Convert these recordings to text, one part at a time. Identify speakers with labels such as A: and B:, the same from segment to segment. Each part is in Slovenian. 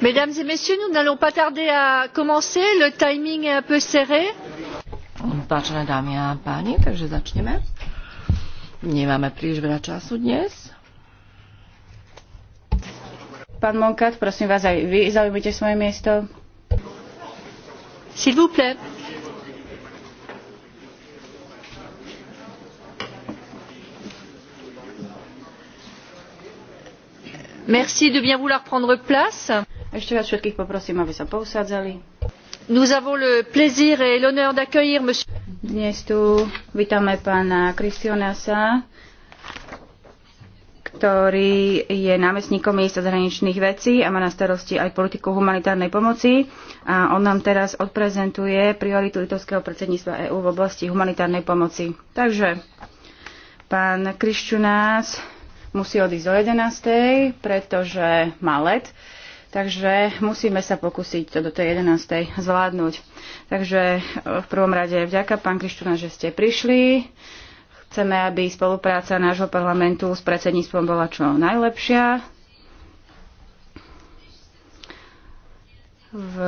A: mesdames et messieurs nous n'allons pas tarder à commencer le timing est un peu serré. vážené dámy a páni takže začneme nemáme príliš veľa času dnes.
B: pán monkat prosím vás aj vy zaujmite svoje miesto.
A: s'il vous plaît.
B: Merci de bien vouloir prendre place. Ešte raz všetkých poprosím, aby sa pousadzali. Nous avons le plaisir et l'honneur d'accueillir monsieur. Dnes tu vítame pána Kristionasa, ktorý je námestníkom ministra zahraničných vecí a má na starosti aj politiku humanitárnej pomoci. A on nám teraz odprezentuje prioritu litovského predsedníctva EÚ v oblasti humanitárnej pomoci. Takže pán Kristionas musí odísť o 11. pretože má let. Takže musíme sa pokúsiť to do tej 11. zvládnuť. Takže eh, v prvom rade vďaka, pán Krištuna, že ste prišli. Chceme, aby spolupráca nášho parlamentu s predsedníctvom bola čo najlepšia. v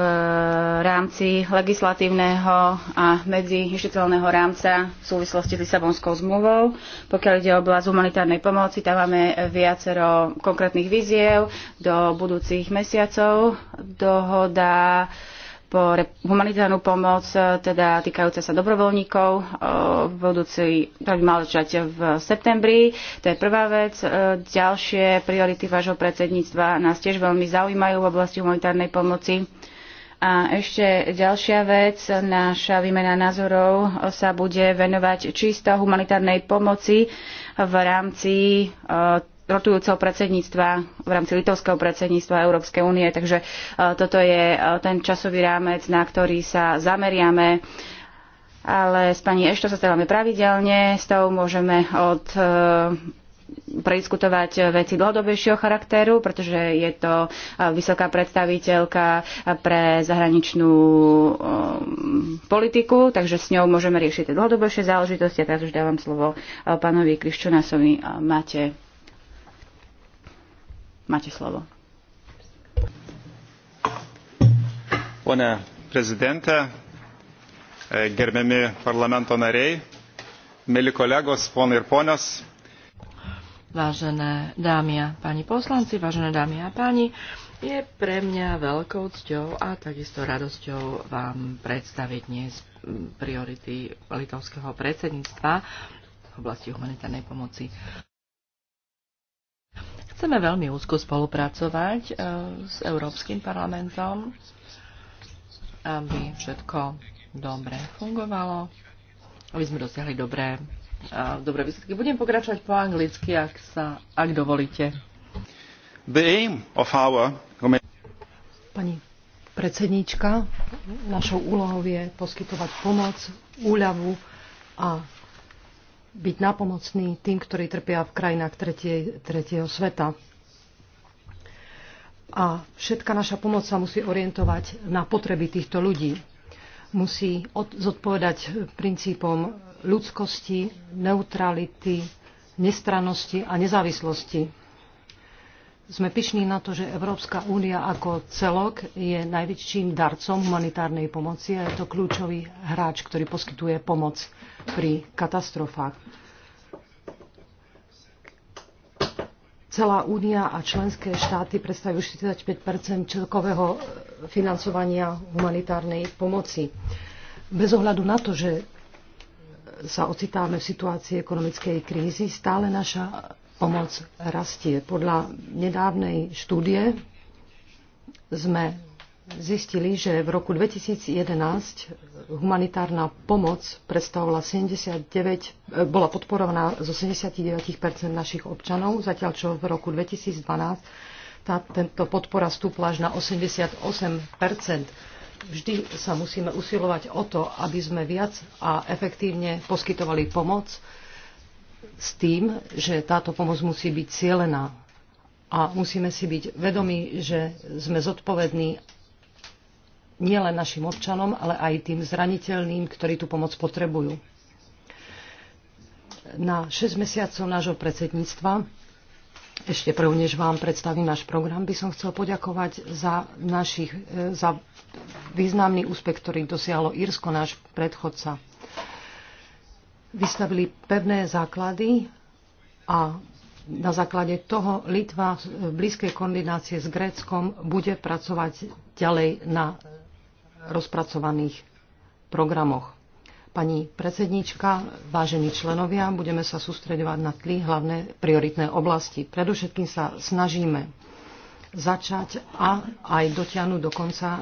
B: rámci legislatívneho a medziinštitucionálneho rámca v súvislosti s Lisabonskou zmluvou. Pokiaľ ide o oblasť humanitárnej pomoci, tam máme viacero konkrétnych víziev do budúcich mesiacov. Dohoda uh, po humanitárnu pomoc, e, teda týkajúce sa dobrovoľníkov, e, budúci, ktorý by mal začať v septembri. To je prvá vec. E, ďalšie priority vášho predsedníctva nás tiež veľmi zaujímajú v oblasti humanitárnej pomoci. A ešte ďalšia vec, náša výmena názorov sa bude venovať čisto humanitárnej pomoci v rámci rotujúceho predsedníctva v rámci litovského predsedníctva Európskej únie. Takže e, toto je e, ten časový rámec, na ktorý sa zameriame. Ale s pani Ešto sa stávame pravidelne, s tou môžeme od e, prediskutovať veci dlhodobejšieho charakteru, pretože je to vysoká predstaviteľka pre zahraničnú politiku, takže s ňou môžeme riešiť tie dlhodobejšie záležitosti. A teraz už dávam slovo pánovi Kriščunasovi. Máte Mate slovo.
C: Pone prezidente, e, gerbiami parlamento nariai, mėly kolegos, ponai ir ponios.
A: Vážené dámy a páni poslanci, vážené dámy a páni, je pre mňa veľkou cťou a takisto radosťou vám predstaviť dnes priority litovského predsedníctva v oblasti humanitárnej pomoci. Chceme veľmi úzko spolupracovať eh, s Európskym parlamentom, aby všetko dobre fungovalo, aby sme dosiahli dobré, eh, dobré výsledky. Budem pokračovať po anglicky, ak, sa, ak dovolíte.
C: The aim of our...
A: Pani
D: predsedníčka, našou úlohou je poskytovať pomoc, úľavu a byť napomocný tým, ktorí trpia v krajinách tretiej, tretieho sveta. A všetka naša pomoc sa musí orientovať na potreby týchto ľudí. Musí od, zodpovedať princípom ľudskosti, neutrality, nestrannosti a nezávislosti sme pyšní na to, že Európska únia ako celok je najväčším darcom humanitárnej pomoci a je to kľúčový hráč, ktorý poskytuje pomoc pri katastrofách. Celá únia a členské štáty predstavujú 45 celkového financovania humanitárnej pomoci. Bez ohľadu na to, že sa ocitáme v situácii ekonomickej krízy, stále naša pomoč rasti. Podla nedavnej študije sme zistili, že v roku 2011 humanitárna pomoc predstavovala 79, eh, bola podporovaná zo 79% našich občanov, zatiaľ čo v roku 2012 tá, tento podpora stúpla až na 88%. Vždy sa musíme usilovať o to, aby sme viac a efektívne poskytovali pomoc s tým, že táto pomoc musí byť cielená. A musíme si byť vedomi, že sme zodpovední nielen našim občanom, ale aj tým zraniteľným, ktorí tú pomoc potrebujú. Na 6 mesiacov nášho predsedníctva, ešte prv, než vám predstavím náš program, by som chcel poďakovať za, našich, e, za významný úspech, ktorý dosiahlo Írsko, náš predchodca vystavili pevné základy a na základe toho Litva v blízkej koordinácie s Gréckom bude pracovať ďalej na rozpracovaných programoch. Pani predsednička, vážení členovia, budeme sa sústreďovať na tri hlavné prioritné oblasti. Predovšetkým sa snažíme začať a aj dotiahnuť do konca e,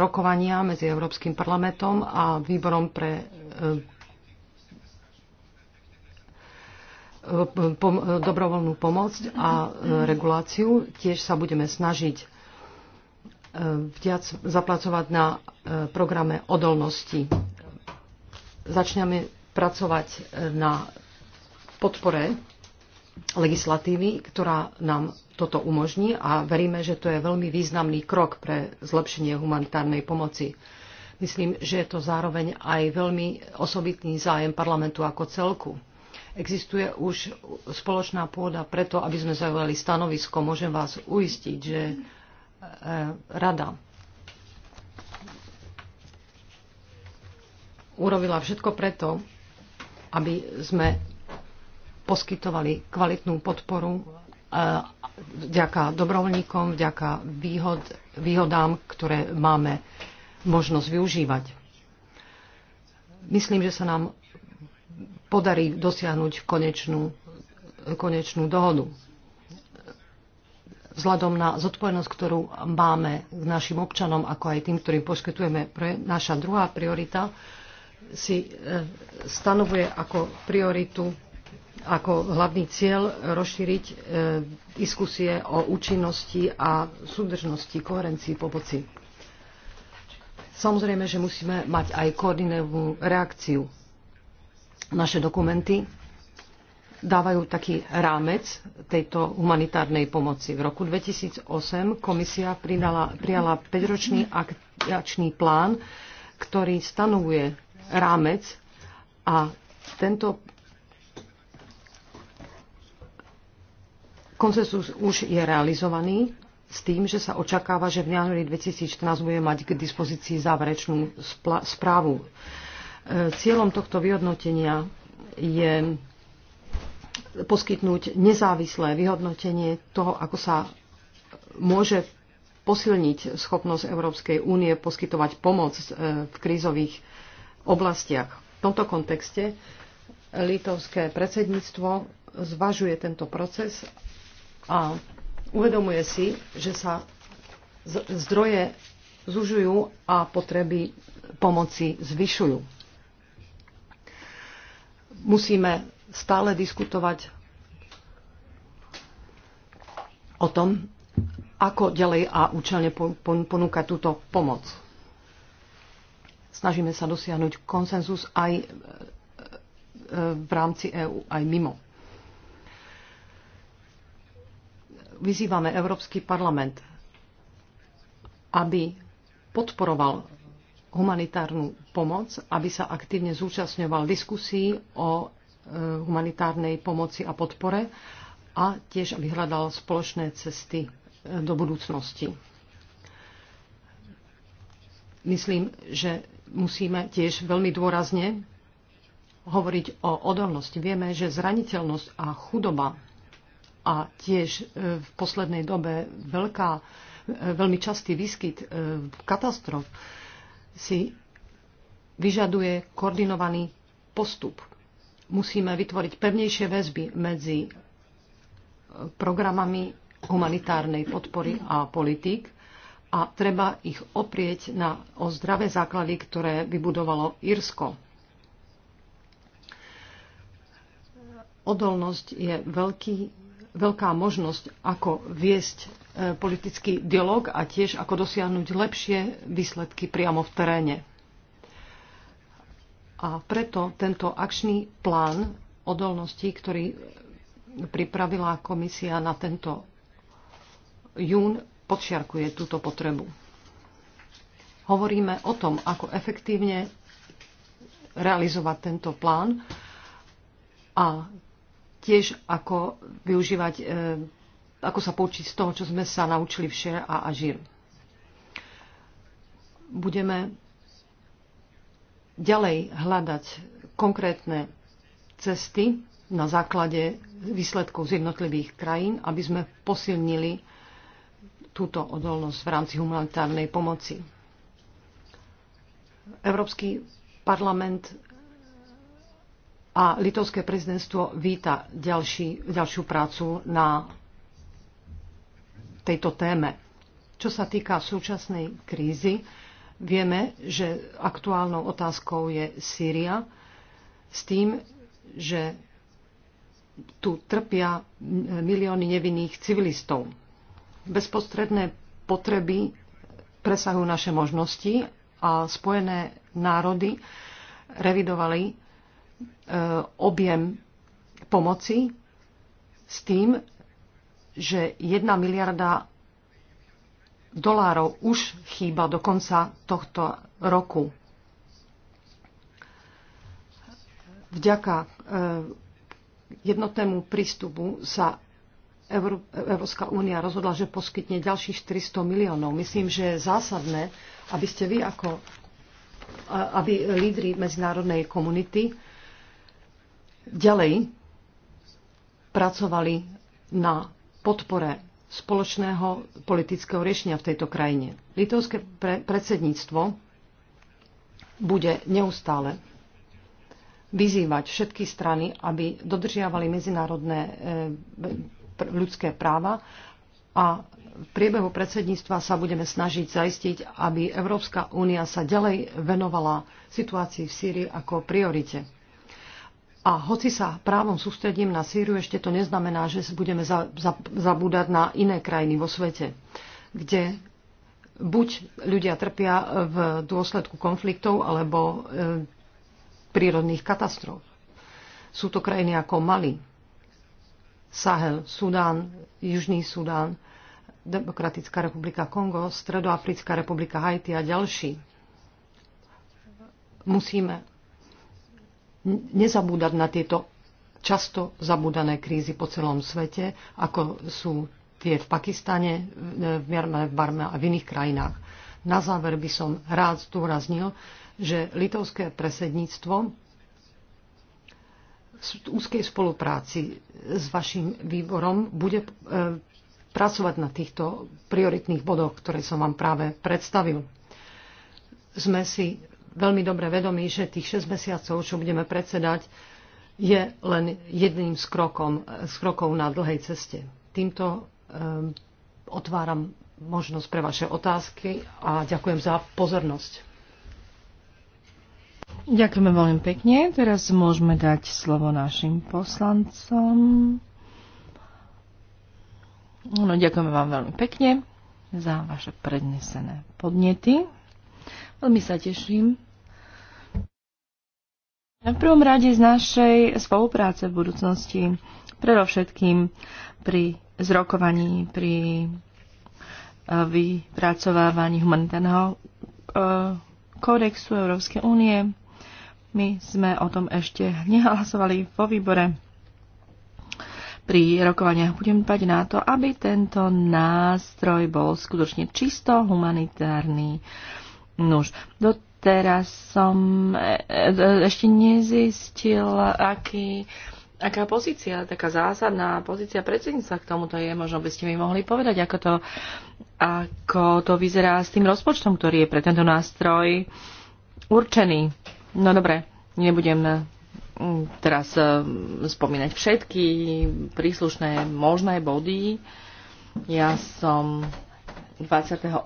D: rokovania medzi Európskym parlamentom a výborom pre e, pom- dobrovoľnú pomoc a reguláciu. Tiež sa budeme snažiť e, viac zaplacovať na e, programe odolnosti. Začneme pracovať e, na podpore legislatívy, ktorá nám toto umožní a veríme, že to je veľmi významný krok pre zlepšenie humanitárnej pomoci. Myslím, že je to zároveň aj veľmi osobitný zájem parlamentu ako celku existuje už spoločná pôda preto, aby sme zaujali stanovisko. Môžem vás uistiť, že e, Rada urobila všetko preto, aby sme poskytovali kvalitnú podporu e, vďaka dobrovoľníkom, vďaka výhod, výhodám, ktoré máme možnosť využívať. Myslím, že sa nám podarí dosiahnuť konečnú, konečnú dohodu. Vzhľadom na zodpovednosť, ktorú máme k našim občanom, ako aj tým, ktorým poskytujeme, pre naša druhá priorita si e, stanovuje ako prioritu, ako hlavný cieľ rozšíriť e, diskusie o účinnosti a súdržnosti, koherencii pomoci. Samozrejme, že musíme mať aj koordinovú reakciu naše dokumenty dávajú taký rámec tejto humanitárnej pomoci. V roku 2008 komisia pridala, prijala 5-ročný akčný plán, ktorý stanovuje rámec a tento konsensus už je realizovaný s tým, že sa očakáva, že v januári 2014 bude mať k dispozícii záverečnú spra- správu. E, cieľom tohto vyhodnotenia je poskytnúť nezávislé vyhodnotenie toho, ako sa môže posilniť schopnosť Európskej únie poskytovať pomoc e, v krízových oblastiach. V tomto kontexte litovské predsedníctvo zvažuje tento proces a uvedomuje si, že sa zdroje zužujú a potreby pomoci zvyšujú musíme stále diskutovať o tom, ako ďalej a účelne ponúkať túto pomoc. Snažíme sa dosiahnuť konsenzus aj e, e, v rámci EÚ, aj mimo. Vyzývame Európsky parlament, aby podporoval humanitárnu pomoc, aby sa aktívne zúčastňoval diskusii o e, humanitárnej pomoci a podpore a tiež aby hľadal spoločné cesty e, do budúcnosti. Myslím, že musíme tiež veľmi dôrazne hovoriť o odolnosti. Vieme, že zraniteľnosť a chudoba a tiež e, v poslednej dobe veľká, veľmi častý výskyt katastrof si vyžaduje koordinovaný postup. Musíme vytvoriť pevnejšie väzby medzi e, programami humanitárnej podpory a politik a treba ich oprieť na, o zdravé základy, ktoré vybudovalo Irsko. Odolnosť je veľký, veľká možnosť, ako viesť E, politický dialog a tiež ako dosiahnuť lepšie výsledky priamo v teréne. A preto tento akčný plán odolností, ktorý pripravila komisia na tento jún, podčiarkuje túto potrebu. Hovoríme o tom, ako efektívne realizovať tento plán a tiež ako využívať e, ako sa poučiť z toho, čo sme sa naučili vše a ažir. Budeme ďalej hľadať konkrétne cesty na základe výsledkov z jednotlivých krajín, aby sme posilnili túto odolnosť v rámci humanitárnej pomoci. Európsky parlament a litovské prezidentstvo víta ďalší, ďalšiu prácu na tejto téme. Čo sa týka súčasnej krízy, vieme, že aktuálnou otázkou je Sýria s tým, že tu trpia milióny nevinných civilistov. Bezpostredné potreby presahujú naše možnosti a Spojené národy revidovali e, objem pomoci s tým, že 1 miliarda dolárov už chýba do konca tohto roku. Vďaka eh, jednotnému prístupu sa Európska únia rozhodla, že poskytne ďalších 400 miliónov. Myslím, že je zásadné, aby ste vy ako aby lídry medzinárodnej komunity ďalej pracovali na podpore spoločného politického riešenia v tejto krajine. Litovské pre- predsedníctvo bude neustále vyzývať všetky strany, aby dodržiavali medzinárodné e, pr- ľudské práva a v priebehu predsedníctva sa budeme snažiť zaistiť, aby Európska únia sa ďalej venovala situácii v Sýrii ako priorite. A hoci sa právom sústredím na Sýriu, ešte to neznamená, že budeme za, za, zabúdať na iné krajiny vo svete, kde buď ľudia trpia v dôsledku konfliktov alebo e, prírodných katastrof. Sú to krajiny ako Mali, Sahel, Sudán, Južný Sudán, Demokratická republika Kongo, Stredoafrická republika Haiti a ďalší. Musíme nezabúdať na tieto často zabúdané krízy po celom svete, ako sú tie v Pakistane, v Mierme, v Barme a v iných krajinách. Na záver by som rád zdôraznil, že litovské presedníctvo v úzkej spolupráci s vašim výborom bude e, pracovať na týchto prioritných bodoch, ktoré som vám práve predstavil. Sme si veľmi dobre vedomí, že tých 6 mesiacov, čo budeme predsedať, je len jedným z, krokom, z krokov na dlhej ceste. Týmto um, otváram možnosť pre vaše otázky a ďakujem za
A: pozornosť. Ďakujeme veľmi pekne. Teraz môžeme dať slovo našim poslancom. No, ďakujeme vám veľmi pekne za vaše prednesené podnety veľmi no, sa teším. V prvom rade z našej spolupráce v budúcnosti, predovšetkým pri zrokovaní, pri eh, vypracovávaní humanitárneho eh, kódexu Európskej únie. My sme o tom ešte nehlasovali vo výbore. Pri rokovaniach budem pať na to, aby tento nástroj bol skutočne čisto humanitárny. Uh, Nuž, do teraz som e, e, ešte nezistil, aký, aká pozícia, taká zásadná pozícia predsedníctva k tomuto je. Možno by ste mi mohli povedať, ako to, ako to vyzerá s tým rozpočtom, ktorý je pre tento nástroj určený. No dobre, nebudem e, teraz spomínať všetky príslušné možné body. Ja som 28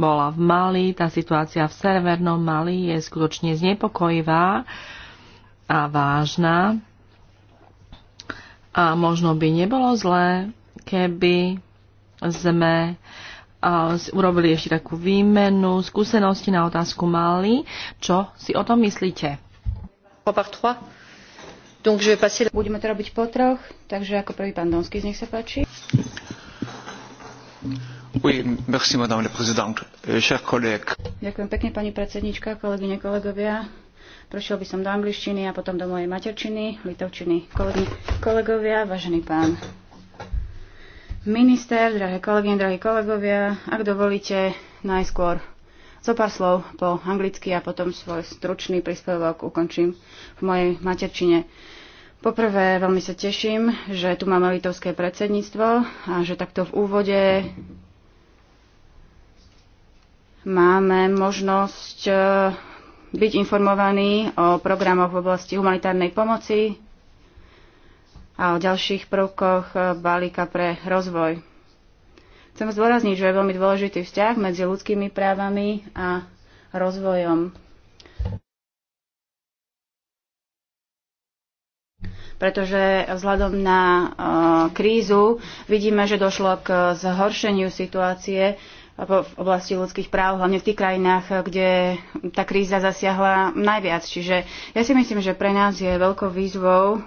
A: bola v Mali, tá situácia v severnom Mali je skutočne znepokojivá a vážna. A možno by nebolo zlé, keby sme urobili ešte takú výmenu skúsenosti na otázku Mali. Čo si o tom myslíte?
B: Budeme to robiť po troch, takže ako prvý pán Donský, z nich sa páči. Euh, Ďakujem pekne, pani predsednička, kolegyne, kolegovia. Prešiel by som do angličtiny a potom do mojej materčiny, litovčiny. Kolegy, kolegovia, vážený pán minister, drahé kolegyne, drahí kolegovia, ak dovolíte, najskôr zo pár slov po anglicky a potom svoj stručný príspevok ukončím v mojej materčine. Poprvé veľmi sa teším, že tu máme litovské predsedníctvo a že takto v úvode máme možnosť eh, byť informovaní o programoch v oblasti humanitárnej pomoci a o ďalších prvkoch eh, balíka pre rozvoj. Chcem zdôrazniť, že je veľmi dôležitý vzťah medzi ľudskými právami a rozvojom. pretože vzhľadom na eh, krízu vidíme, že došlo k zhoršeniu situácie v oblasti ľudských práv, hlavne v tých krajinách, kde tá kríza zasiahla najviac. Čiže ja si myslím, že pre nás je veľkou výzvou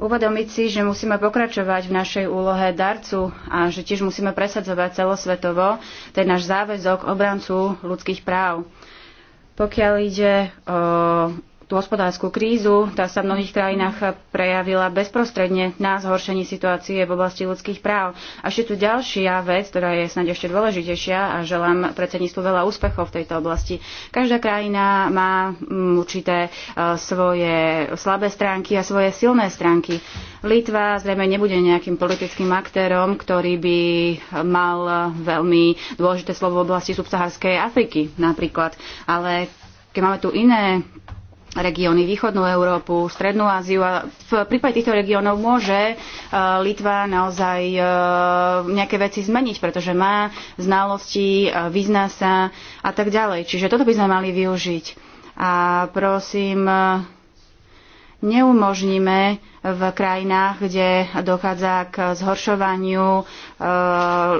B: uvedomiť si, že musíme pokračovať v našej úlohe darcu a že tiež musíme presadzovať celosvetovo ten náš záväzok obrancu ľudských práv. Pokiaľ ide o tú hospodárskú krízu. Tá sa v mnohých krajinách prejavila bezprostredne na zhoršení situácie v oblasti ľudských práv. A ešte tu ďalšia vec, ktorá je snad ešte dôležitejšia a želám predsedníctvu veľa úspechov v tejto oblasti. Každá krajina má mm, určité e, svoje slabé stránky a svoje silné stránky. Litva zrejme nebude nejakým politickým aktérom, ktorý by mal veľmi dôležité slovo v oblasti subsaharskej Afriky napríklad. Ale keď máme tu iné regióny, východnú Európu, strednú Áziu a v prípade týchto regiónov môže e, Litva naozaj e, nejaké veci zmeniť, pretože má znalosti, e, vyzná sa a tak ďalej. Čiže toto by sme mali využiť. A prosím, neumožníme v krajinách, kde dochádza k zhoršovaniu e,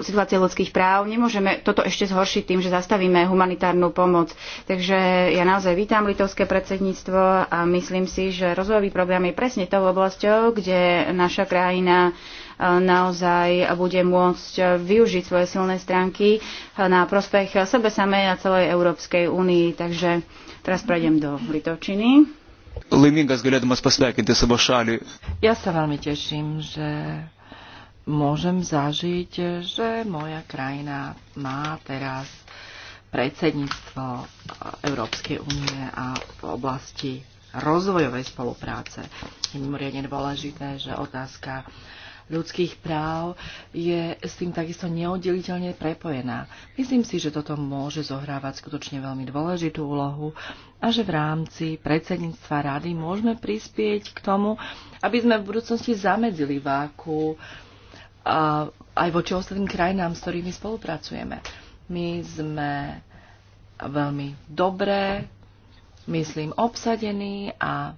B: situácie ľudských práv. Nemôžeme toto ešte zhoršiť tým, že zastavíme humanitárnu pomoc. Takže ja naozaj vítam litovské predsedníctvo a myslím si, že rozvojový program je presne tou oblasťou, kde naša krajina eh, naozaj bude môcť využiť svoje silné stránky eh, na prospech sebe samej a celej Európskej únii.
A: Takže teraz prejdem do Litovčiny
B: laimingas galėdamas pasveikinti savo šalį.
A: Ja predsedníctvo Európskej únie a v oblasti rozvojovej spolupráce. Je mimoriadne dôležité, že otázka uh, ľudských práv je s tým takisto neoddeliteľne prepojená. Myslím si, že toto môže zohrávať skutočne veľmi dôležitú úlohu a že v rámci predsedníctva rady môžeme prispieť k tomu, aby sme v budúcnosti zamedzili váku a aj voči ostatným krajinám, s ktorými spolupracujeme. My sme veľmi dobré, myslím, obsadení a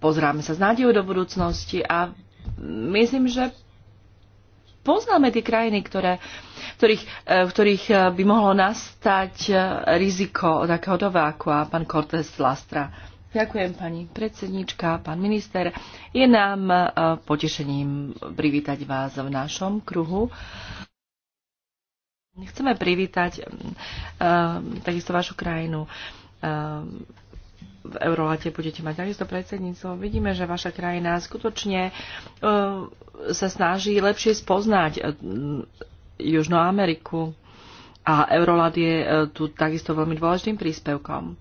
A: pozráme sa s nádejou do budúcnosti a myslím, že poznáme tie krajiny, ktoré, ktorých, eh, v ktorých eh, by mohlo nastať eh, riziko takéhoto váku a pán Cortés Lastra. Ďakujem pani predsednička, pán minister. Je nám potešením privítať vás v našom kruhu. Chceme privítať uh, takisto vašu krajinu. Uh, v Eurolate budete mať takisto predsedníctvo. Vidíme, že vaša krajina skutočne e, sa snaží lepšie spoznať e, Južnú Ameriku a Eurolat je e, tu takisto veľmi dôležitým príspevkom.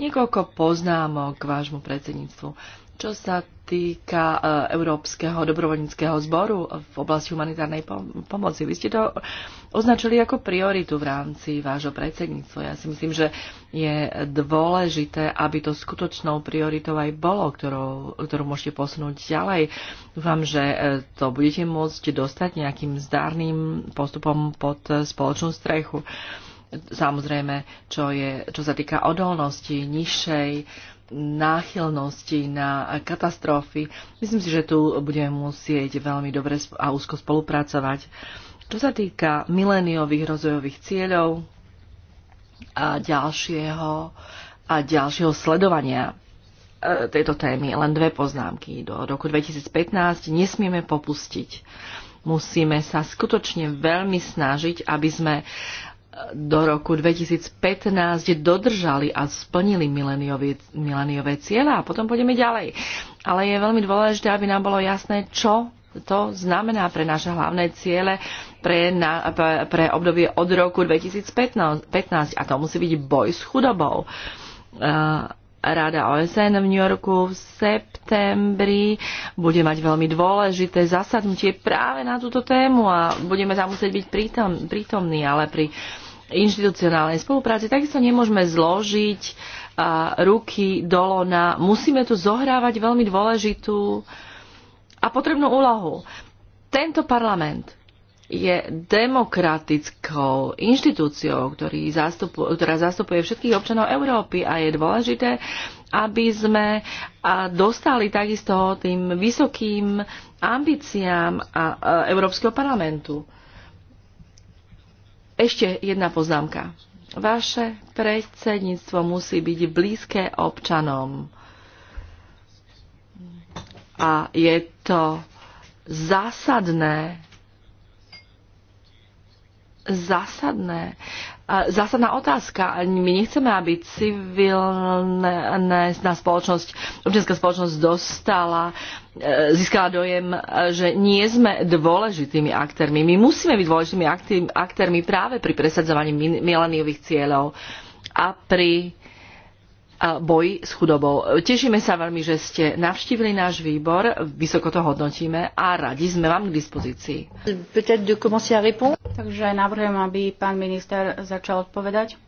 A: Niekoľko poznámok k vášmu predsedníctvu. Čo sa týka Európskeho eh, dobrovoľníckého zboru v oblasti humanitárnej pomoci. Vy ste to označili ako prioritu v rámci vášho predsedníctva. Ja si myslím, že je dôležité, aby to skutočnou prioritou aj bolo, ktorou, ktorú môžete posunúť ďalej. Dúfam, že eh, to budete môcť dostať nejakým zdárnym postupom pod spoločnú strechu. Samozrejme, čo, je, čo sa týka odolnosti nižšej, náchylnosti na katastrofy. Myslím si, že tu budeme musieť veľmi dobre a úzko spolupracovať. Čo sa týka miléniových rozvojových cieľov a ďalšieho, a ďalšieho sledovania e, tejto témy, len dve poznámky. Do roku 2015 nesmieme popustiť. Musíme sa skutočne veľmi snažiť, aby sme do roku 2015 dodržali a splnili mileniové cieľa a potom pôjdeme ďalej. Ale je veľmi dôležité, aby nám bolo jasné, čo to znamená pre naše hlavné ciele pre, na, pre, pre obdobie od roku 2015 a to musí byť boj s chudobou. E, Rada OSN v New Yorku v septembri bude mať veľmi dôležité zasadnutie práve na túto tému a budeme tam musieť byť prítom, prítomní, ale pri uh, inštitucionálnej spolupráci, takisto nemôžeme zložiť a, ruky dolo na... Musíme tu zohrávať veľmi dôležitú a potrebnú úlohu. Tento parlament je demokratickou inštitúciou, ktorý zastupu, ktorá zastupuje všetkých občanov Európy a je dôležité, aby sme a dostali takisto tým vysokým ambíciám a, a Európskeho parlamentu. Ešte jedna poznámka. Vaše predsedníctvo musí byť blízke občanom. A je to zásadné. Zásadné zásadná otázka. My nechceme, aby civilná spoločnosť, občianská spoločnosť dostala, e, získala dojem, e, že nie sme dôležitými aktérmi. My musíme byť dôležitými aktérmi práve pri presadzovaní mileniových cieľov a pri uh, boji s chudobou. Tešíme sa veľmi, že ste navštívili náš výbor, vysoko to hodnotíme a radi sme vám k dispozícii.
B: Takže navrhujem, aby pán minister začal odpovedať.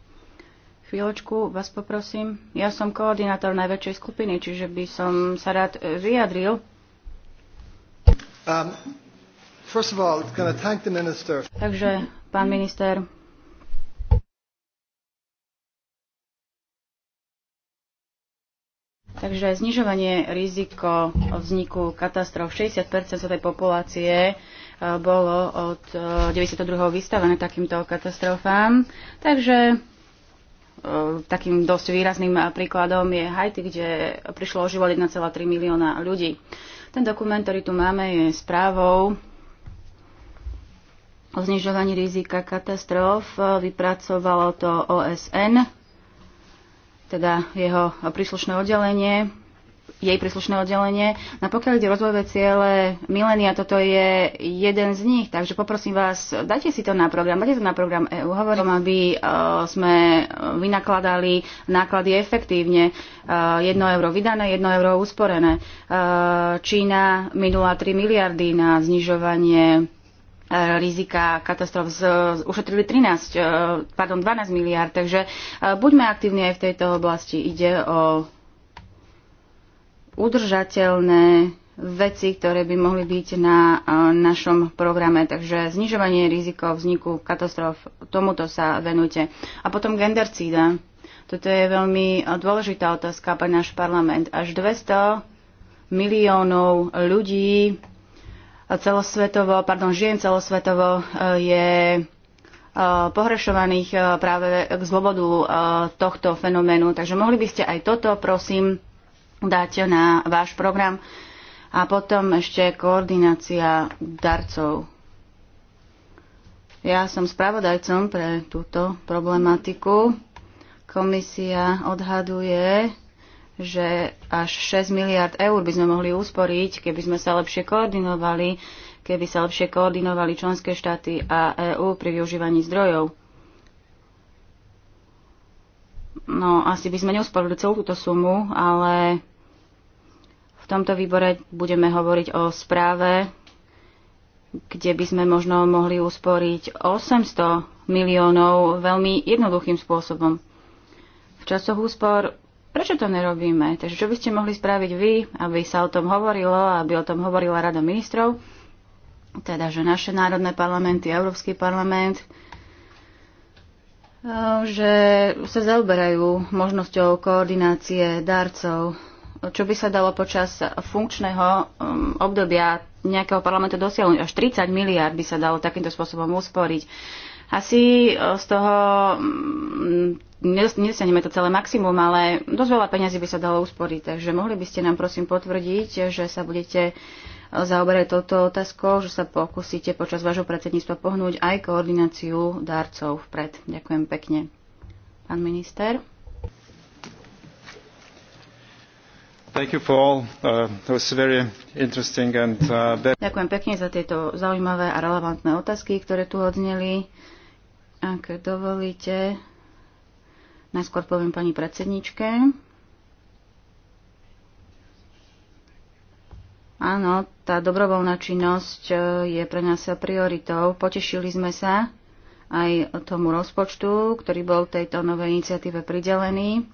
B: Chvíľočku vás poprosím. Ja som koordinátor najväčšej skupiny, čiže by som sa rád e, vyjadril. Um, first of all, thank
C: the minister. Takže, pán minister,
B: Takže aj znižovanie riziko vzniku katastrof 60% celej populácie eh, bolo od 92. Eh, vystavené takýmto katastrofám. Takže eh, takým dosť výrazným príkladom je Haiti, kde prišlo o život 1,3 milióna ľudí. Ten dokument, ktorý tu máme, je správou o znižovaní rizika katastrof. Vypracovalo to OSN, teda jeho príslušné oddelenie, jej príslušné oddelenie. Na pokiaľ ide rozvojové ciele milénia, toto je jeden z nich, takže poprosím vás, dajte si to na program, dajte to na program EU. Hovorím, aby uh, sme e, vynakladali náklady efektívne. Uh, e, 1 euro vydané, 1 euro usporené. Uh, Čína minula 3 miliardy na znižovanie uh, E, rizika katastrof z, z, ušetrili 13, e, pardon, 12 miliard. Takže e, buďme aktívni aj v tejto oblasti. Ide o udržateľné veci, ktoré by mohli byť na uh, našom programe. Takže znižovanie rizikov vzniku katastrof, tomuto sa venujte. A potom gendercída. Toto je veľmi uh, dôležitá otázka pre náš parlament. Až 200 miliónov ľudí celosvetovo, pardon, žien celosvetovo eh, je eh, pohrešovaných eh, práve k zlobodu tohto fenoménu. Takže mohli by ste aj toto, prosím, dať na váš program. A potom ešte koordinácia darcov. Ja som spravodajcom pre túto problematiku. Komisia odhaduje že až 6 miliard eur by sme mohli usporiť, keby sme sa lepšie koordinovali, keby sa lepšie koordinovali členské štáty a EÚ pri využívaní zdrojov. No, asi by sme neusporili celú túto sumu, ale v tomto výbore budeme hovoriť o správe, kde by sme možno mohli usporiť 800 miliónov veľmi jednoduchým spôsobom. V časoch úspor Prečo to nerobíme? Takže čo by ste mohli spraviť vy, aby sa o tom hovorilo, aby o tom hovorila Rada ministrov? Teda, že naše národné parlamenty, Európsky parlament, eh, že sa zaoberajú možnosťou koordinácie darcov, čo by sa dalo počas funkčného mm, obdobia nejakého parlamentu dosiahnuť. Až 30 miliard by sa dalo takýmto spôsobom usporiť. Asi eh, z toho mm, nedostaneme to celé maximum, ale dosť veľa peniazy by sa dalo usporiť. Takže mohli by ste nám prosím potvrdiť, že sa budete e, zaoberať touto otázkou, že sa pokúsite počas vášho predsedníctva pohnúť aj koordináciu darcov vpred. Ďakujem pekne. Pán minister.
C: Thank you for all. Uh, that was very interesting and, uh, that... Ďakujem
B: pekne za tieto zaujímavé a relevantné otázky, ktoré tu odzneli. Ak dovolíte, Najskôr poviem pani predsedničke. Áno, tá dobrovoľná činnosť e, je pre nás prioritou. Potešili sme sa aj tomu rozpočtu, ktorý bol tejto novej iniciatíve pridelený.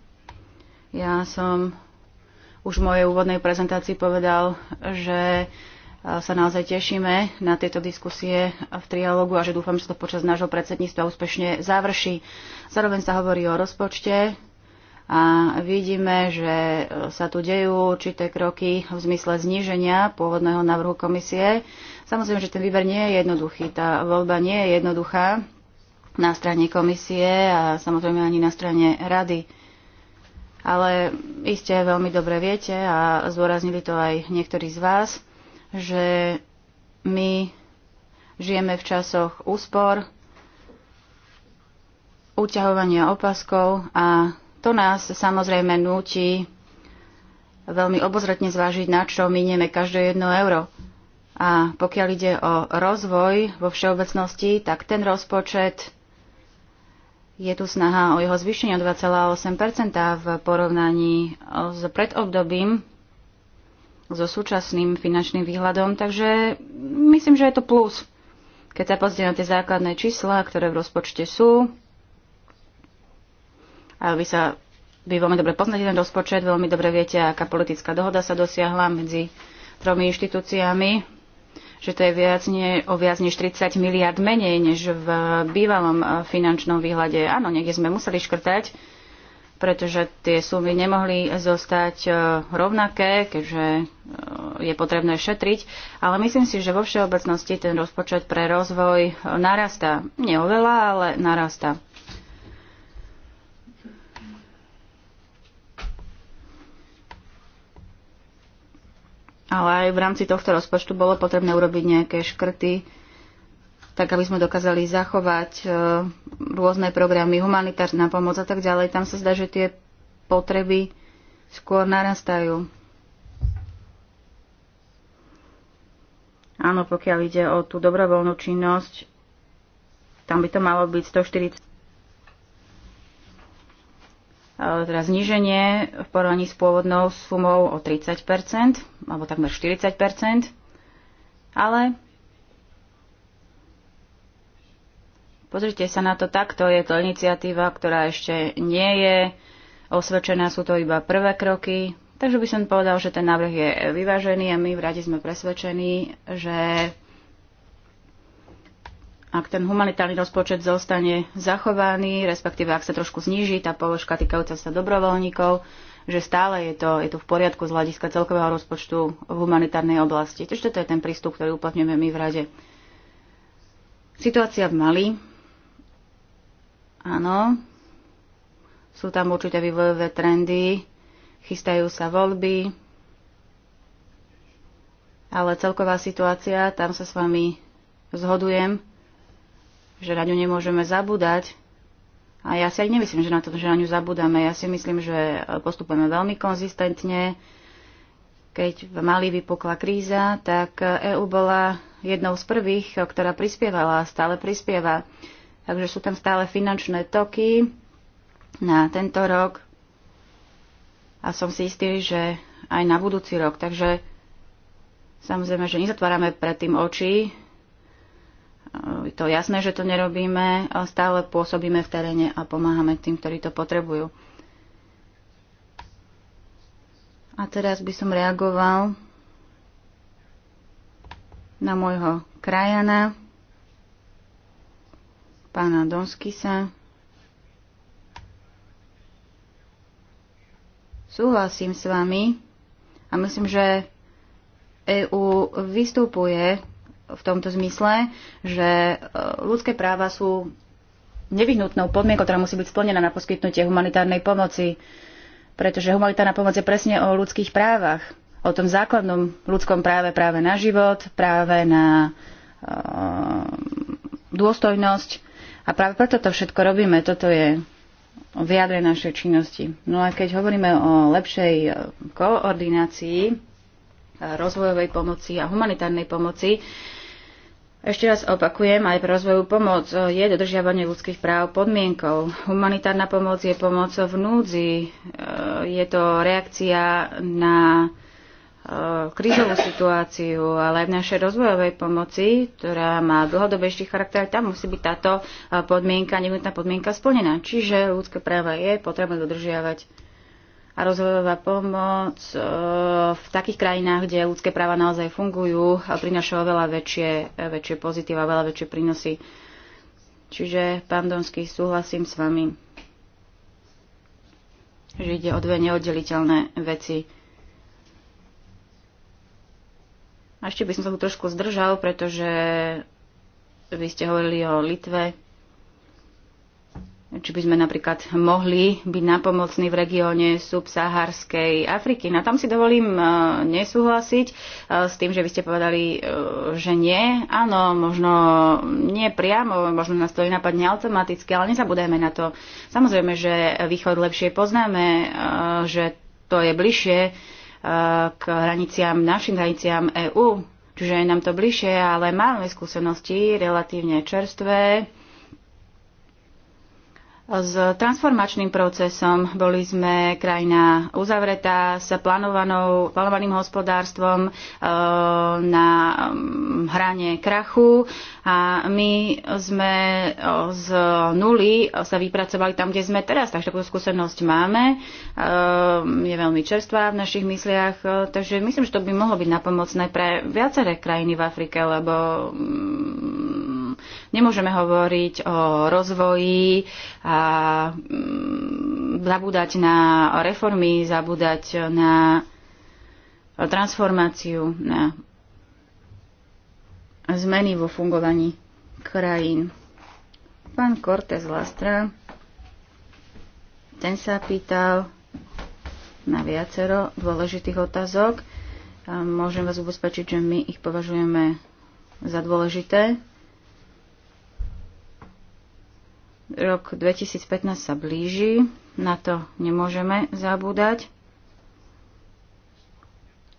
B: Ja som už v mojej úvodnej prezentácii povedal, že sa naozaj tešíme na tieto diskusie v trialógu a že dúfam, že to počas nášho predsedníctva úspešne završí. Zároveň sa hovorí o rozpočte a vidíme, že sa tu dejú určité kroky v zmysle zníženia pôvodného návrhu komisie. Samozrejme, že ten výber nie je jednoduchý, tá voľba nie je jednoduchá na strane komisie a samozrejme ani na strane rady. Ale iste veľmi dobre viete a zdôraznili to aj niektorí z vás, že my žijeme v časoch úspor, uťahovania opaskov a to nás samozrejme núti veľmi obozretne zvážiť, na čo minieme každé jedno euro. A pokiaľ ide o rozvoj vo všeobecnosti, tak ten rozpočet je tu snaha o jeho zvýšenie o 2,8 v porovnaní s predobdobím so súčasným finančným výhľadom, takže myslím, že je to plus. Keď sa pozrie na tie základné čísla, ktoré v rozpočte sú, a vy sa vy veľmi dobre poznáte ten rozpočet, veľmi dobre viete, aká politická dohoda sa dosiahla medzi tromi inštitúciami, že to je viac nie, o viac než 30 miliard menej než v bývalom eh, finančnom výhľade. Áno, niekde sme museli škrtať, pretože tie sumy nemohli zostať e, rovnaké, keďže e, je potrebné šetriť. Ale myslím si, že vo všeobecnosti ten rozpočet pre rozvoj e, narasta. Nie oveľa, ale narasta. Ale aj v rámci tohto rozpočtu bolo potrebné urobiť nejaké škrty. Uh, tak aby sme dokázali zachovať e, rôzne programy, humanitárna pomoc a tak ďalej. Tam sa zdá, že tie potreby skôr narastajú. Áno, pokiaľ ide o tú dobrovoľnú činnosť, tam by to malo byť 140 e, teda zniženie v porovnaní s pôvodnou sumou o 30%, alebo takmer 40%, ale pozrite sa na to takto, je to iniciatíva, ktorá ešte nie je osvedčená, sú to iba prvé kroky. Takže by som povedal, že ten návrh je vyvážený a my v rade sme presvedčení, že ak ten humanitárny rozpočet zostane zachovaný, respektíve ak sa trošku zniží tá položka týkajúca sa dobrovoľníkov, že stále je to, je to v poriadku z hľadiska celkového rozpočtu v humanitárnej oblasti. Takže toto je ten prístup, ktorý uplatňujeme my v rade. Situácia v Mali Áno, sú tam určite vývojové trendy, chystajú sa voľby, ale celková situácia, tam sa s vami zhodujem, že na ňu nemôžeme zabúdať. A ja si aj nemyslím, že na, to, že na ňu zabúdame. Ja si myslím, že postupujeme veľmi konzistentne. Keď v Mali vypukla kríza, tak EÚ bola jednou z prvých, ktorá prispievala a stále prispieva. Takže sú tam stále finančné toky na tento rok a som si istý, že aj na budúci rok. Takže samozrejme, že nezatvárame pred tým oči. Je to jasné, že to nerobíme, ale stále pôsobíme v teréne a pomáhame tým, ktorí to potrebujú. A teraz by som reagoval na môjho krajana pana Donskisa. Súhlasím s vami a myslím, že EU vystupuje v tomto zmysle, že e, ľudské práva sú nevyhnutnou podmienkou, ktorá musí byť splnená na poskytnutie humanitárnej pomoci. Pretože humanitárna pomoc je presne o ľudských právach. O tom základnom ľudskom práve, práve na život, práve na uh, dôstojnosť. A práve preto to všetko robíme, toto je vyjadre našej činnosti. No a keď hovoríme o lepšej eh, koordinácii, eh, rozvojovej pomoci a humanitárnej pomoci, ešte raz opakujem, aj pre rozvojovú pomoc eh, je dodržiavanie ľudských práv podmienkou. Humanitárna pomoc je pomoc v núdzi. Je to reakcia na krízovú situáciu, ale aj v našej rozvojovej pomoci, ktorá má dlhodobejší charakter, tam musí byť táto podmienka, nevnutná podmienka splnená. Čiže ľudské práva je potrebné dodržiavať. A rozvojová pomoc e, v takých krajinách, kde ľudské práva naozaj fungujú, prináša oveľa väčšie, e, väčšie pozitíva, veľa väčšie prínosy. Čiže, pán Donský, súhlasím s vami, že ide o dve neoddeliteľné veci. A ešte by som sa tu trošku zdržal, pretože vy ste hovorili o Litve. Či by sme napríklad mohli byť napomocní v regióne subsahárskej Afriky. Na tam si dovolím e, nesúhlasiť e, s tým, že by ste povedali, e, že nie. Áno, možno nie priamo, možno nás to i napadne automaticky, ale nezabudajme na to. Samozrejme, že východ lepšie poznáme, že to je bližšie Eh, k hraniciam, našim hraniciam EÚ, čiže je nám to bližšie, ale máme skúsenosti relatívne čerstvé. S transformačným procesom boli sme krajina uzavretá s plánovanou, plánovaným hospodárstvom e, na mm, hrane krachu. E, A my sme z nuly sa vypracovali tam, kde sme teraz, takže takú skúsenosť máme. Je veľmi čerstvá v našich mysliach, takže myslím, že to by mohlo byť napomocné pre viaceré krajiny v Afrike, lebo mm, nemôžeme hovoriť o rozvoji a mm, zabúdať na reformy, zabúdať na transformáciu, na zmeny vo fungovaní krajín. Pán Cortez Lastra, ten sa pýtal na viacero dôležitých otázok. Môžem vás ubezpečiť, že my ich považujeme za dôležité. Rok 2015 sa blíži, na to nemôžeme zabúdať.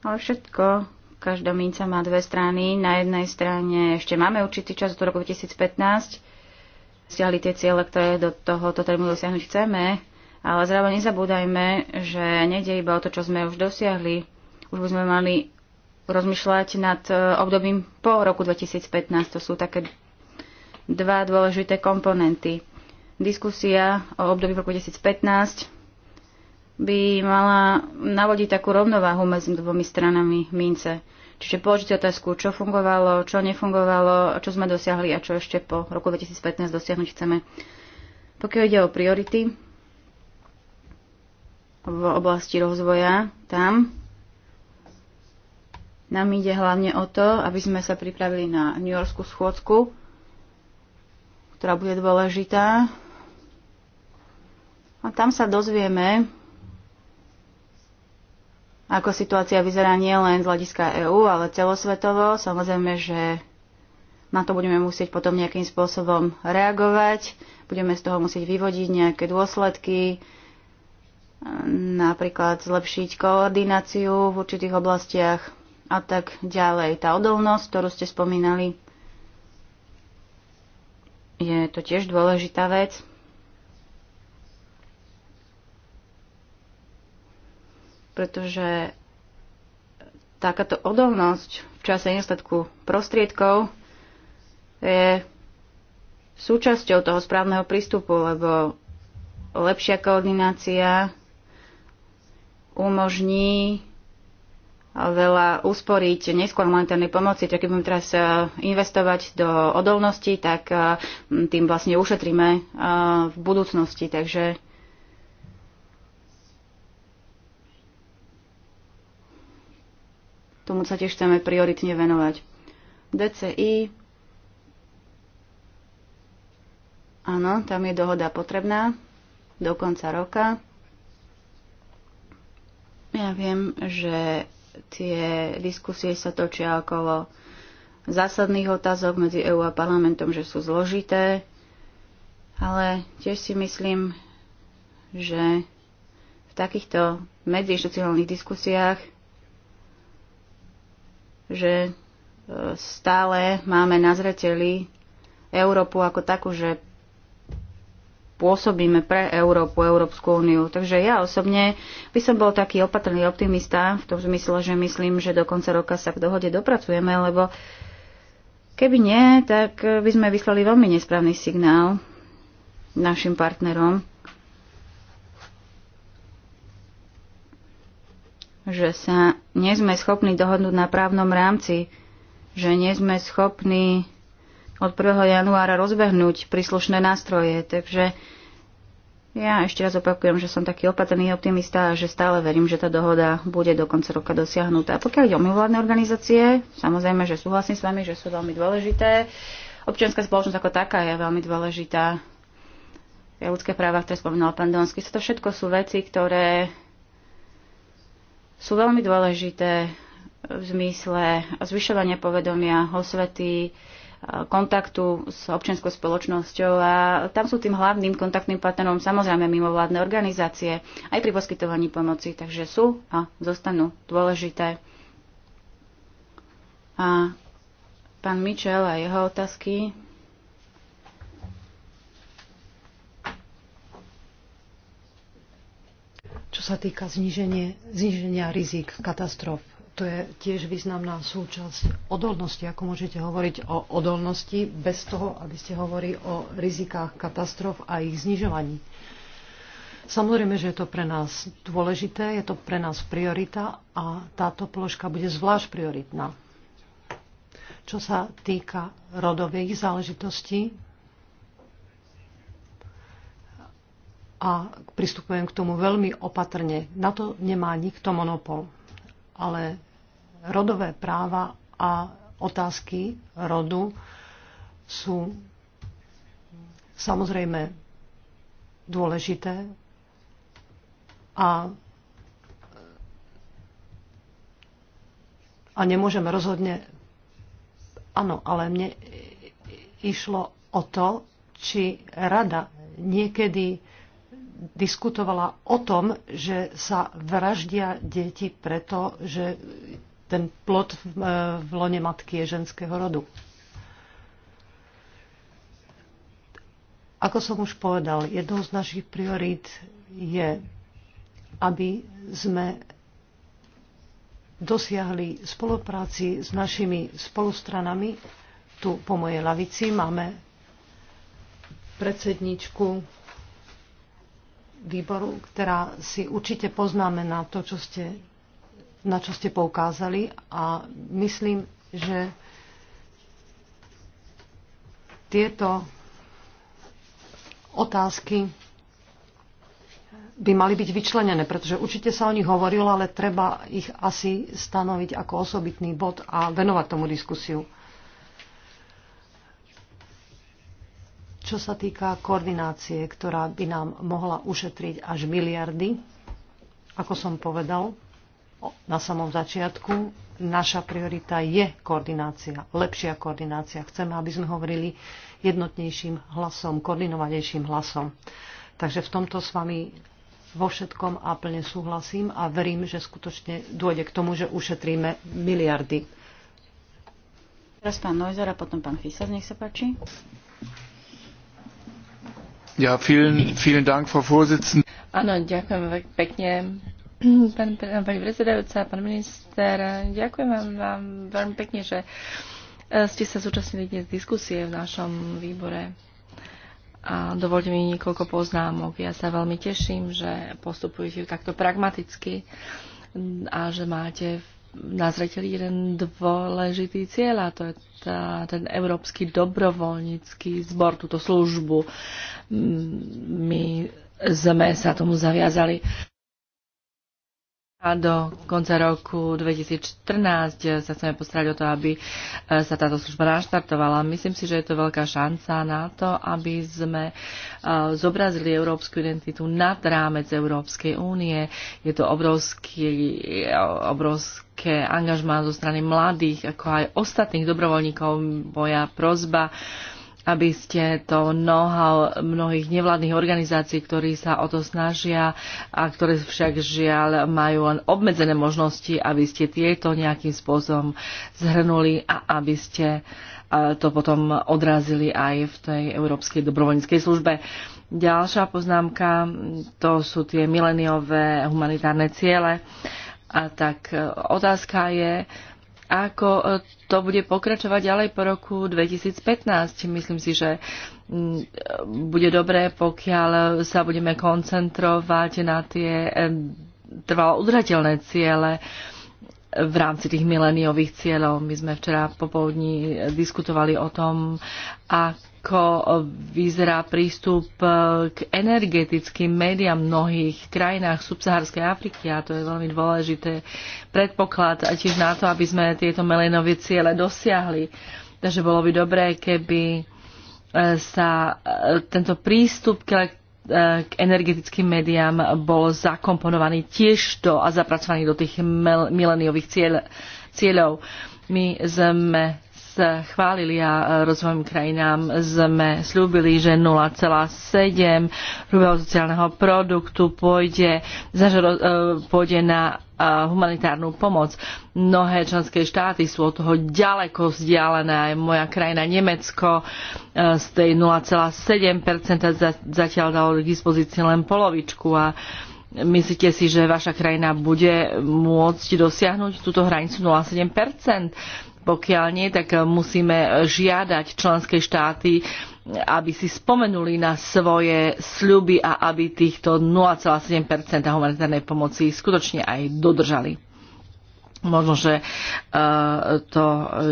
B: Ale všetko každá minca má dve strany. Na jednej strane ešte máme určitý čas do roku 2015, stiahli tie ciele, ktoré do tohoto termínu dosiahnuť chceme, ale zároveň nezabúdajme, že nejde iba o to, čo sme už dosiahli. Už by sme mali rozmýšľať nad e, obdobím po roku 2015. To sú také dva dôležité komponenty. Diskusia o období roku 2015 by mala navodiť takú rovnováhu medzi dvomi stranami mince. Čiže položiť otázku, čo fungovalo, čo nefungovalo, čo sme dosiahli a čo ešte po roku 2015 dosiahnuť chceme. Pokiaľ ide o priority v oblasti rozvoja, tam nám ide hlavne o to, aby sme sa pripravili na New Yorkskú schôdzku, ktorá bude dôležitá. A tam sa dozvieme, ako situácia vyzerá nielen z hľadiska EÚ, ale celosvetovo. Samozrejme, že na to budeme musieť potom nejakým spôsobom reagovať, budeme z toho musieť vyvodiť nejaké dôsledky, napríklad zlepšiť koordináciu v určitých oblastiach a tak ďalej. Tá odolnosť, ktorú ste spomínali, je to tiež dôležitá vec. pretože takáto odolnosť v čase nedostatku prostriedkov je súčasťou toho správneho prístupu, lebo lepšia koordinácia umožní veľa usporiť neskôr monetárnej pomoci. Tak keď budeme teraz eh, investovať do odolnosti, tak eh, tým vlastne ušetríme eh, v budúcnosti. Takže tomu sa tiež chceme prioritne venovať. DCI. Áno, tam je dohoda potrebná do konca roka. Ja viem, že tie diskusie sa točia okolo zásadných otázok medzi EÚ a parlamentom, že sú zložité, ale tiež si myslím, že v takýchto medzišociálnych diskusiách že e, stále máme na zreteli Európu ako takú, že pôsobíme pre Európu, Európsku úniu. Takže ja osobne by som bol taký opatrný optimista v tom zmysle, že myslím, že do konca roka sa k dohode dopracujeme, lebo keby nie, tak by sme vyslali veľmi nesprávny signál našim partnerom. že sa nie sme schopní dohodnúť na právnom rámci, že nie sme schopní od 1. januára rozbehnúť príslušné nástroje. Takže ja ešte raz opakujem, že som taký opatrný optimista a že stále verím, že tá dohoda bude do konca roka dosiahnutá. Pokiaľ ide o mimovládne organizácie, samozrejme, že súhlasím s vami, že sú veľmi dôležité. Občianská spoločnosť ako taká je veľmi dôležitá. Je ja ľudské práva, ktoré spomínal pán Donsky, to všetko sú veci, ktoré sú veľmi dôležité v zmysle zvyšovania povedomia o svety, e, kontaktu s občianskou spoločnosťou a tam sú tým hlavným kontaktným patronom samozrejme mimovládne organizácie aj pri poskytovaní pomoci, takže sú a zostanú dôležité. A pán Mičel a jeho otázky.
D: čo sa týka zniženie, zniženia rizik katastrof. To je tiež významná súčasť odolnosti. Ako môžete hovoriť o odolnosti bez toho, aby ste hovorili o rizikách katastrof a ich znižovaní? Samozrejme, že je to pre nás dôležité, je to pre nás priorita a táto položka bude zvlášť prioritná. Čo sa týka rodových záležitostí, a pristupujem k tomu veľmi opatrne. Na to nemá nikto monopol. Ale rodové práva a otázky rodu sú samozrejme dôležité a,
A: a nemôžeme rozhodne.
D: Áno, ale mne išlo o to, či rada niekedy diskutovala o tom, že sa vraždia deti preto, že ten plod v, e, v lone matky je ženského rodu. Ako som už povedal, jednou z našich priorít je, aby sme dosiahli spolupráci s našimi spolustranami. Tu po mojej lavici máme predsedničku výboru, ktorá si určite poznamená to, čo ste, na čo ste poukázali a myslím, že tieto otázky by mali byť vyčlenené, pretože určite sa o nich hovorilo, ale treba ich asi stanoviť ako osobitný bod a venovať tomu diskusiu. čo sa týka koordinácie, ktorá by nám mohla ušetriť až miliardy. Ako som povedal na samom začiatku, naša priorita je koordinácia, lepšia koordinácia. Chceme, aby sme hovorili jednotnejším hlasom, koordinovanejším hlasom. Takže v tomto s vami vo všetkom a plne súhlasím a verím, že skutočne dôjde k tomu, že ušetríme miliardy. Teraz pán Neuser a potom pán Fisas, nech sa páči.
C: Ja,
A: Áno, ďakujem pekne, pani predsedajúca, pán minister. Ďakujem vám veľmi pekne, že e, ste sa zúčastnili dnes diskusie v našom výbore. A dovolte mi niekoľko poznámok. Ja sa veľmi teším, že postupujete takto pragmaticky a že máte v nazretel jeden dôležitý cieľ a to je tá, ten Európsky dobrovoľnícky zbor, túto službu. My sme sa tomu zaviazali a do konca roku 2014 sa chceme postarať o to, aby e, sa táto služba naštartovala. Myslím si, že je to veľká šanca na to, aby sme e, zobrazili európsku identitu nad rámec Európskej únie. Je to obrovský, obrovský angažmá zo strany mladých, ako aj ostatných dobrovoľníkov, moja prozba. Uh, aby ste to know-how mnohých nevládnych organizácií, ktorí sa o to snažia a ktoré však žiaľ majú len obmedzené možnosti, aby ste tieto nejakým spôsobom zhrnuli a aby ste to potom odrazili aj v tej Európskej dobrovoľníckej službe. Ďalšia poznámka, to sú tie mileniové humanitárne ciele. A tak e, otázka je, ako e, to bude pokračovať ďalej po roku 2015. Myslím si, že bude dobré, pokiaľ sa budeme koncentrovať na tie e, trvalo udrateľné ciele v rámci tých mileniových cieľov. My sme včera popoludní diskutovali o tom, ako ako vyzerá prístup eh, k energetickým médiám v mnohých krajinách subsaharskej Afriky a to je veľmi dôležité predpoklad a tiež na to, aby sme tieto melinové ciele dosiahli. Takže bolo by dobré, keby eh, sa eh, tento prístup k k energetickým médiám bol zakomponovaný tiež do a zapracovaný do tých mileniových cieľ, cieľov. My sme sa chválili a rozvojom krajinám sme slúbili, že 0,7 hrubého sociálneho produktu pôjde, za, e, pôjde na e, humanitárnu pomoc. Mnohé členské štáty sú od toho ďaleko vzdialené. Aj moja krajina Nemecko e, z tej 0,7% zatiaľ dalo k dispozícii len polovičku. A myslíte si, že vaša krajina bude môcť dosiahnuť túto hranicu 0,7%? pokiaľ nie, tak eh, musíme eh, žiadať členské štáty, aby si spomenuli na svoje sľuby a aby týchto 0,7 humanitárnej pomoci skutočne aj dodržali. Možno, že eh, to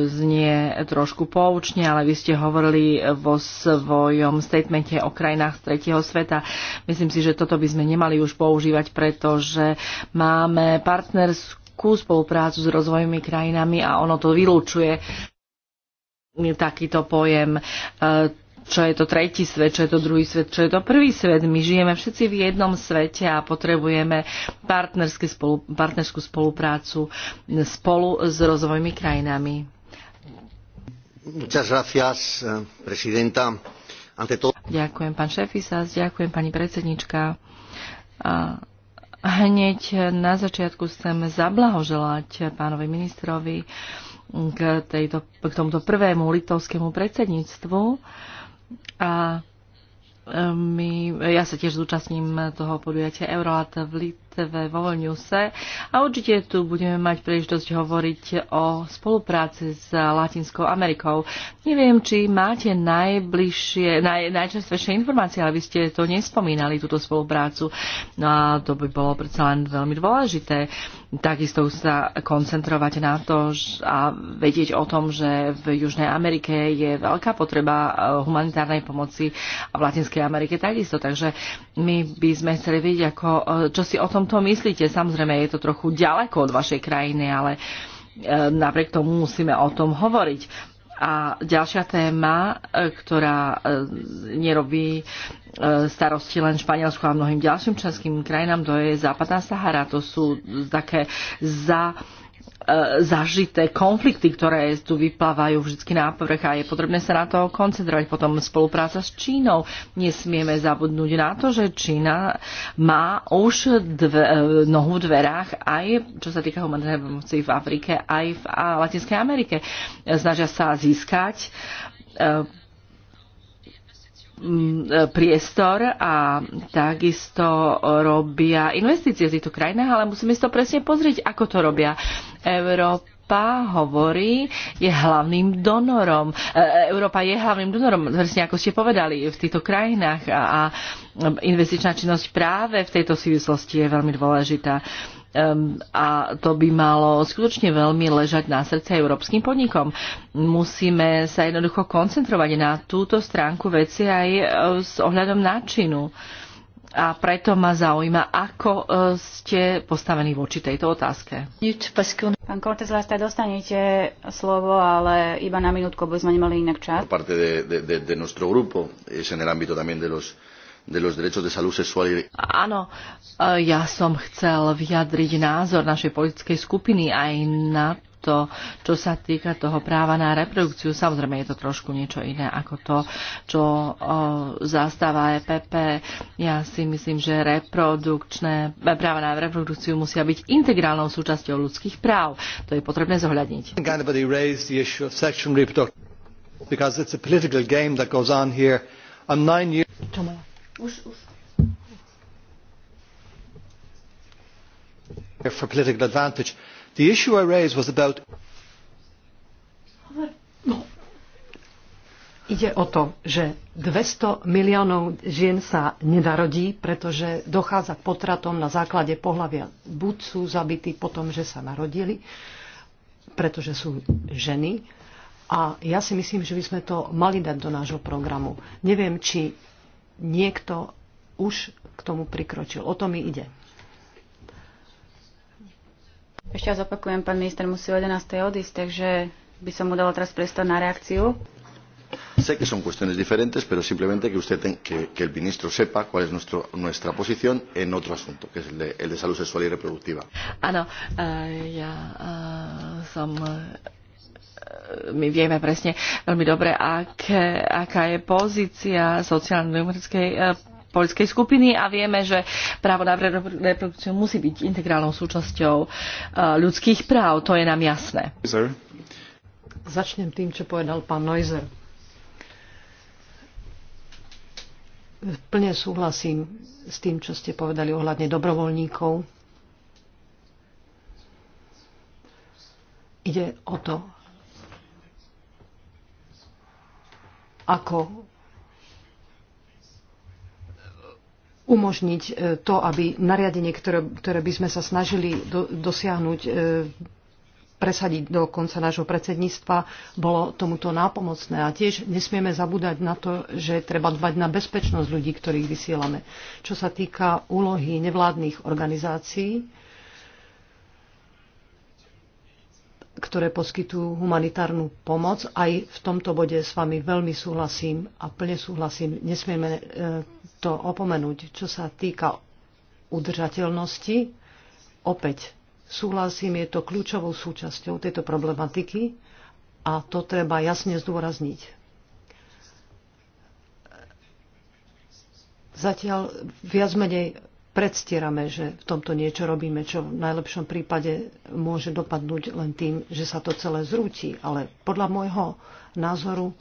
A: znie trošku poučne, ale vy ste hovorili vo svojom statemente o krajinách z tretieho sveta. Myslím si, že toto by sme nemali už používať, pretože máme partnerskú nejakú spoluprácu s rozvojovými krajinami a ono to vylúčuje takýto pojem, e, čo je to tretí svet, čo je to druhý svet, čo je to prvý svet. My žijeme všetci v jednom svete a potrebujeme spolu, partnerskú spoluprácu spolu s rozvojovými krajinami.
C: Muchas gracias, eh, presidenta. Ante todo...
A: Ďakujem, pán Šefisas, ďakujem, pani predsednička. A... Hneď na začiatku chcem zablahoželať pánovi ministrovi k, tejto, k tomuto prvému litovskému predsedníctvu. A e, my, ja sa tiež zúčastním toho podujatia Eurolat v Litve TV vo Voľňuse a určite tu budeme mať príležitosť hovoriť o spolupráci s Latinskou Amerikou. Neviem, či máte najbližšie, naj, najčastejšie informácie, ale vy ste to nespomínali, túto spoluprácu. No a to by bolo predsa len veľmi dôležité. Takisto sa koncentrovať na to a vedieť o tom, že v Južnej Amerike je veľká potreba e, humanitárnej pomoci a v Latinskej Amerike takisto. Takže my by sme chceli vidieť, ako, e, čo si o tom som to myslíte. Samozrejme, je to trochu ďaleko od vašej krajiny, ale e, napriek tomu musíme o tom hovoriť. A ďalšia téma, e, ktorá e, nerobí starosti len Španielsku a mnohým ďalším členským krajinám, to je Západná Sahara. To sú také za... E, zažité konflikty, ktoré tu vyplávajú vždy na povrch a je potrebné sa na to koncentrovať. Potom spolupráca s Čínou. Nesmieme zabudnúť na to, že Čína má už dve, e, nohu v dverách aj čo sa týka humanitárnej pomoci v Afrike, aj v Latinskej Amerike. Snažia sa získať e, Mm, priestor a takisto robia investície v týchto krajinách, ale musíme si to presne pozrieť, ako to robia. Európa hovorí, je hlavným donorom. E, e, Európa je hlavným donorom, presne ako ste povedali, v týchto krajinách a, a investičná činnosť práve v tejto súvislosti je veľmi dôležitá. E, a to by malo skutočne veľmi ležať na srdce európskym podnikom. Musíme sa jednoducho koncentrovať na túto stránku veci aj e, s ohľadom na činu. A preto ma zaujíma, ako e, ste postavení voči tejto otázke.
B: Pán Cortés, vás teda dostanete slovo, ale iba na minútku, bo sme nemali inak čas.
A: Parte de, de, de, de nuestro
C: grupo, es en el ámbito también de los de los derechos de salud sexual y
A: Áno, e, ja som chcel vyjadriť názor našej politickej skupiny aj na to, čo sa týka toho práva na reprodukciu. Samozrejme, je to trošku niečo iné ako to, čo o, e, zastáva EPP. Ja si myslím, že reprodukčné, e, práva na reprodukciu musia byť integrálnou súčasťou ľudských práv. To je potrebné zohľadniť.
C: Čo moja? for political advantage. The issue I raised was about.
D: No. Ide o to, že 200 miliónov žien sa nedarodí, pretože dochádza k potratom na základe pohľavia. Buď sú zabití po tom, že sa narodili, pretože sú ženy. A ja si myslím, že by sme to mali dať do nášho programu. Neviem, či niekto už k tomu prikročil. O to mi ide.
B: Ešte raz opakujem, pán minister musí o 11. odísť, takže by som mu dala teraz priestor na reakciu.
C: Sé que son cuestiones diferentes, pero simplemente que usted ten, que, que el ministro sepa cuál es nuestro, nuestra posición en otro asunto, que es el de, el de salud sexual y reproductiva.
A: Ah, no. Uh, eh, ya, ja, uh, eh, some, uh... Eh, my vieme presne veľmi dobre, ak, aká je pozícia sociálno-demokratickej eh, poľskej skupiny a vieme, že právo na reprodukciu musí byť integrálnou súčasťou eh, ľudských práv. To je nám jasné. Neuser. Začnem tým, čo povedal pán Neuser.
D: Plne súhlasím s tým, čo ste povedali ohľadne dobrovoľníkov. Ide o to, ako umožniť e, to, aby nariadenie, ktoré, ktoré by sme sa snažili do, dosiahnuť, e, presadiť do konca nášho predsedníctva, bolo tomuto nápomocné. A tiež nesmieme zabúdať na to, že treba dbať na bezpečnosť ľudí, ktorých vysielame. Čo sa týka úlohy nevládnych organizácií, ktoré poskytujú humanitárnu pomoc. Aj v tomto bode s vami veľmi súhlasím a plne súhlasím. Nesmieme e, to opomenúť, čo sa týka udržateľnosti. Opäť súhlasím, je to kľúčovou súčasťou tejto problematiky a to treba jasne zdôrazniť. Zatiaľ viac menej predstierame, že v tomto niečo robíme, čo v najlepšom prípade môže dopadnúť len tým, že sa to celé zrúti. Ale podľa môjho názoru e,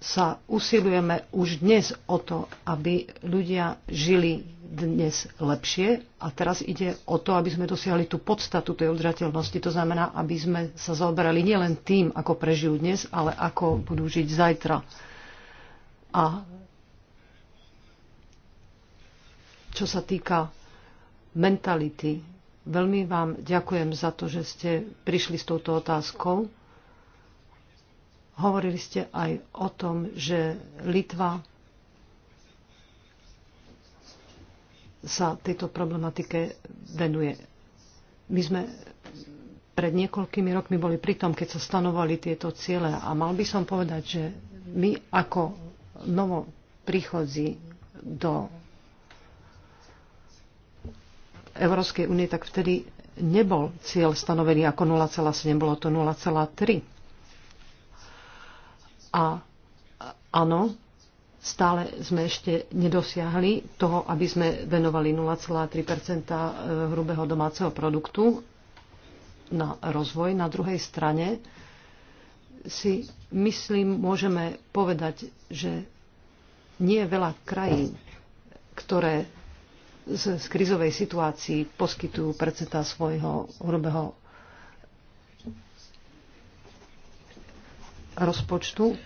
D: sa usilujeme už dnes o to, aby ľudia žili dnes lepšie a teraz ide o to, aby sme dosiahli tú podstatu tej odrateľnosti. To znamená, aby sme sa zaoberali nielen tým, ako prežijú dnes, ale ako budú žiť zajtra. A čo sa týka mentality. Veľmi vám ďakujem za to, že ste prišli s touto otázkou. Hovorili ste aj o tom, že Litva sa tejto problematike venuje. My sme pred niekoľkými rokmi boli pri tom, keď sa stanovali tieto ciele. A mal by som povedať, že my ako novo príchodzi do Európskej únie, tak vtedy nebol cieľ stanovený ako 0,7, bolo to 0,3. A áno, stále sme ešte nedosiahli toho, aby sme venovali 0,3 eh, hrubého domáceho produktu na rozvoj. Na druhej strane si myslím, môžeme povedať, že nie je veľa krajín, ktoré z, z krizovej situácii poskytujú predseta svojho hrubého rozpočtu,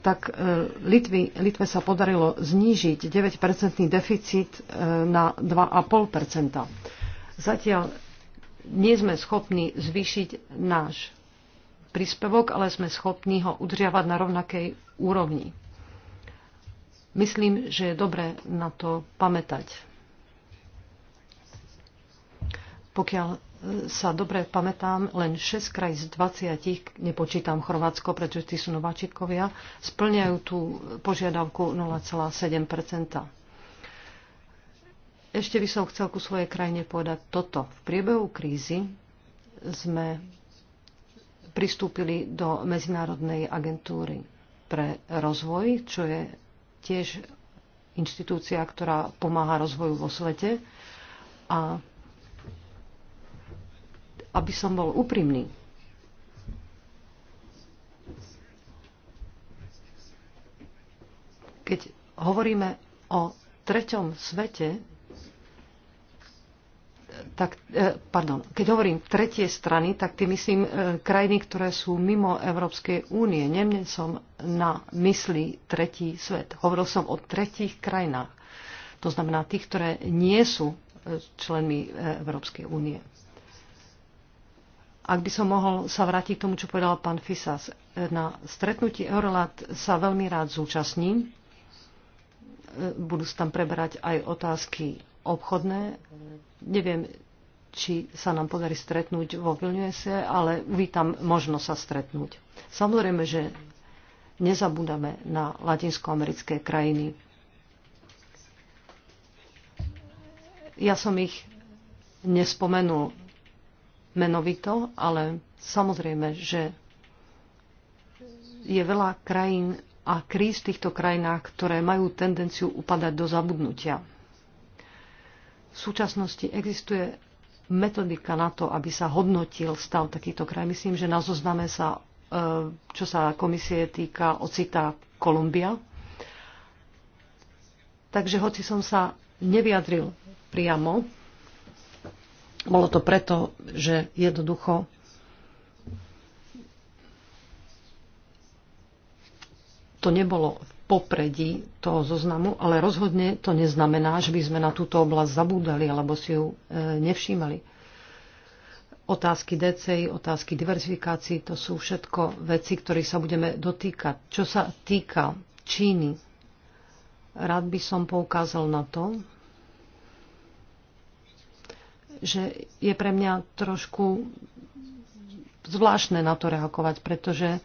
D: tak e, Litvy, Litve sa podarilo znížiť 9-percentný deficit e, na 2,5 Zatiaľ nie sme schopní zvýšiť náš príspevok, ale sme schopní ho udržiavať na rovnakej úrovni. Myslím, že je dobré na to pamätať. Pokiaľ e, sa dobre pamätám, len 6 kraj z 20, nepočítam Chorvátsko, pretože tí sú nováčikovia, splňajú tú požiadavku 0,7 Ešte by som chcel ku svojej krajine povedať toto. V priebehu krízy sme pristúpili do Medzinárodnej agentúry pre rozvoj, čo je tiež inštitúcia, ktorá pomáha rozvoju vo svete. A aby som bol úprimný, keď hovoríme o treťom svete, tak, eh, pardon, keď hovorím tretie strany, tak tým myslím eh, krajiny, ktoré sú mimo Európskej únie. Nemne som na mysli tretí svet. Hovoril som o tretích krajinách. To znamená tých, ktoré nie sú eh, členmi Európskej únie. Ak by som mohol sa vrátiť k tomu, čo povedal pán Fisas, na stretnutí Eurolat sa veľmi rád zúčastním. Budú sa tam preberať aj otázky obchodné. Neviem, či sa nám podarí stretnúť vo Vilniuse, ale vítam možno sa stretnúť. Samozrejme, že nezabúdame na latinskoamerické krajiny. Ja som ich nespomenul menovito, ale samozrejme, že je veľa krajín a kríz v týchto krajinách, ktoré majú tendenciu upadať do zabudnutia v súčasnosti existuje metodika na to, aby sa hodnotil stav takýchto krajín. Myslím, že na zozname sa, e, čo sa komisie týka, ocitá Kolumbia. Takže hoci som sa nevyjadril priamo, bolo to preto, že jednoducho to nebolo popredí toho zoznamu, ale rozhodne to neznamená, že by sme na túto oblasť zabúdali alebo si ju e, nevšímali. Otázky DCI, otázky diverzifikácií, to sú všetko veci, ktorých sa budeme dotýkať. Čo sa týka Číny, rád by som poukázal na to, že je pre mňa trošku zvláštne na to reagovať, pretože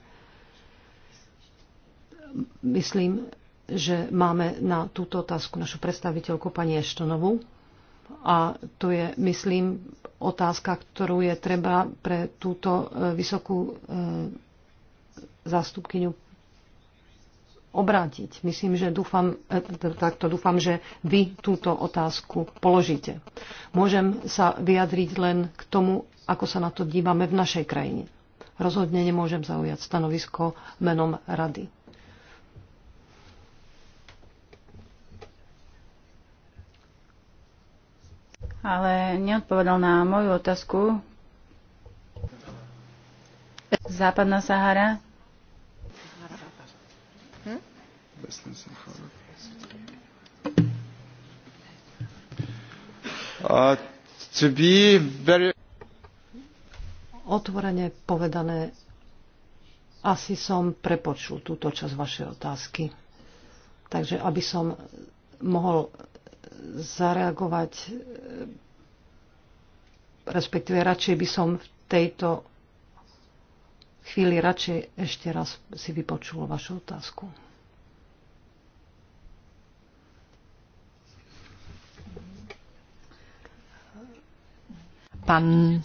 D: myslím, že máme na túto otázku našu predstaviteľku pani Eštonovú. A to je, myslím, otázka, ktorú je treba pre túto e, vysokú e, zástupkyňu obrátiť. Myslím, že dúfam, e, takto dúfam, že vy túto otázku položíte. Môžem sa vyjadriť len k tomu, ako sa na to dívame v našej krajine. Rozhodne nemôžem zaujať stanovisko menom rady.
B: ale neodpovedal na moju otázku. Západná Sahara?
C: Hm?
D: Otvorene povedané, asi som prepočul túto časť vašej otázky. Takže aby som mohol zareagovať, eh, respektíve radšej by som v tejto chvíli radšej ešte raz si vypočul vašu otázku.
A: Pán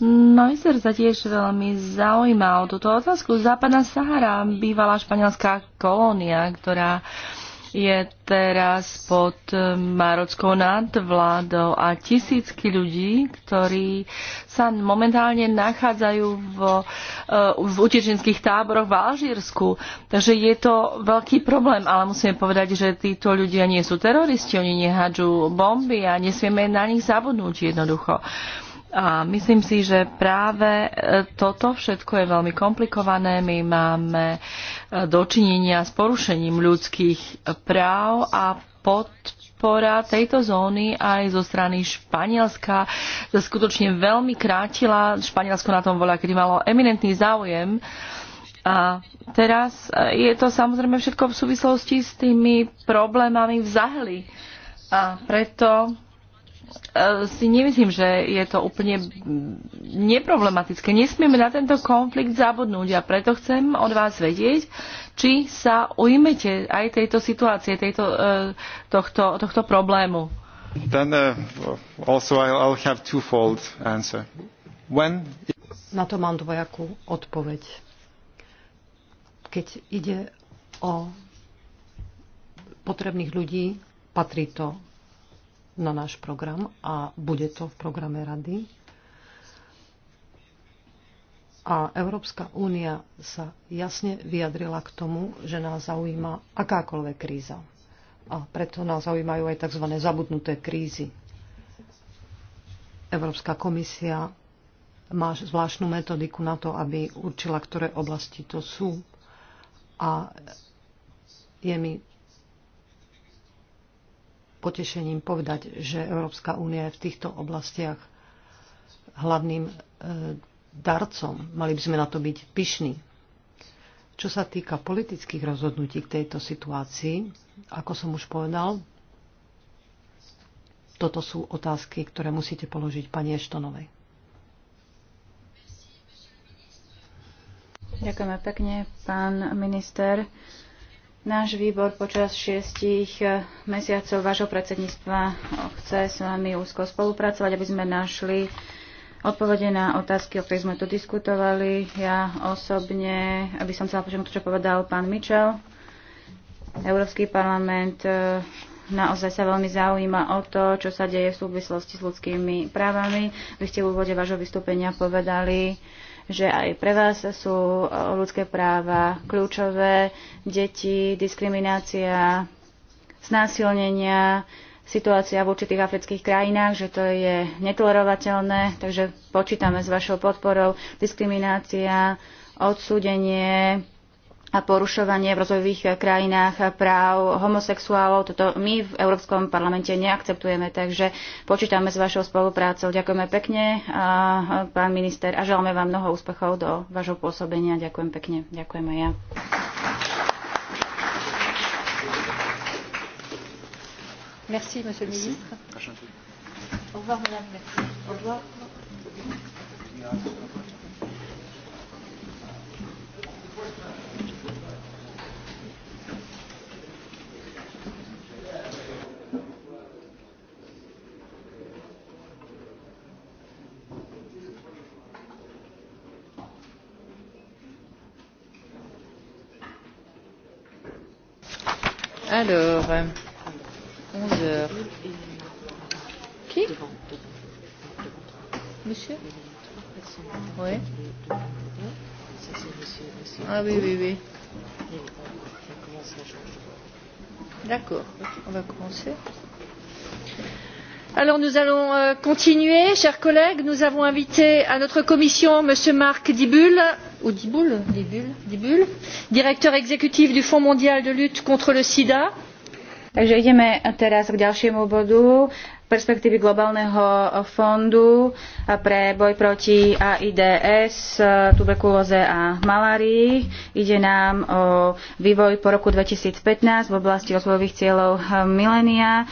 A: Majster sa tiež veľmi zaujímal túto otázku. Západná Sahara, bývalá španielská kolónia, ktorá uh, je teraz pod Marockou nad vládou a tisícky ľudí, ktorí sa momentálne nachádzajú v, eh, v utečenských táboroch v Alžírsku. Takže je to veľký problém, ale musíme povedať, že títo ľudia nie sú teroristi, oni nehadžú bomby a nesmieme na nich zabudnúť jednoducho. A myslím si, že práve e, toto všetko je veľmi komplikované. My máme e, dočinenia s porušením ľudských práv a podpora tejto zóny aj zo strany Španielska sa skutočne veľmi krátila. Španielsko na tom bola, kedy malo eminentný záujem. A teraz e, je to samozrejme všetko v súvislosti s tými problémami v Zahli. A preto Eh, si nemyslím, že je to úplne neproblematické. Nesmieme na tento konflikt zabudnúť a preto chcem od vás vedieť, či sa ujmete aj tejto situácie, tejto, eh, tohto, tohto problému.
C: Then, uh, also I'll have twofold answer. When...
D: Na to mám dvojakú odpoveď. Keď ide o potrebných ľudí, patrí to na náš program a bude to v programe rady. A Európska únia sa jasne vyjadrila k tomu, že nás zaujíma akákoľvek kríza. A preto nás zaujímajú aj tzv. zabudnuté krízy. Európska komisia má zvláštnu metodiku na to, aby určila, ktoré oblasti to sú. A je mi potešením povedať, že Európska únia je v týchto oblastiach hlavným e, darcom. Mali by sme na to byť pyšní. Čo sa týka politických rozhodnutí k tejto situácii, ako som už povedal, toto sú otázky, ktoré musíte položiť pani Eštonovej.
B: Ďakujeme pekne, pán minister. Náš výbor počas šiestich eh, mesiacov vášho predsedníctva eh, chce s vami úzko spolupracovať, aby sme našli odpovede na otázky, o ktorých sme tu diskutovali. Ja osobne, aby som chcela počuť, čo povedal pán Mičel, Európsky parlament eh, naozaj sa veľmi zaujíma o to, čo sa deje v súvislosti s ľudskými právami. Vy ste v úvode vášho vystúpenia povedali, že aj pre vás sú eh, ľudské práva kľúčové, deti, diskriminácia, znásilnenia, situácia v určitých afrických krajinách, že to je netolerovateľné, takže počítame s vašou podporou diskriminácia, odsúdenie, a porušovanie v rozvojových eh, krajinách práv homosexuálov. Toto my v Európskom parlamente neakceptujeme, takže počítame s vašou spoluprácou. Ďakujeme pekne, a pán minister, a želáme vám mnoho úspechov do vašho pôsobenia. Ďakujem pekne. Ďakujem aj ja.
D: Merci, monsieur
A: le ministre. Au revoir, madame. Au revoir. Alors, 11 heures. Qui Monsieur Oui. Ah oui, oui, oui. D'accord, on va commencer alors nous allons euh, continuer chers collègues nous avons invité à notre commission m. marc dibul directeur
B: exécutif du fonds mondial de lutte contre le sida. Takže ideme teraz k ďalšiemu bodu perspektívy globálneho fondu pre boj proti AIDS, tuberkulóze a malárii. Ide nám o vývoj po roku 2015 v oblasti rozvojových cieľov milénia.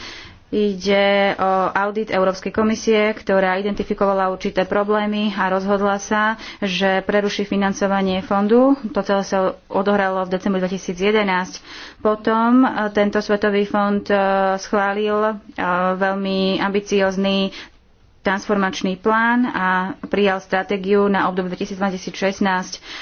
B: Ide o audit Európskej komisie, ktorá identifikovala určité problémy a rozhodla sa, že preruší financovanie fondu. To celé sa odohralo v decembri 2011. Potom eh, tento svetový fond eh, schválil eh, veľmi ambiciozný transformačný plán a prijal stratégiu na obdobie 2016.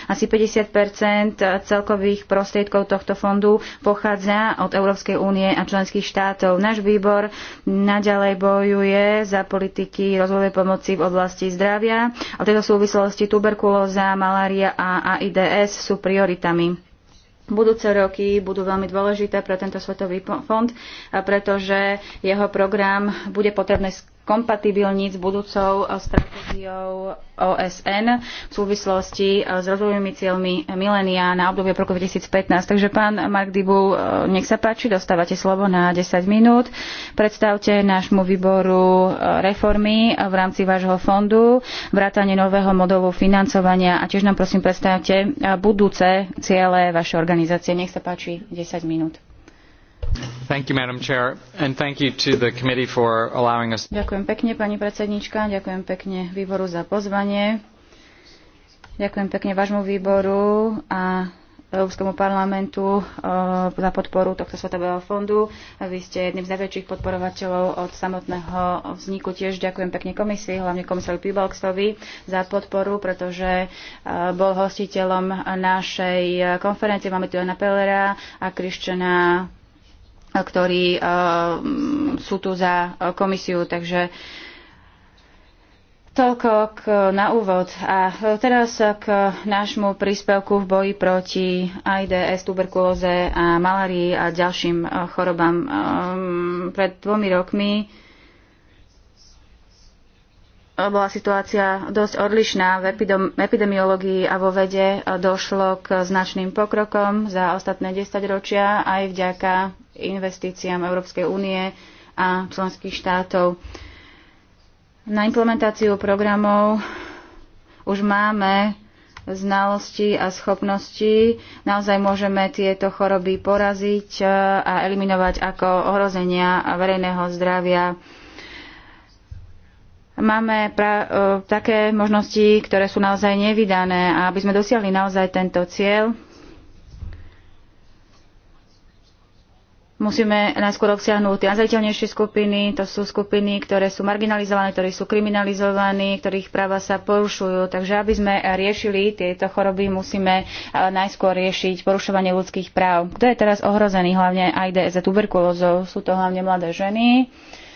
B: Asi 50 celkových prostriedkov tohto fondu pochádza od Európskej únie a členských štátov. Náš výbor naďalej bojuje za politiky rozvojovej pomoci v oblasti zdravia a v tejto súvislosti tuberkulóza, malária a AIDS sú prioritami. Budúce roky budú veľmi dôležité pre tento svetový fond, pretože jeho program bude potrebné kompatibilníc s budúcou eh, stratégiou OSN v súvislosti eh, s rozvojovými cieľmi milénia na obdobie roku 2015. Takže pán Mark Dibu, eh, nech sa páči, dostávate slovo na 10 minút. Predstavte nášmu výboru reformy v rámci vášho fondu, vrátanie nového modelu financovania a tiež nám prosím predstavte budúce ciele vašej organizácie. Nech sa páči, 10 minút ďakujem pekne pani predsedníčka ďakujem pekne výboru za pozvanie ďakujem pekne vášmu výboru a európskemu parlamentu e, za podporu tohto svetového fondu vy ste jedným z najväčších podporovateľov od samotného vzniku tiež ďakujem pekne komisii hlavne komisárovi piebalgsovi za podporu pretože e, bol hostiteľom našej konferencie máme tu jana pellera a christiana pletikosa ktorí boli ktorí eh, sú tu za komisiu. Takže toľko k, na úvod. A eh, teraz k nášmu príspevku v boji proti AIDS, tuberkulóze a malárii a ďalším eh, chorobám pred dvomi rokmi bola situácia dosť odlišná v epidemiológii a vo vede došlo k značným pokrokom za ostatné 10 ročia aj vďaka investíciám Európskej únie a členských štátov. Na implementáciu programov už máme znalosti a schopnosti. Naozaj môžeme tieto choroby poraziť e, a eliminovať ako ohrozenia verejného zdravia. Máme pra, uh, také možnosti, ktoré sú naozaj nevydané a aby sme dosiahli naozaj tento cieľ, musíme najskôr obsiahnuť tie nazajiteľnejšie skupiny, to sú skupiny, ktoré sú marginalizované, ktoré sú kriminalizované, ktorých práva sa porušujú. Takže aby sme riešili tieto choroby, musíme e, najskôr riešiť porušovanie ľudských práv. Kto je teraz ohrozený, hlavne AIDS a tuberkulózou? Sú to hlavne mladé ženy. Uh,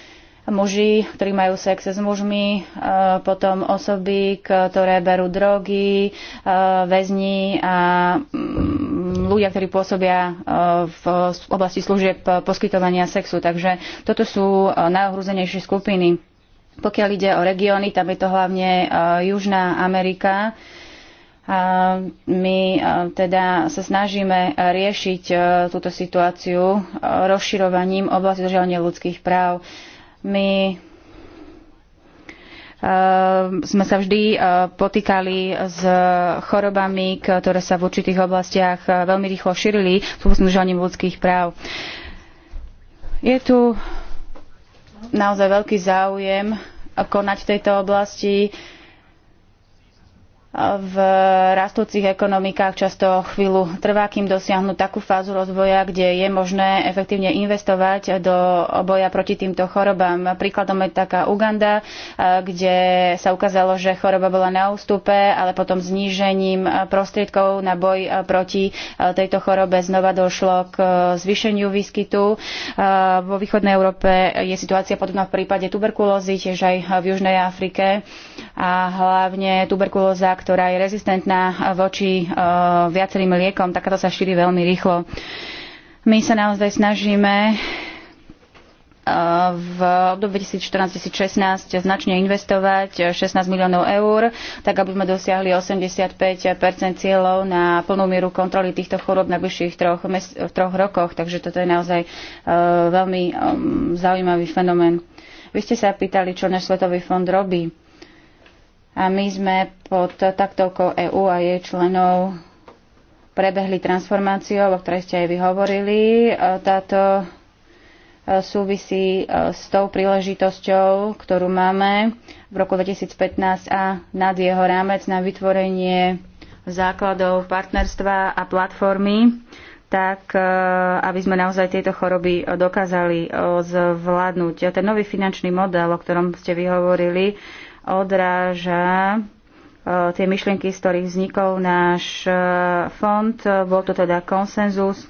B: muži, ktorí majú sex s mužmi, e, potom osoby, ktoré berú drogy, e, väzni a mm, ľudia, ktorí pôsobia e, v oblasti služieb poskytovania sexu. Takže toto sú najohrúzenejšie skupiny. Pokiaľ ide o regióny, tam je to hlavne Južná Amerika. A my teda sa snažíme riešiť túto situáciu rozširovaním oblasti držania ľudských práv my eh, sme sa vždy eh, potýkali s chorobami, ktoré sa v určitých oblastiach eh, veľmi rýchlo šírili s uznužovaním ľudských práv. Je tu naozaj veľký záujem konať v tejto oblasti v rastúcich ekonomikách často chvíľu trvá, kým dosiahnu takú fázu rozvoja, kde je možné efektívne investovať do boja proti týmto chorobám. Príkladom je taká Uganda, kde sa ukázalo, že choroba bola na ústupe, ale potom znížením prostriedkov na boj proti tejto chorobe znova došlo k zvýšeniu výskytu. Vo východnej Európe je situácia podobná v prípade tuberkulózy, tiež aj v Južnej Afrike. A hlavne tuberkulóza, ktorá je rezistentná voči eh, viacerým liekom, tak to sa šíri veľmi rýchlo. My sa naozaj snažíme eh, v období 2014-2016 značne investovať 16 eh, miliónov eur, tak aby sme dosiahli 85 cieľov na plnú mieru kontroly týchto chorób na bližších troch, mes- troch rokoch. Takže toto je naozaj veľmi mm, zaujímavý fenomén. Vy ste sa pýtali, čo náš Svetový fond robí. A my sme pod taktovkou EÚ a jej členov prebehli transformáciou, o ktorej ste aj vy hovorili. Táto súvisí s tou príležitosťou, ktorú máme v roku 2015 a nad jeho rámec na vytvorenie základov partnerstva a platformy, tak aby sme naozaj tieto choroby dokázali zvládnuť. Ten nový finančný model, o ktorom ste vyhovorili, odráža eh, tie myšlienky, z ktorých vznikol náš eh, fond. Bol to teda konsenzus.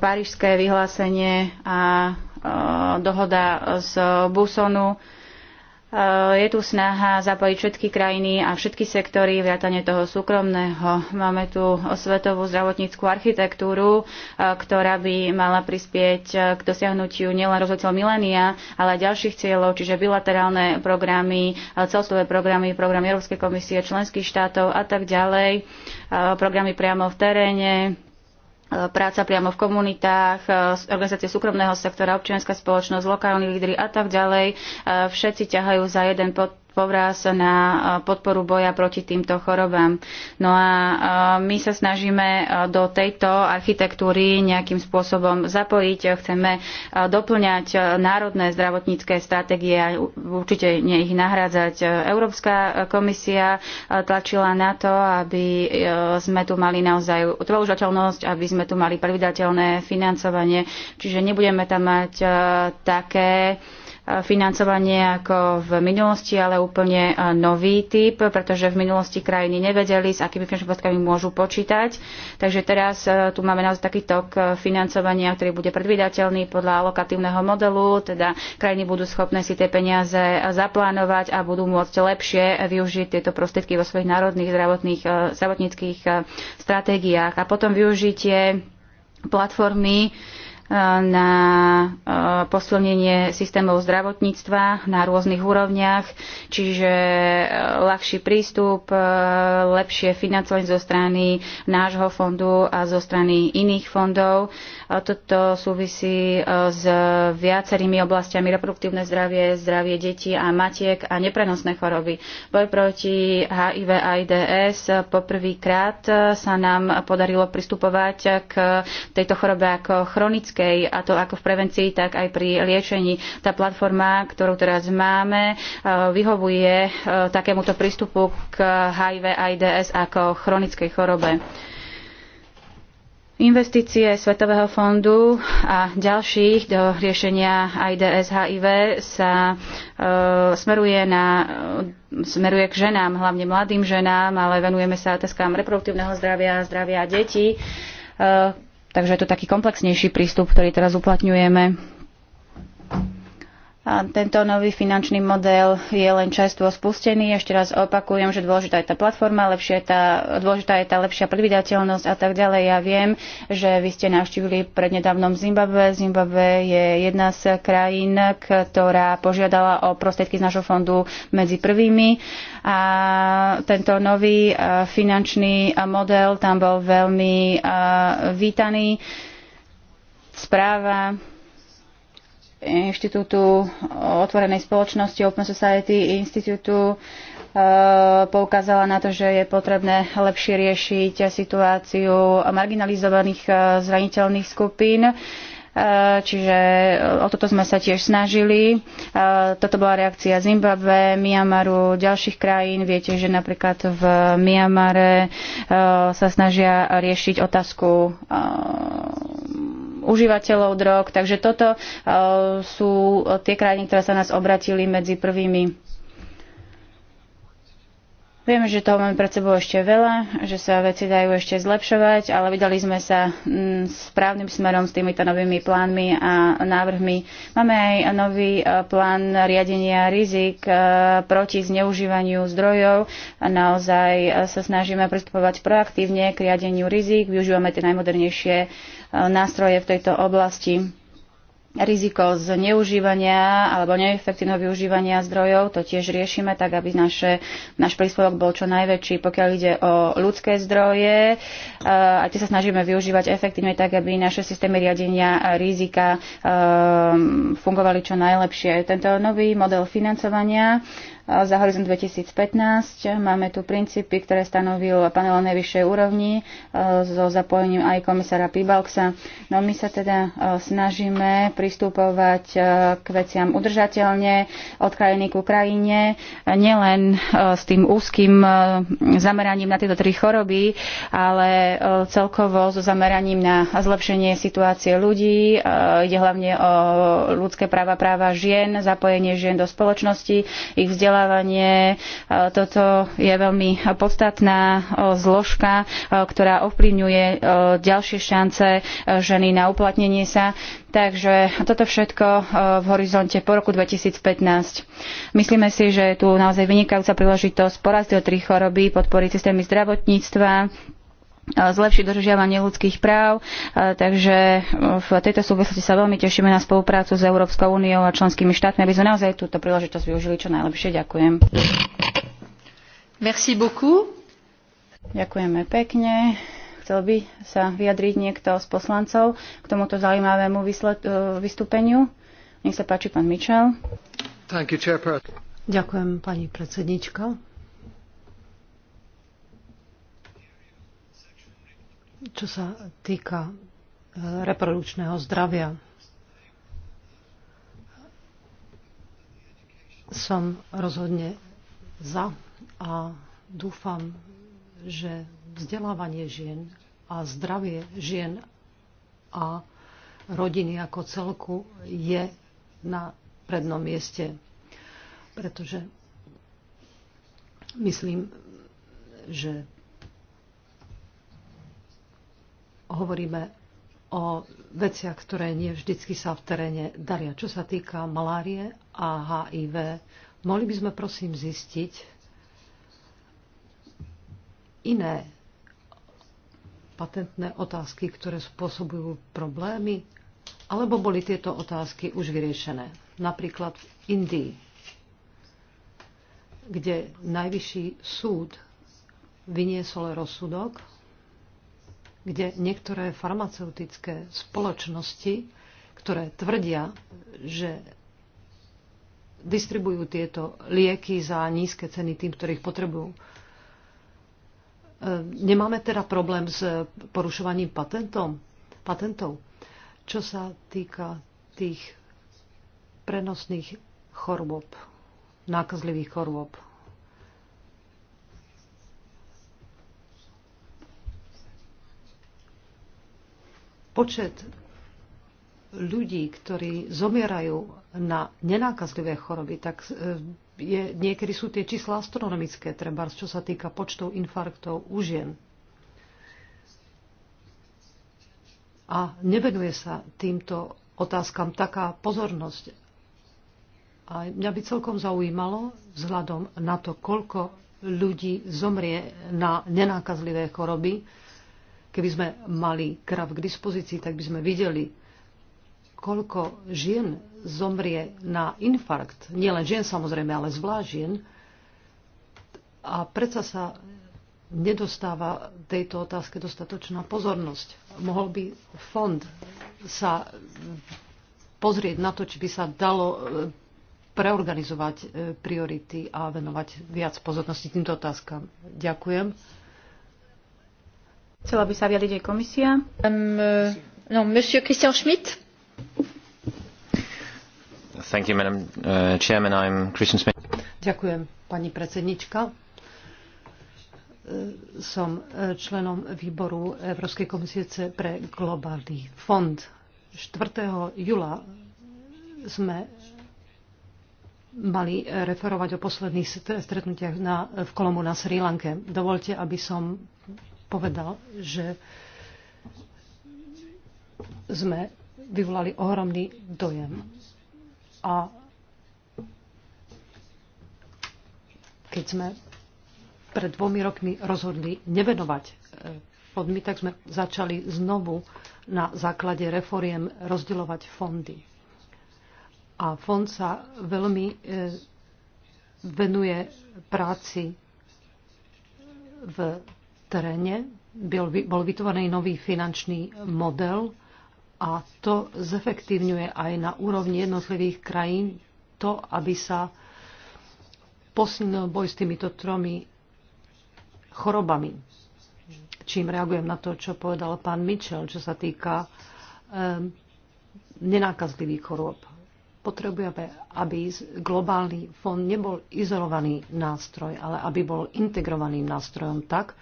B: Parížské vyhlásenie a eh, dohoda z Busonu Eh, je tu snaha zapojiť všetky krajiny a všetky sektory, vrátane toho súkromného. Máme tu osvetovú zdravotníckú architektúru, eh, ktorá by mala prispieť eh, k dosiahnutiu nielen rozhodcov milénia, ale aj ďalších cieľov, čiže bilaterálne programy, celstové programy, programy Európskej komisie, členských štátov a tak ďalej, programy priamo v teréne, Eh, práca priamo v komunitách, eh, organizácie súkromného sektora, občianská spoločnosť, lokálni lídry a tak ďalej. Eh, všetci ťahajú za jeden pod povraz na eh, podporu boja proti týmto chorobám. No a eh, my sa snažíme eh, do tejto architektúry nejakým spôsobom zapojiť. Chceme doplňať národné zdravotnícke stratégie a určite nie ich nahrádzať. Európska komisia tlačila na to, aby sme tu mali naozaj utvoľužateľnosť, aby sme tu mali predvydateľné financovanie. Čiže nebudeme tam mať také Eh, financovanie ako v minulosti, ale úplne eh, nový typ, pretože v minulosti krajiny nevedeli, s akými finančnými prostriedkami môžu počítať. Takže teraz eh, tu máme naozaj taký tok financovania, ktorý bude predvydateľný podľa alokatívneho modelu, teda krajiny budú schopné si tie peniaze zaplánovať a budú môcť lepšie využiť tieto prostriedky vo svojich národných zdravotných, zdravotníckých stratégiách. A potom využitie platformy, na e, posilnenie systémov zdravotníctva na rôznych úrovniach, čiže e, ľahší prístup, e, lepšie financovanie zo strany nášho fondu a zo strany iných fondov. Toto súvisí e, s viacerými oblastiami reproduktívne zdravie, zdravie detí a matiek a neprenosné choroby. Boj proti HIV a AIDS poprvýkrát e, sa nám podarilo pristupovať k tejto chorobe ako chronickej, a to ako v prevencii, tak aj pri liečení. Tá platforma, ktorú teraz máme, e, vyhovuje takémuto prístupu k HIV a AIDS ako chronickej chorobe. Investície Svetového fondu a ďalších do riešenia AIDS HIV sa e, smeruje, na, e, smeruje k ženám, hlavne mladým ženám, ale venujeme sa otázkam reproduktívneho zdravia a zdravia detí. E, takže je to taký komplexnejší prístup, ktorý teraz uplatňujeme tento nový finančný model je len čerstvo spustený. Ešte raz opakujem, že dôležitá je tá platforma, lepšia je tá, dôležitá je tá lepšia predvydateľnosť a tak ďalej. Ja viem, že vy ste navštívili prednedávnom Zimbabwe. Zimbabwe je jedna z krajín, ktorá požiadala o prostriedky z našho fondu medzi prvými. A tento nový finančný model tam bol veľmi vítaný. Správa inštitutu otvorenej spoločnosti Open Society Institute poukázala na to, že je potrebné lepšie riešiť situáciu marginalizovaných e, zraniteľných skupín. E, čiže e, o toto sme sa tiež snažili. Toto bola reakcia Zimbabwe, Myanmaru, ďalších krajín. Viete, že napríklad v Myanmare sa snažia riešiť otázku užívateľov drog. Takže toto eh, sú eh, tie krajiny, ktoré sa nás obratili medzi prvými. Viem, že toho máme pred sebou ešte veľa, že sa veci dajú ešte zlepšovať, ale vydali sme sa mm, správnym smerom s týmito novými plánmi a návrhmi. Máme aj nový e, plán riadenia rizik e, proti zneužívaniu zdrojov. Naozaj e, sa snažíme pristupovať proaktívne k riadeniu rizik. Využívame tie najmodernejšie nástroje v tejto oblasti riziko z neužívania alebo neefektívneho využívania zdrojov, to tiež riešime tak, aby naše, náš príspevok bol čo najväčší, pokiaľ ide o ľudské zdroje. Eh, a tie sa snažíme využívať efektívne tak, aby naše systémy riadenia rizika eh, fungovali čo najlepšie. Tento nový model financovania za horizont 2015. Máme tu princípy, ktoré stanovil panel najvyššej úrovni e, so zapojením aj komisára Pibalksa. No my sa teda e, snažíme pristupovať e, k veciam udržateľne od krajiny ku krajine, nielen s tým úzkým zameraním na tieto tri choroby, ale celkovo so zameraním na zlepšenie situácie ľudí. Ide hlavne o ľudské práva, práva žien, zapojenie žien do spoločnosti, ich vzdelávanie vzdelávanie, toto je veľmi podstatná zložka, ktorá ovplyvňuje ďalšie šance e, ženy na uplatnenie sa. Takže toto všetko v horizonte po roku 2015. Myslíme si, že je tu naozaj vynikajúca príležitosť porazdiť o tri choroby, podporiť systémy zdravotníctva, zlepšiť dodržiavanie ľudských práv. Takže e, v tejto súvislosti sa veľmi tešíme na spoluprácu s Európskou úniou a členskými štátmi, aby sme naozaj túto príležitosť využili čo najlepšie. Ďakujem. Merci beaucoup. Ďakujeme pekne. Chcel by sa vyjadriť niekto z poslancov k tomuto zaujímavému e, vystúpeniu. Nech sa páči pán Mitchell. Thank you, Ďakujem,
D: pani predsednička. čo sa týka e, reprodukčného zdravia. Som rozhodne za a dúfam, že vzdelávanie žien a zdravie žien a rodiny ako celku je na prednom mieste. Pretože myslím, že hovoríme o veciach, ktoré nie vždycky sa v teréne daria. Čo sa týka malárie a HIV, mohli by sme prosím zistiť iné patentné otázky, ktoré spôsobujú problémy, alebo boli tieto otázky už vyriešené. Napríklad v Indii, kde najvyšší súd vyniesol rozsudok kde niektoré farmaceutické spoločnosti, ktoré tvrdia, že distribujú tieto lieky za nízke ceny tým, ktorých potrebujú. E, nemáme teda problém s porušovaním patentom, patentov. Čo sa týka tých prenosných chorôb, nákazlivých chorôb, počet ľudí, ktorí zomierajú na nenákazlivé choroby, tak e, je, niekedy sú tie čísla astronomické, treba, čo sa týka počtov infarktov u žien. A nevenuje sa týmto otázkam taká pozornosť. A mňa by celkom zaujímalo, vzhľadom na to, koľko ľudí zomrie na nenákazlivé choroby, keby sme mali krav k dispozícii, tak by sme videli, koľko žien zomrie na infarkt. Nielen žien samozrejme, ale zvlášť žien. A predsa sa nedostáva tejto otázke dostatočná pozornosť. Mohol by fond sa pozrieť na to, či by sa dalo eh, preorganizovať eh, priority a venovať viac pozornosti týmto otázkam. Ďakujem chcela by sa vyjadriť aj komisia. Um, uh, no, Monsieur Christian Schmidt.
B: Thank you, Madam uh, Chairman. I'm Christian Schmidt.
D: Ďakujem, pani predsednička. Uh, som uh, členom výboru Európskej komisie pre globálny fond. 4. júla sme mali referovať o posledných stretnutiach na, v Kolomu na Sri Lanke. Dovolte, aby som povedal, že sme vyvolali ohromný dojem. A keď sme pred dvomi rokmi rozhodli nevenovať e, fondy, tak sme začali znovu na základe reforiem rozdielovať fondy. A fond sa veľmi e, venuje práci v teréne. Byl, bol vytvorený nový finančný model a to zefektívňuje aj na úrovni jednotlivých krajín to, aby sa posilnil boj s týmito tromi chorobami. Čím reagujem na to, čo povedal pán Mitchell, čo sa týka um, nenákazlivých chorób. Potrebujeme, aby globálny fond nebol izolovaný nástroj, ale aby bol integrovaným nástrojom tak,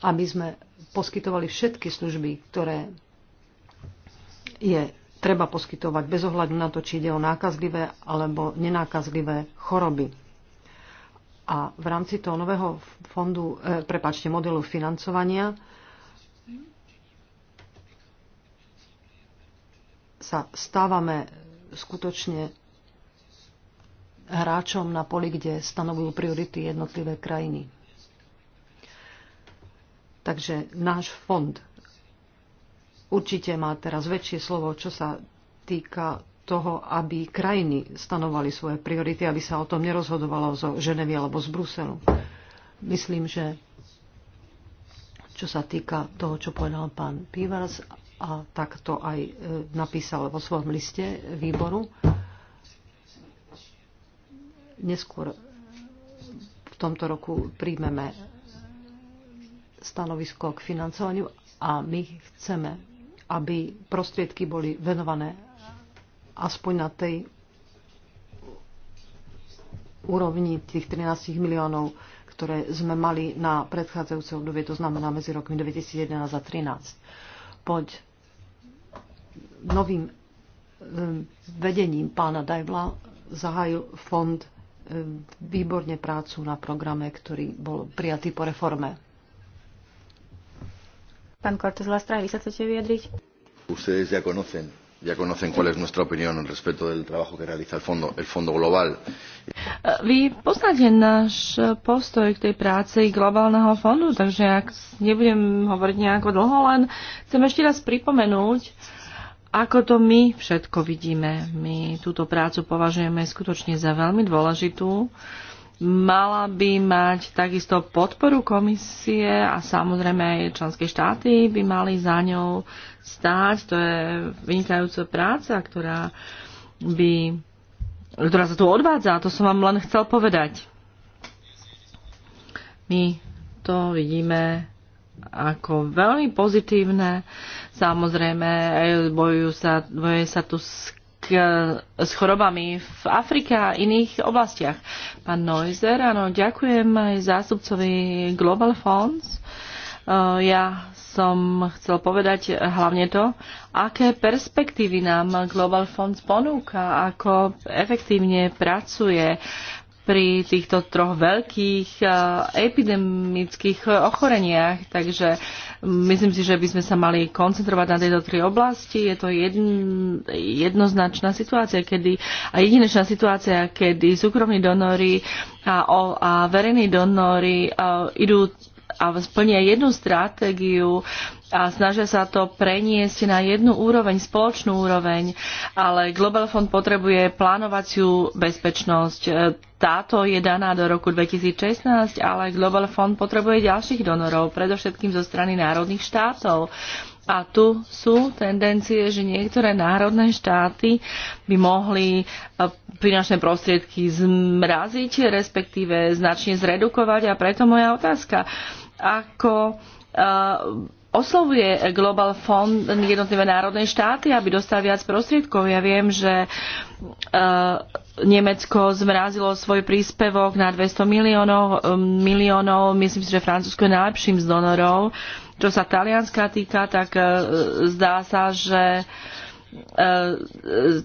D: aby sme poskytovali všetky služby, ktoré je treba poskytovať bez ohľadu na to, či ide o nákazlivé alebo nenákazlivé choroby. A v rámci toho nového fondu, eh, prepáčte, modelu financovania sa stávame skutočne hráčom na poli, kde stanovujú priority jednotlivé krajiny. Takže náš fond určite má teraz väčšie slovo, čo sa týka toho, aby krajiny stanovali svoje priority, aby sa o tom nerozhodovalo zo Ženevy alebo z Bruselu. Myslím, že čo sa týka toho, čo povedal pán Pívars a tak to aj e, napísal vo svojom liste výboru, neskôr v tomto roku príjmeme stanovisko k financovaniu a my chceme, aby prostriedky boli venované aspoň na tej úrovni tých 13 miliónov, ktoré sme mali na predchádzajúce obdobie, to znamená medzi rokmi 2011 a 2013. Poď novým vedením pána Dajvla zahájil fond výborne prácu na programe, ktorý bol prijatý po reforme. Pan Cortés Lastra, avísatese Beatriz.
C: Ustedes ya conocen, ya conocen cuál es nuestra opinión respecto del trabajo que realiza el Fondo, el fondo Global.
A: Eh, vy poznáte náš postoj k tej práci globálneho fondu, takže ak nebudem hovoriť nejako dlho, len chcem ešte raz pripomenúť, ako to my všetko vidíme. My túto prácu považujeme skutočne za veľmi dôležitú. Uh, mala by mať takisto podporu komisie a samozrejme aj členské štáty by mali za ňou stáť. To je vynikajúca práca, ktorá, by, ktorá sa tu odvádza. To som vám len chcel povedať. My to vidíme ako veľmi pozitívne. Samozrejme, bojuje sa, sa tu s k, s chorobami v Afrike a iných oblastiach. Pán Neuser, áno, ďakujem aj zástupcovi Global Funds. Uh, ja som chcel povedať hlavne to, aké perspektívy nám Global Funds ponúka, ako efektívne pracuje uh, pri týchto troch veľkých eh, epidemických ochoreniach. Takže mm, myslím si, že by sme sa mali koncentrovať na tieto tri oblasti. Je to jedn, jednoznačná situácia, kedy, a jedinečná situácia, kedy súkromní donory a, a verejní donory eh, idú a splnia jednu stratégiu a snažia sa to preniesť na jednu úroveň, spoločnú úroveň, ale Global Fund potrebuje plánovaciu bezpečnosť. E, táto je daná do roku 2016, ale Global Fund potrebuje ďalších donorov, predovšetkým zo strany národných štátov. A tu sú tendencie, že niektoré národné štáty by mohli e, finančné prostriedky zmraziť, respektíve značne zredukovať. A preto moja otázka. Uh, ako uh, oslovuje Global Fund jednotlivé národné štáty, aby dostal viac prostriedkov. Ja viem, že uh, Nemecko zmrazilo svoj príspevok na 200 miliónov, um, miliónov. myslím si, že Francúzsko je najlepším z donorov. Čo sa Talianska týka, tak uh, zdá sa, že uh,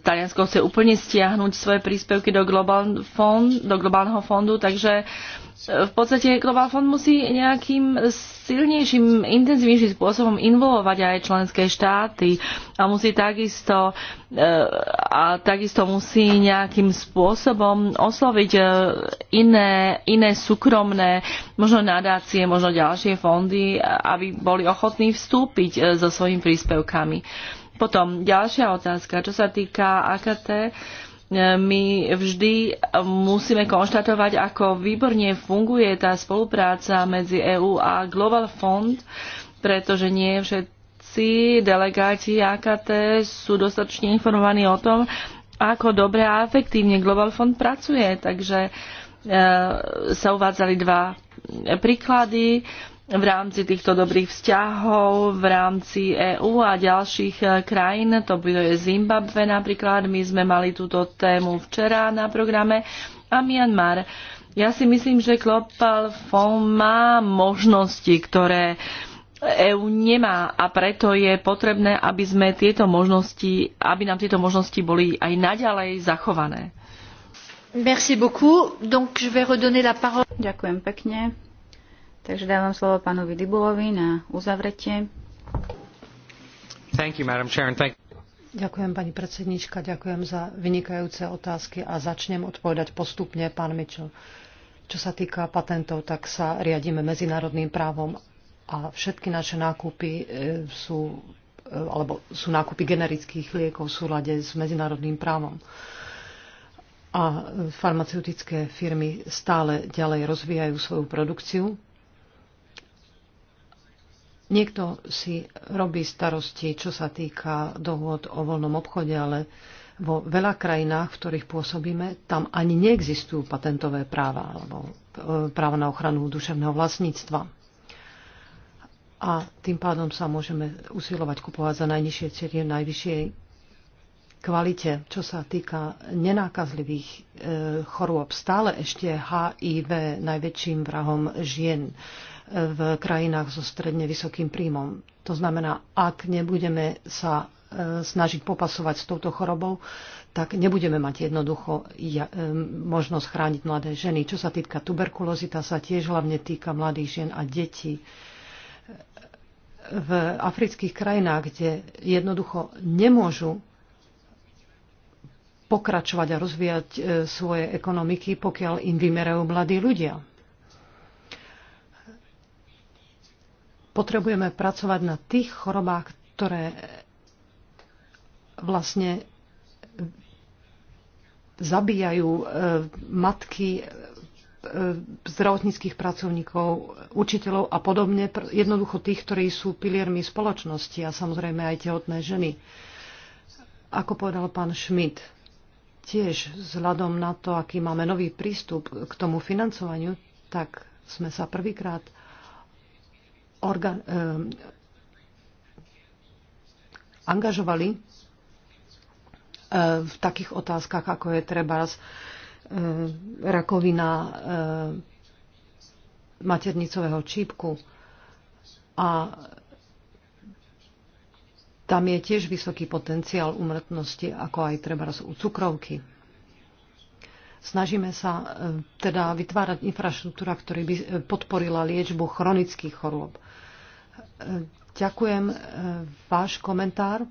A: Taliansko chce úplne stiahnuť svoje príspevky do, Global fond, do globálneho fondu, takže uh, v podstate Global Fund musí nejakým silnejším, intenzívnejším spôsobom involovať aj členské štáty a musí takisto eh, a takisto musí nejakým spôsobom osloviť eh, iné, iné súkromné, možno nadácie, možno ďalšie fondy, aby boli ochotní vstúpiť eh, so svojimi príspevkami. Potom ďalšia otázka, čo sa týka AKT. Uh, my vždy musíme konštatovať, ako výborne funguje tá spolupráca medzi EÚ a Global Fund, pretože nie všetci delegáti AKT sú dostatočne informovaní o tom, ako dobre a efektívne Global Fund pracuje. Takže e, sa uvádzali dva príklady. E, v rámci týchto dobrých vzťahov, v rámci EÚ a ďalších eh, krajín, to bude Zimbabve napríklad, my sme mali túto tému včera na programe a Myanmar. Ja si myslím, že Klopal Fond má možnosti, ktoré EÚ nemá a preto je potrebné, aby, sme tieto možnosti, aby nám tieto možnosti boli aj naďalej zachované.
B: Merci beaucoup. Donc, je vais redonner la parole. Ďakujem pekne. Takže dávam slovo
D: panu Vidibulovi na uzavretie.
A: Thank you, Madam Chair, and thank
D: Ďakujem, pani predsednička, ďakujem za vynikajúce otázky a začnem odpovedať postupne, pán Mitchell. Čo sa týka patentov, tak sa riadíme medzinárodným právom a všetky naše nákupy e, sú, e, alebo sú nákupy generických liekov v súlade s medzinárodným právom. A farmaceutické firmy stále ďalej rozvíjajú svoju produkciu, Niekto si robí starosti, čo sa týka dohod o voľnom obchode, ale vo veľa krajinách, v ktorých pôsobíme, tam ani neexistujú patentové práva alebo e, práva na ochranu duševného vlastníctva. A tým pádom sa môžeme usilovať kupovať za najnižšie ceny v najvyššej kvalite, čo sa týka nenákazlivých e, chorôb. Stále ešte HIV najväčším vrahom žien v krajinách so stredne vysokým príjmom. To znamená, ak nebudeme sa e, snažiť popasovať s touto chorobou, tak nebudeme mať jednoducho ja, e, možnosť chrániť mladé ženy. Čo sa týka tuberkulózy, tá sa tiež hlavne týka mladých žien a detí. V afrických krajinách, kde jednoducho nemôžu pokračovať a rozvíjať e, svoje ekonomiky, pokiaľ im vymerajú mladí ľudia. potrebujeme pracovať na tých chorobách, ktoré vlastne zabíjajú e, matky e, zdravotníckých pracovníkov, učiteľov a podobne. Jednoducho tých, ktorí sú piliermi spoločnosti a samozrejme aj tehotné ženy. Ako povedal pán Schmidt, tiež vzhľadom na to, aký máme nový prístup k tomu financovaniu, tak sme sa prvýkrát organ, eh, angažovali eh, v takých otázkach, ako je treba z, eh, rakovina eh, maternicového čípku. A tam je tiež vysoký potenciál umrtnosti, ako aj treba z, u cukrovky snažíme sa e, teda vytvárať infraštruktúra, ktorá by e, podporila liečbu chronických chorôb. E, ďakujem váš komentár.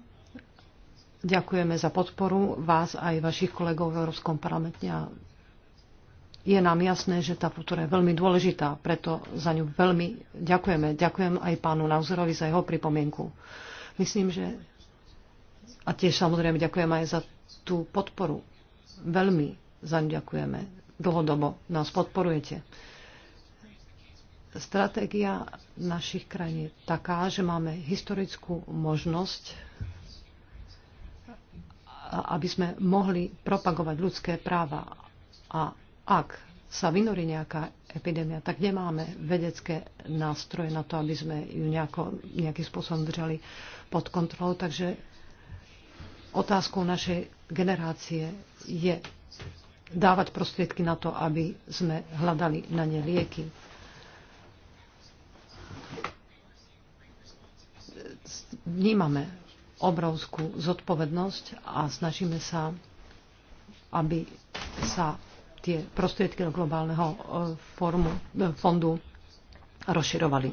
D: Ďakujeme za podporu vás aj vašich kolegov v Európskom parlamente. Je nám jasné, že tá kultúra je veľmi dôležitá, preto za ňu veľmi ďakujeme. Ďakujem aj pánu Nauzerovi za jeho pripomienku. Myslím, že a tiež samozrejme ďakujem aj za tú podporu. Veľmi zaň ďakujeme. Dlhodobo nás podporujete. Stratégia našich krajín je taká, že máme historickú možnosť, aby sme mohli propagovať ľudské práva. A ak sa vynorí nejaká epidémia, tak nemáme vedecké nástroje na to, aby sme ju nejako, nejakým spôsobom držali pod kontrolou. Takže otázkou našej generácie je dávať prostriedky na to, aby sme hľadali na ne lieky. Vnímame obrovskú zodpovednosť a snažíme sa, aby sa tie prostriedky do globálneho eh, formu, eh, fondu rozširovali.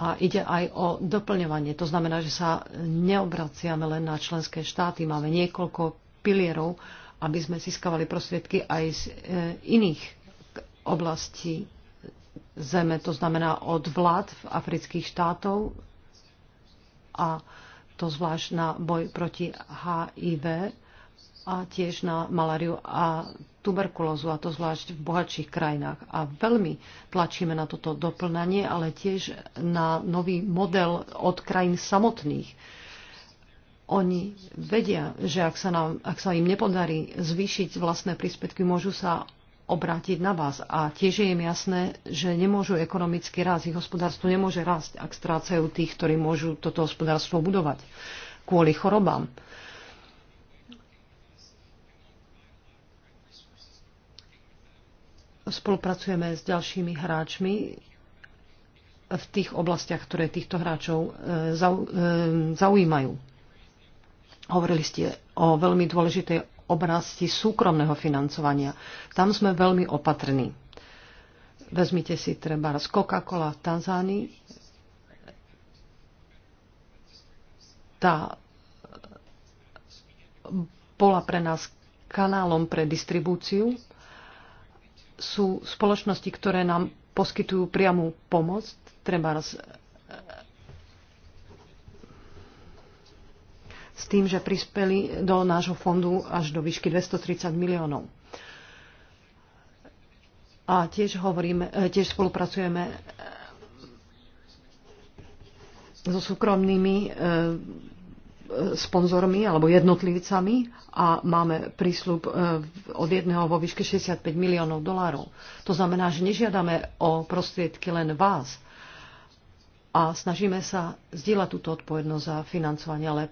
D: A ide aj o doplňovanie. To znamená, že sa neobraciame len na členské štáty. Máme niekoľko pilierov, aby sme získavali prosvedky aj z e, iných oblastí zeme, to znamená od vlád v afrických štátov a to zvlášť na boj proti HIV a tiež na malariu a tuberkulózu, a to zvlášť v bohatších krajinách. A veľmi tlačíme na toto doplnanie, ale tiež na nový model od krajín samotných. E, oni vedia, že ak sa, nám, ak sa im nepodarí zvýšiť vlastné príspevky, môžu sa obrátiť na vás. A tiež je im jasné, že nemôžu ekonomicky rásť, ich hospodárstvo nemôže rásť, ak strácajú tých, ktorí môžu toto hospodárstvo budovať kvôli chorobám. Spolupracujeme s ďalšími hráčmi v tých oblastiach, ktoré týchto hráčov eh, eh, zaujímajú. Hovorili ste o veľmi dôležitej oblasti súkromného financovania. Tam sme veľmi opatrní. Vezmite si treba z Coca-Cola v Tanzánii. Tá bola pre nás kanálom pre distribúciu. Sú spoločnosti, ktoré nám poskytujú priamu pomoc, treba s tým, že prispeli do nášho fondu až do výšky 230 miliónov. A tiež, hovoríme, e, tiež spolupracujeme e, so súkromnými e, sponzormi alebo jednotlivcami a máme prísľub e, od jedného vo výške 65 miliónov dolárov. To znamená, že nežiadame o prostriedky len vás a snažíme sa zdieľať túto odpovednosť za financovanie, ale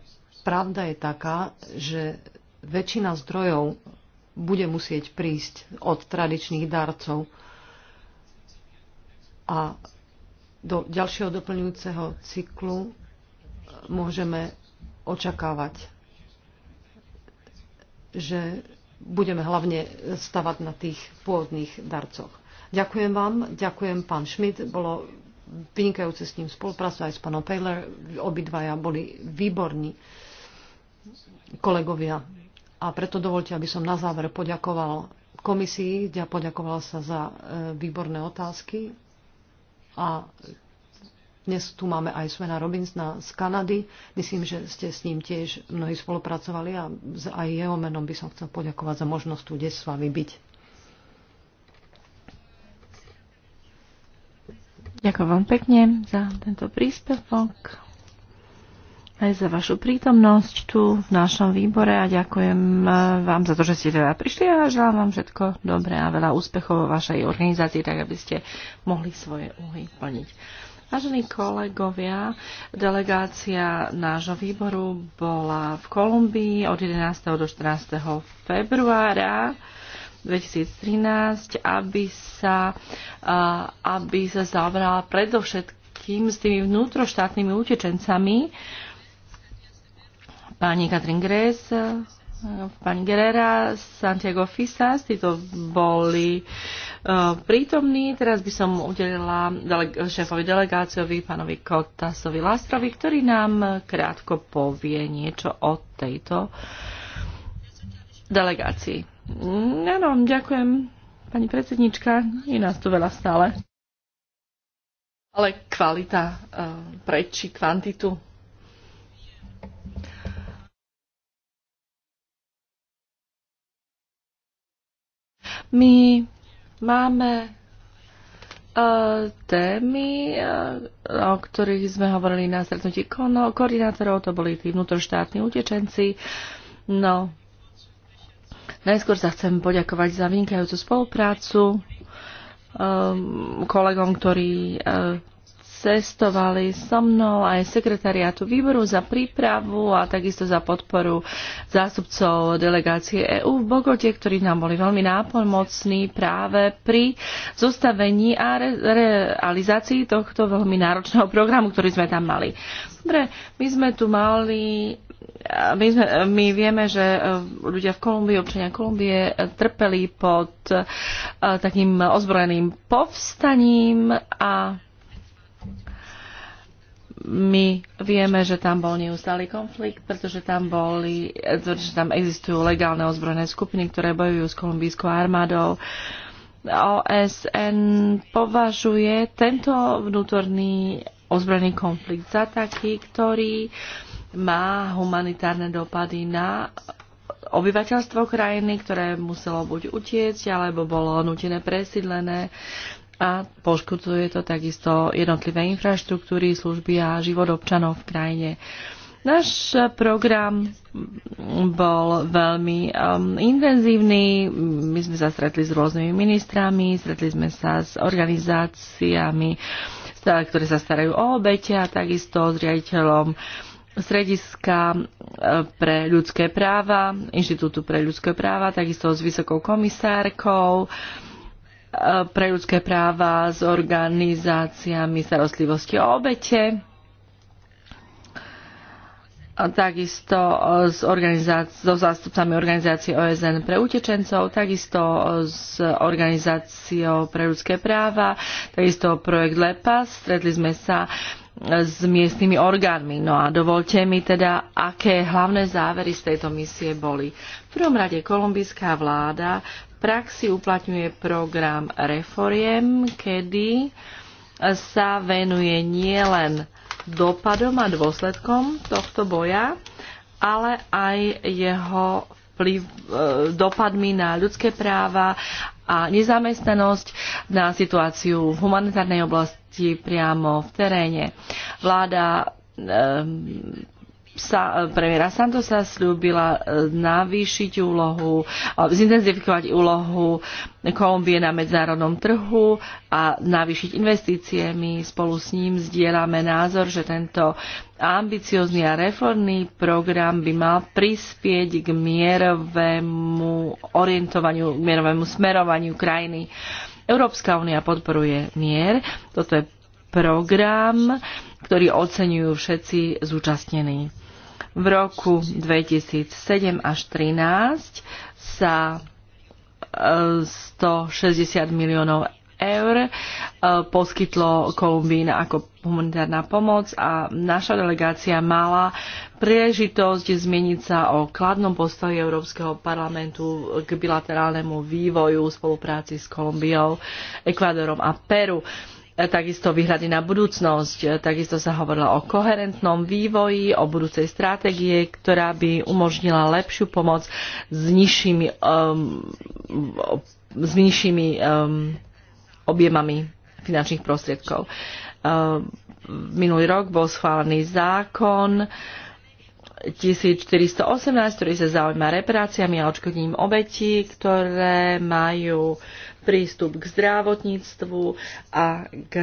D: pravda je taká, že väčšina zdrojov bude musieť prísť od tradičných darcov. A do ďalšieho doplňujúceho cyklu môžeme očakávať, že budeme hlavne stavať na tých pôvodných darcoch. Ďakujem vám, ďakujem pán Schmidt, bolo vynikajúce s ním spolupracovať aj s pánom Peyler, obidvaja boli výborní kolegovia. A preto dovolte, aby som na záver poďakoval komisii, ja poďakoval sa za e, výborné otázky. A dnes tu máme aj Svena Robinsona z Kanady. Myslím, že ste s ním tiež mnohí spolupracovali a aj jeho menom by som chcel poďakovať za možnosť tu dnes s vami byť.
A: Ďakujem vám pekne za tento príspevok aj za vašu prítomnosť tu v našom výbore a ďakujem e, vám za to, že ste teda prišli a želám vám všetko dobré a veľa úspechov vo vašej organizácii, tak aby ste mohli svoje úhy plniť. Vážení kolegovia, delegácia nášho výboru bola v Kolumbii od 11. do 14. februára 2013, aby sa, e, aby sa zabrala predovšetkým s tými vnútroštátnymi utečencami, Pani Katrin Gres, eh, pani Guerrera, Santiago Fisas, títo boli eh, prítomní. Teraz by som udelila šéfovi delegáciovi, pánovi Kotasovi Lastrovi, ktorý nám krátko povie niečo o tejto delegácii. Áno, ďakujem, pani predsednička, je nás tu veľa stále. Ale kvalita uh, eh, prečí kvantitu. Mi máme uh, témy, uh, o ktorých sme hovorili na stretnutí kono, koordinátorov, to boli tí vnútroštátni utečenci. No, najskôr sa chcem poďakovať za vynikajúcu spoluprácu um, kolegom, ktorí uh, cestovali so mnou aj sekretariátu výboru za prípravu a takisto za podporu zástupcov delegácie EÚ v Bogote, ktorí nám boli veľmi nápomocní práve pri zostavení a re- realizácii tohto veľmi náročného programu, ktorý sme tam mali. Dobre, my sme tu mali. My, sme, my vieme, že e, ľudia v Kolumbii, občania Kolumbie e, trpeli pod e, takým ozbrojeným povstaním a my vieme, že tam bol neustály konflikt, pretože tam boli, že tam existujú legálne ozbrojené skupiny, ktoré bojujú s kolumbijskou armádou. OSN považuje tento vnútorný ozbrojený konflikt za taký, ktorý má humanitárne dopady na obyvateľstvo krajiny, ktoré muselo buď utiecť, alebo bolo nutené presídlené a poškodzuje to takisto jednotlivé infraštruktúry, služby a život občanov v krajine. Náš program bol veľmi um, intenzívny. My sme sa stretli s rôznymi ministrami, stretli sme sa s organizáciami, ktoré sa starajú o obete a takisto s riaditeľom Srediska uh, pre ľudské práva, Inštitútu pre ľudské práva, takisto s vysokou komisárkou. Um, pre ľudské práva s organizáciami starostlivosti o obete a takisto s so zástupcami organizácie OSN pre utečencov, takisto s organizáciou pre ľudské práva, takisto projekt LEPA. Stretli sme sa uh, s miestnymi orgánmi. No a dovolte mi teda, aké hlavné závery z tejto misie boli. V prvom rade kolumbijská vláda v praxi uplatňuje program Reforiem, kedy sa venuje nielen dopadom a dôsledkom tohto boja, ale aj jeho vplyv, e, dopadmi na ľudské práva a nezamestnanosť na situáciu v humanitárnej oblasti priamo v teréne. Vláda e, sa eh, premiéra Santosa slúbila eh, navýšiť úlohu, eh, zintenzifikovať úlohu Kolumbie na medzinárodnom trhu a navýšiť investície. My spolu s ním zdieľame názor, že tento ambiciozný a reformný program by mal prispieť k mierovému orientovaniu, k mierovému smerovaniu krajiny. Európska únia podporuje mier. Toto je program, ktorý oceňujú všetci zúčastnení v roku 2007 až 2013 sa 160 eh, miliónov eur eh, poskytlo Kolumbín ako humanitárna pomoc a naša delegácia mala príležitosť zmieniť sa o kladnom postoji Európskeho parlamentu k bilaterálnemu vývoju spolupráci s Kolumbiou, Ekvádorom a Peru. Uh, E, takisto výhľady na budúcnosť. E, takisto sa hovorilo o koherentnom vývoji, o budúcej stratégie, ktorá by umožnila lepšiu pomoc s nižšími, um, s nižšími um, objemami finančných prostriedkov. Um, minulý rok bol schválený zákon 1418, ktorý sa zaujíma reparáciami a očkodním obeti, ktoré majú uh, prístup k zdravotníctvu a k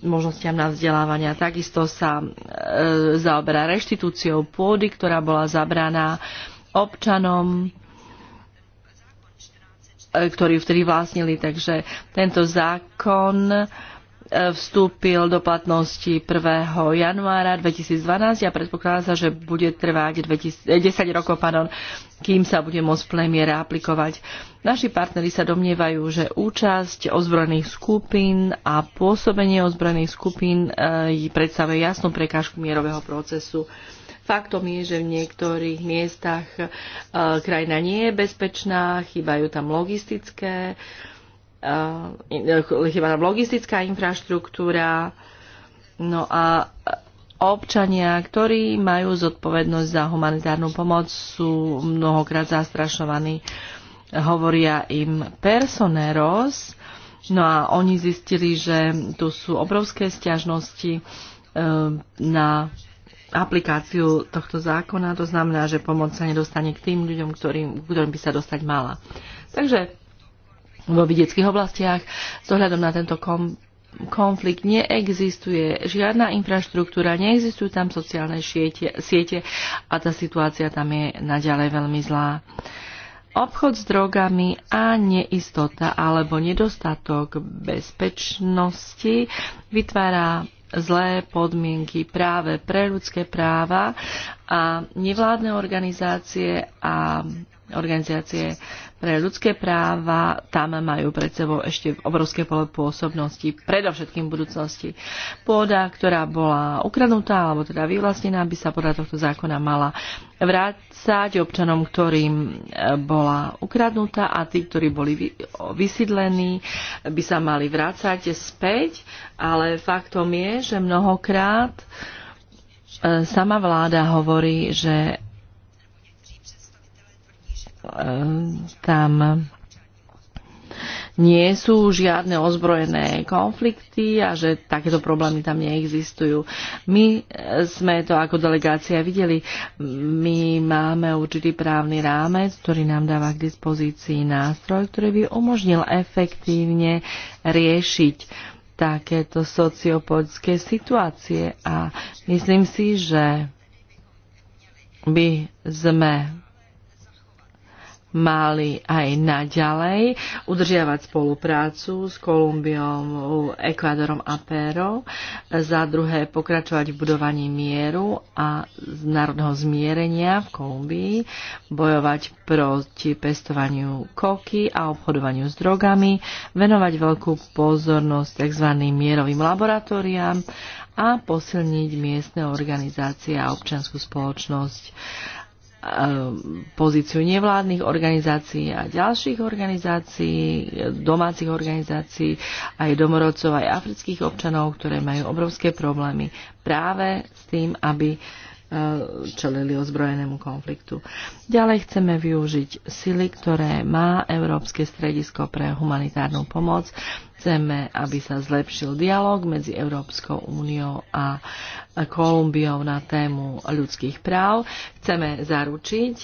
A: možnostiam na vzdelávania. Takisto sa e, zaoberá reštitúciou pôdy, ktorá bola zabraná občanom e, ktorí vtedy vlastnili. Takže tento zákon E, vstúpil do platnosti 1. januára 2012 a ja predpokladá sa, že bude trvať 20, 10 e, rokov, pardon, kým sa bude môcť v plnej miere aplikovať. Naši partnery sa domnievajú, že účasť ozbrojených skupín a pôsobenie ozbrojených skupín e, predstavuje jasnú prekážku mierového procesu. Faktom je, že v niektorých miestach e, krajina nie je bezpečná, chýbajú tam logistické Eh, eh, chyba tam logistická infraštruktúra, no a eh, občania, ktorí majú zodpovednosť za humanitárnu pomoc, sú mnohokrát zastrašovaní, hovoria im personeros, no a oni zistili, že tu sú obrovské stiažnosti na aplikáciu tohto zákona, to znamená, že pomoc sa nedostane k tým ľuďom, ktorým, ktorým by sa dostať mala. Takže vo vidieckých oblastiach. S ohľadom na tento kom- konflikt neexistuje žiadna infraštruktúra, neexistujú tam sociálne siete, siete a tá situácia tam je naďalej veľmi zlá. Obchod s drogami a neistota alebo nedostatok bezpečnosti vytvára zlé podmienky práve pre ľudské práva a nevládne organizácie a organizácie pre torej, ľudské práva, tam majú pred sebou ešte obrovské pole pôsobnosti, predovšetkým v budúcnosti. Pôda, ktorá bola ukradnutá alebo teda vyvlastnená, by sa podľa tohto zákona mala vrácať občanom, ktorým e, bola ukradnutá a tí, ktorí boli vysídlení, by sa mali vrácať späť, ale faktom je, že mnohokrát e, sama vláda hovorí, že tam nie sú žiadne ozbrojené konflikty a že takéto problémy tam neexistujú. My sme to ako delegácia videli. My máme určitý právny rámec, ktorý nám dáva k dispozícii nástroj, ktorý by umožnil efektívne riešiť takéto sociopolitické situácie a myslím si, že by sme mali aj naďalej udržiavať spoluprácu s Kolumbiom, Ekvádorom a Pérou, za druhé pokračovať v budovaní mieru a národného zmierenia v Kolumbii, bojovať proti pestovaniu koky a obchodovaniu s drogami, venovať veľkú pozornosť tzv. mierovým laboratóriám a posilniť miestne organizácie a občianskú spoločnosť pozíciu nevládnych organizácií a ďalších organizácií, domácich organizácií, aj domorodcov, aj afrických občanov, ktoré majú obrovské problémy práve s tým, aby uh, čelili ozbrojenému konfliktu. Ďalej chceme využiť sily, ktoré má Európske stredisko pre humanitárnu pomoc. Chceme, aby sa zlepšil dialog medzi Európskou úniou a Kolumbiou na tému ľudských práv. Chceme zaručiť,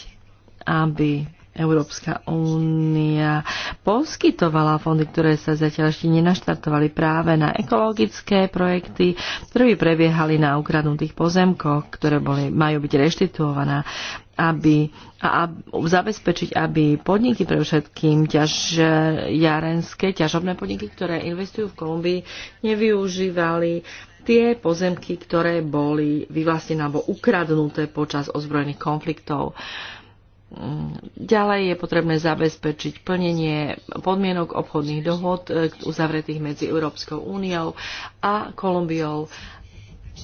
A: aby Európska únia poskytovala fondy, ktoré sa zatiaľ ešte nenaštartovali práve na ekologické projekty, ktoré by prebiehali na ukradnutých pozemkoch, ktoré boli, majú byť reštituované aby, a, a zabezpečiť, aby podniky pre všetkým ťažjarenské, ťažobné podniky, ktoré investujú v Kolumbii, nevyužívali tie pozemky, ktoré boli vyvlastnené alebo ukradnuté počas ozbrojených konfliktov. Uh, Ďalej je potrebné zabezpečiť plnenie podmienok obchodných dohod e, uzavretých medzi Európskou úniou a Kolumbiou,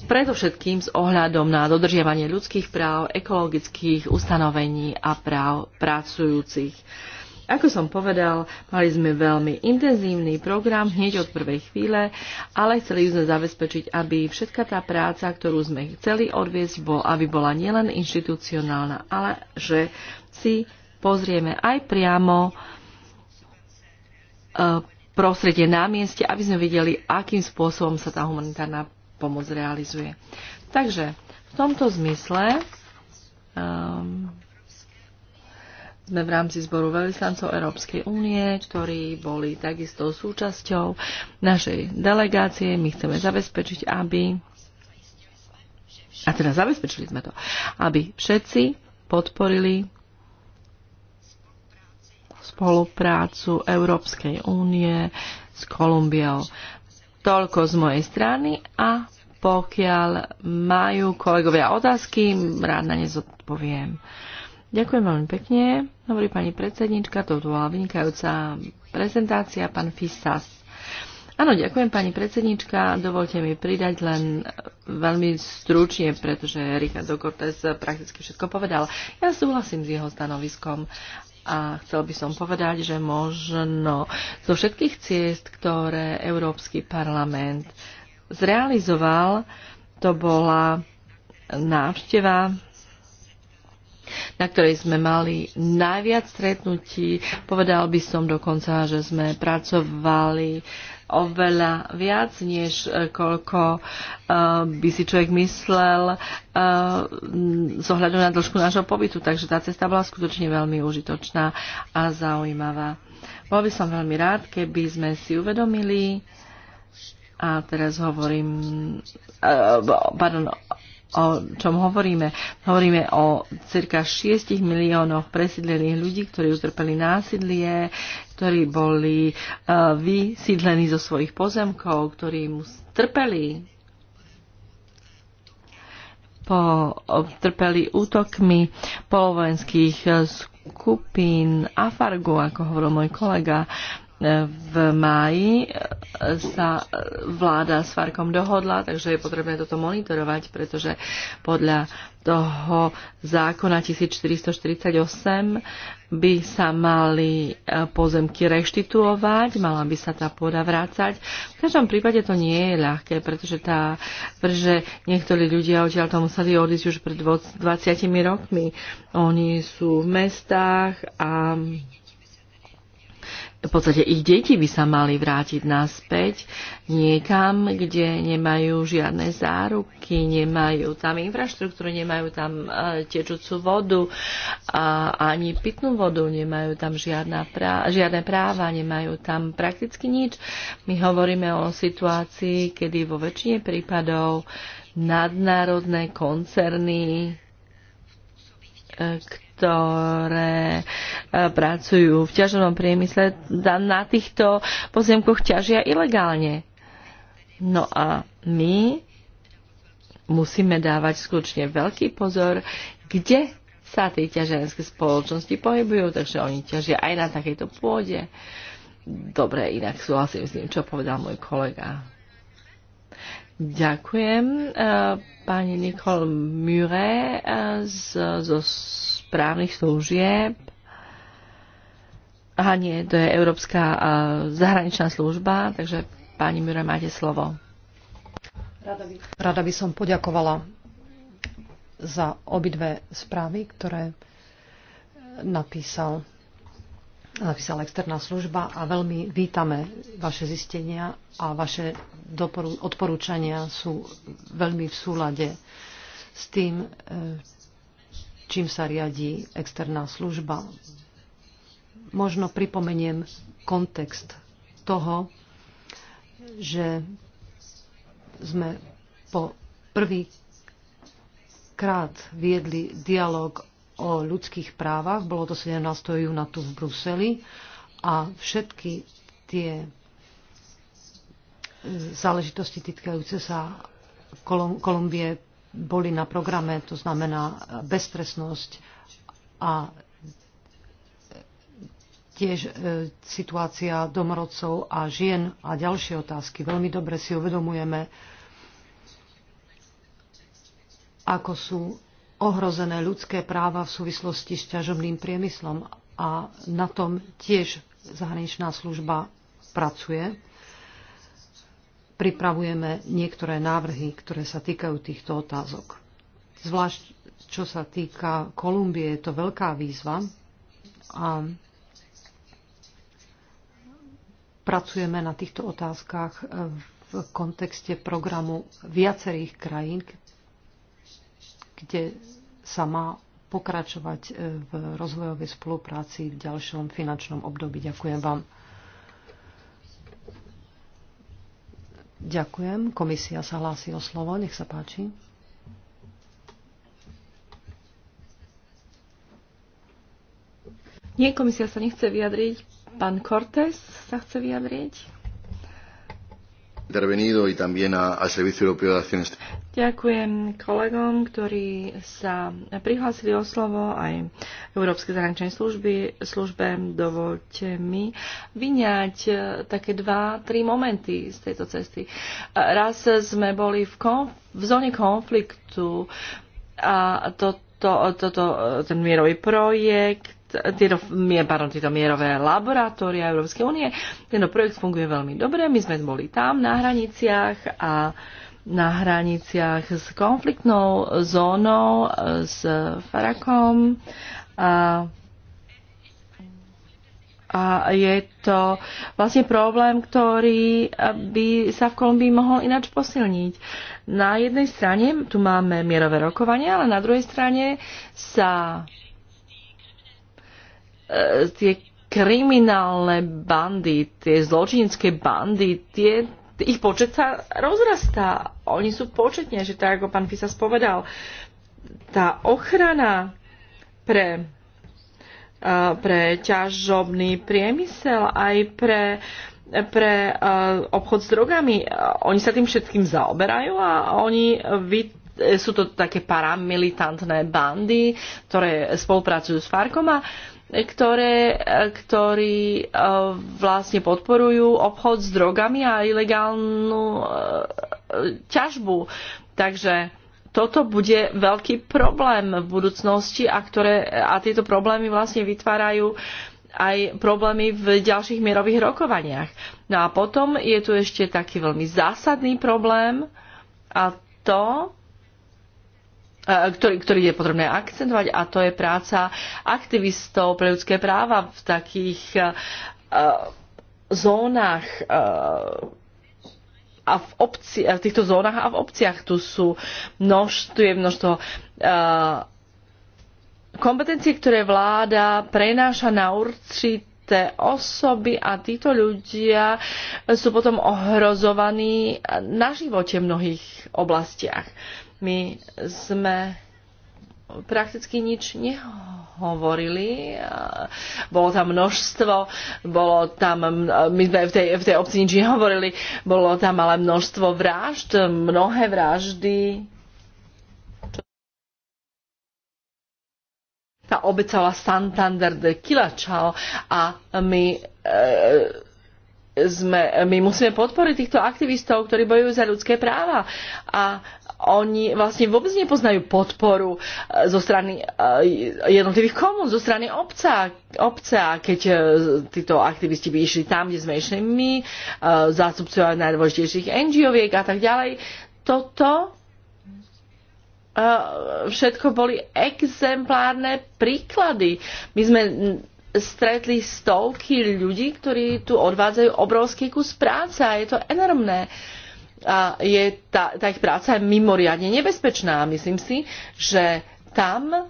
A: predovšetkým s ohľadom na dodržiavanie ľudských práv, ekologických ustanovení a práv pracujúcich. Uh, Ako som povedal, mali sme veľmi intenzívny program hneď od prvej chvíle, ale chceli sme zabezpečiť, aby všetka tá práca, ktorú sme chceli odviesť, bol, aby bola nielen inštitucionálna, ale že si pozrieme aj priamo e, prostredie na mieste, aby sme videli, akým spôsobom sa tá humanitárna pomoc realizuje. Takže v tomto zmysle um, sme v rámci zboru veľvyslancov Európskej únie, ktorí boli takisto súčasťou našej delegácie. My chceme zabezpečiť, aby a teda zabezpečili sme to, aby všetci podporili spoluprácu Európskej únie s Kolumbiou. Toľko z mojej strany a pokiaľ majú kolegovia otázky, rád na ne zodpoviem. Ďakujem veľmi pekne. Hovorí pani predsednička, to bola vynikajúca prezentácia, pán Fisas. Áno, ďakujem pani predsednička. Dovolte mi pridať len veľmi stručne, pretože Richard Dokortes prakticky všetko povedal. Ja súhlasím s jeho stanoviskom a chcel by som povedať, že možno zo všetkých ciest, ktoré Európsky parlament zrealizoval, to bola návšteva na ktorej sme mali najviac stretnutí. Povedal by som dokonca, že sme pracovali oveľa viac, než e, koľko e, by si človek myslel e, z so ohľadu na dĺžku nášho pobytu. Takže tá cesta bola skutočne veľmi užitočná a zaujímavá. Bol by som veľmi rád, keby sme si uvedomili, a teraz hovorím, pardon, o čom hovoríme. Hovoríme o cirka 6 miliónoch presídlených ľudí, ktorí utrpeli násilie, ktorí boli uh, vysídlení zo svojich pozemkov, ktorí mu trpeli po, e, trpeli útokmi polovojenských e, skupín Afargu, ako hovoril môj kolega, uh, v máji sa vláda s Farkom dohodla, takže je potrebné toto monitorovať, pretože podľa toho zákona 1448 by sa mali eh, pozemky reštituovať, mala by sa tá pôda vrácať. V každom prípade to nie je ľahké, pretože, tá, pretože niektorí ľudia odtiaľ to museli odísť už pred 20 rokmi. Oni sú v mestách a v podstate ich deti by sa mali vrátiť naspäť niekam, kde nemajú žiadne záruky, nemajú tam infraštruktúru, nemajú tam uh, tečúcu vodu, a ani pitnú vodu, nemajú tam žiadna prá- žiadne práva, nemajú tam prakticky nič. My hovoríme o situácii, kedy vo väčšine prípadov nadnárodné koncerny, uh, priestore eh, pracujú v ťažovom priemysle, na týchto pozemkoch ťažia ilegálne. No a my musíme dávať skutočne veľký pozor, kde sa tie ťaženské spoločnosti pohybujú, takže oni ťažia aj na takejto pôde. Dobre, inak súhlasím s tým, čo povedal môj kolega. Ďakujem. Eh, pani Nicole Mure eh, z, z, z správnych služieb a nie, to je Európska zahraničná služba, takže pani Mure, máte slovo.
D: Rada by, Rada by som poďakovala za obidve správy, ktoré e, napísal, napísala externá služba a veľmi vítame vaše zistenia a vaše doporu, odporúčania sú veľmi v súlade s tým, e, čím sa riadí externá služba. Možno pripomeniem kontext toho, že sme po prvý krát viedli dialog o ľudských právach. Bolo to 17. júna tu v Bruseli a všetky tie e, záležitosti týkajúce sa Kolumbie boli na programe, to znamená e, beztresnosť a e, tiež e, situácia domorodcov a žien a ďalšie otázky. Veľmi dobre si uvedomujeme, ako sú ohrozené ľudské práva v súvislosti s ťažobným priemyslom a na tom tiež zahraničná služba pracuje pripravujeme niektoré návrhy, ktoré sa týkajú týchto otázok. Zvlášť, čo sa týka Kolumbie, je to veľká výzva a pracujeme na týchto otázkach v kontexte programu viacerých krajín, kde sa má pokračovať v rozvojovej spolupráci v ďalšom finančnom období. Ďakujem vám. Ďakujem. Komisia sa hlási o slovo. Nech sa páči.
A: Nie, komisia sa nechce vyjadriť. Pán Cortés sa chce vyjadriť
C: intervenido y también a, al Servicio Europeo de Acción
A: Exterior. Ďakujem kolegom, ktorí sa prihlásili o slovo aj Európskej zahraničnej služby. Službe dovolte mi vyňať eh, také dva, tri momenty z tejto cesty. Eh, raz sme boli v, konf- v zóne konfliktu a toto, to, to, to, ten mierový projekt tieto mier, pardon, tieto mierové laboratória Európskej únie. Tento projekt funguje veľmi dobre. My sme boli tam na hraniciach a na hraniciach s konfliktnou zónou, s Farakom. A, a je to vlastne problém, ktorý by sa v Kolumbii mohol ináč posilniť. Na jednej strane tu máme mierové rokovania, ale na druhej strane sa tie kriminálne bandy, tie zločinecké bandy, tie, ich počet sa rozrastá. Oni sú početne, že tak ako pán Fisas povedal, tá ochrana pre, uh, pre ťažobný priemysel, aj pre, pre uh, obchod s drogami, uh, oni sa tým všetkým zaoberajú a oni vy, sú to také paramilitantné bandy, ktoré spolupracujú s Farkom. A, uh, ktoré, ktorí eh, vlastne podporujú obchod s drogami a ilegálnu eh, ťažbu. Takže toto bude veľký problém v budúcnosti a, ktoré, a tieto problémy vlastne vytvárajú aj problémy v ďalších mierových rokovaniach. No a potom je tu ešte taký veľmi zásadný problém a to, ktorý je potrebné akcentovať a to je práca aktivistov pre ľudské práva v takých uh, zónach uh, a v, obci, v týchto zónach a v obciach. Tu sú množ, tu je množstvo uh, kompetencií, ktoré vláda prenáša na určitý osoby a títo ľudia sú potom ohrozovaní na živote v mnohých oblastiach. Uh, my sme prakticky nič nehovorili. Bolo tam množstvo, bolo tam, my sme v tej, v tej obci nič nehovorili, bolo tam ale množstvo vražd, mnohé vraždy. Tá obec sa Santander de Kilačal a my e, sme, my musíme podporiť týchto aktivistov, ktorí bojujú za ľudské práva. A e, oni vlastne vôbec nepoznajú podporu e, zo strany e, jednotlivých komun, zo strany obca, obca keď e, títo aktivisti by išli tam, kde sme išli my, zástupcovia najdôležitejších NGO-viek a tak ďalej. Toto všetko boli exemplárne príklady. My sme stretli stovky ľudí, ktorí tu odvádzajú obrovský kus práce a je to enormné. Uh, tá ich práca je mimoriadne nebezpečná a myslím si že tam e,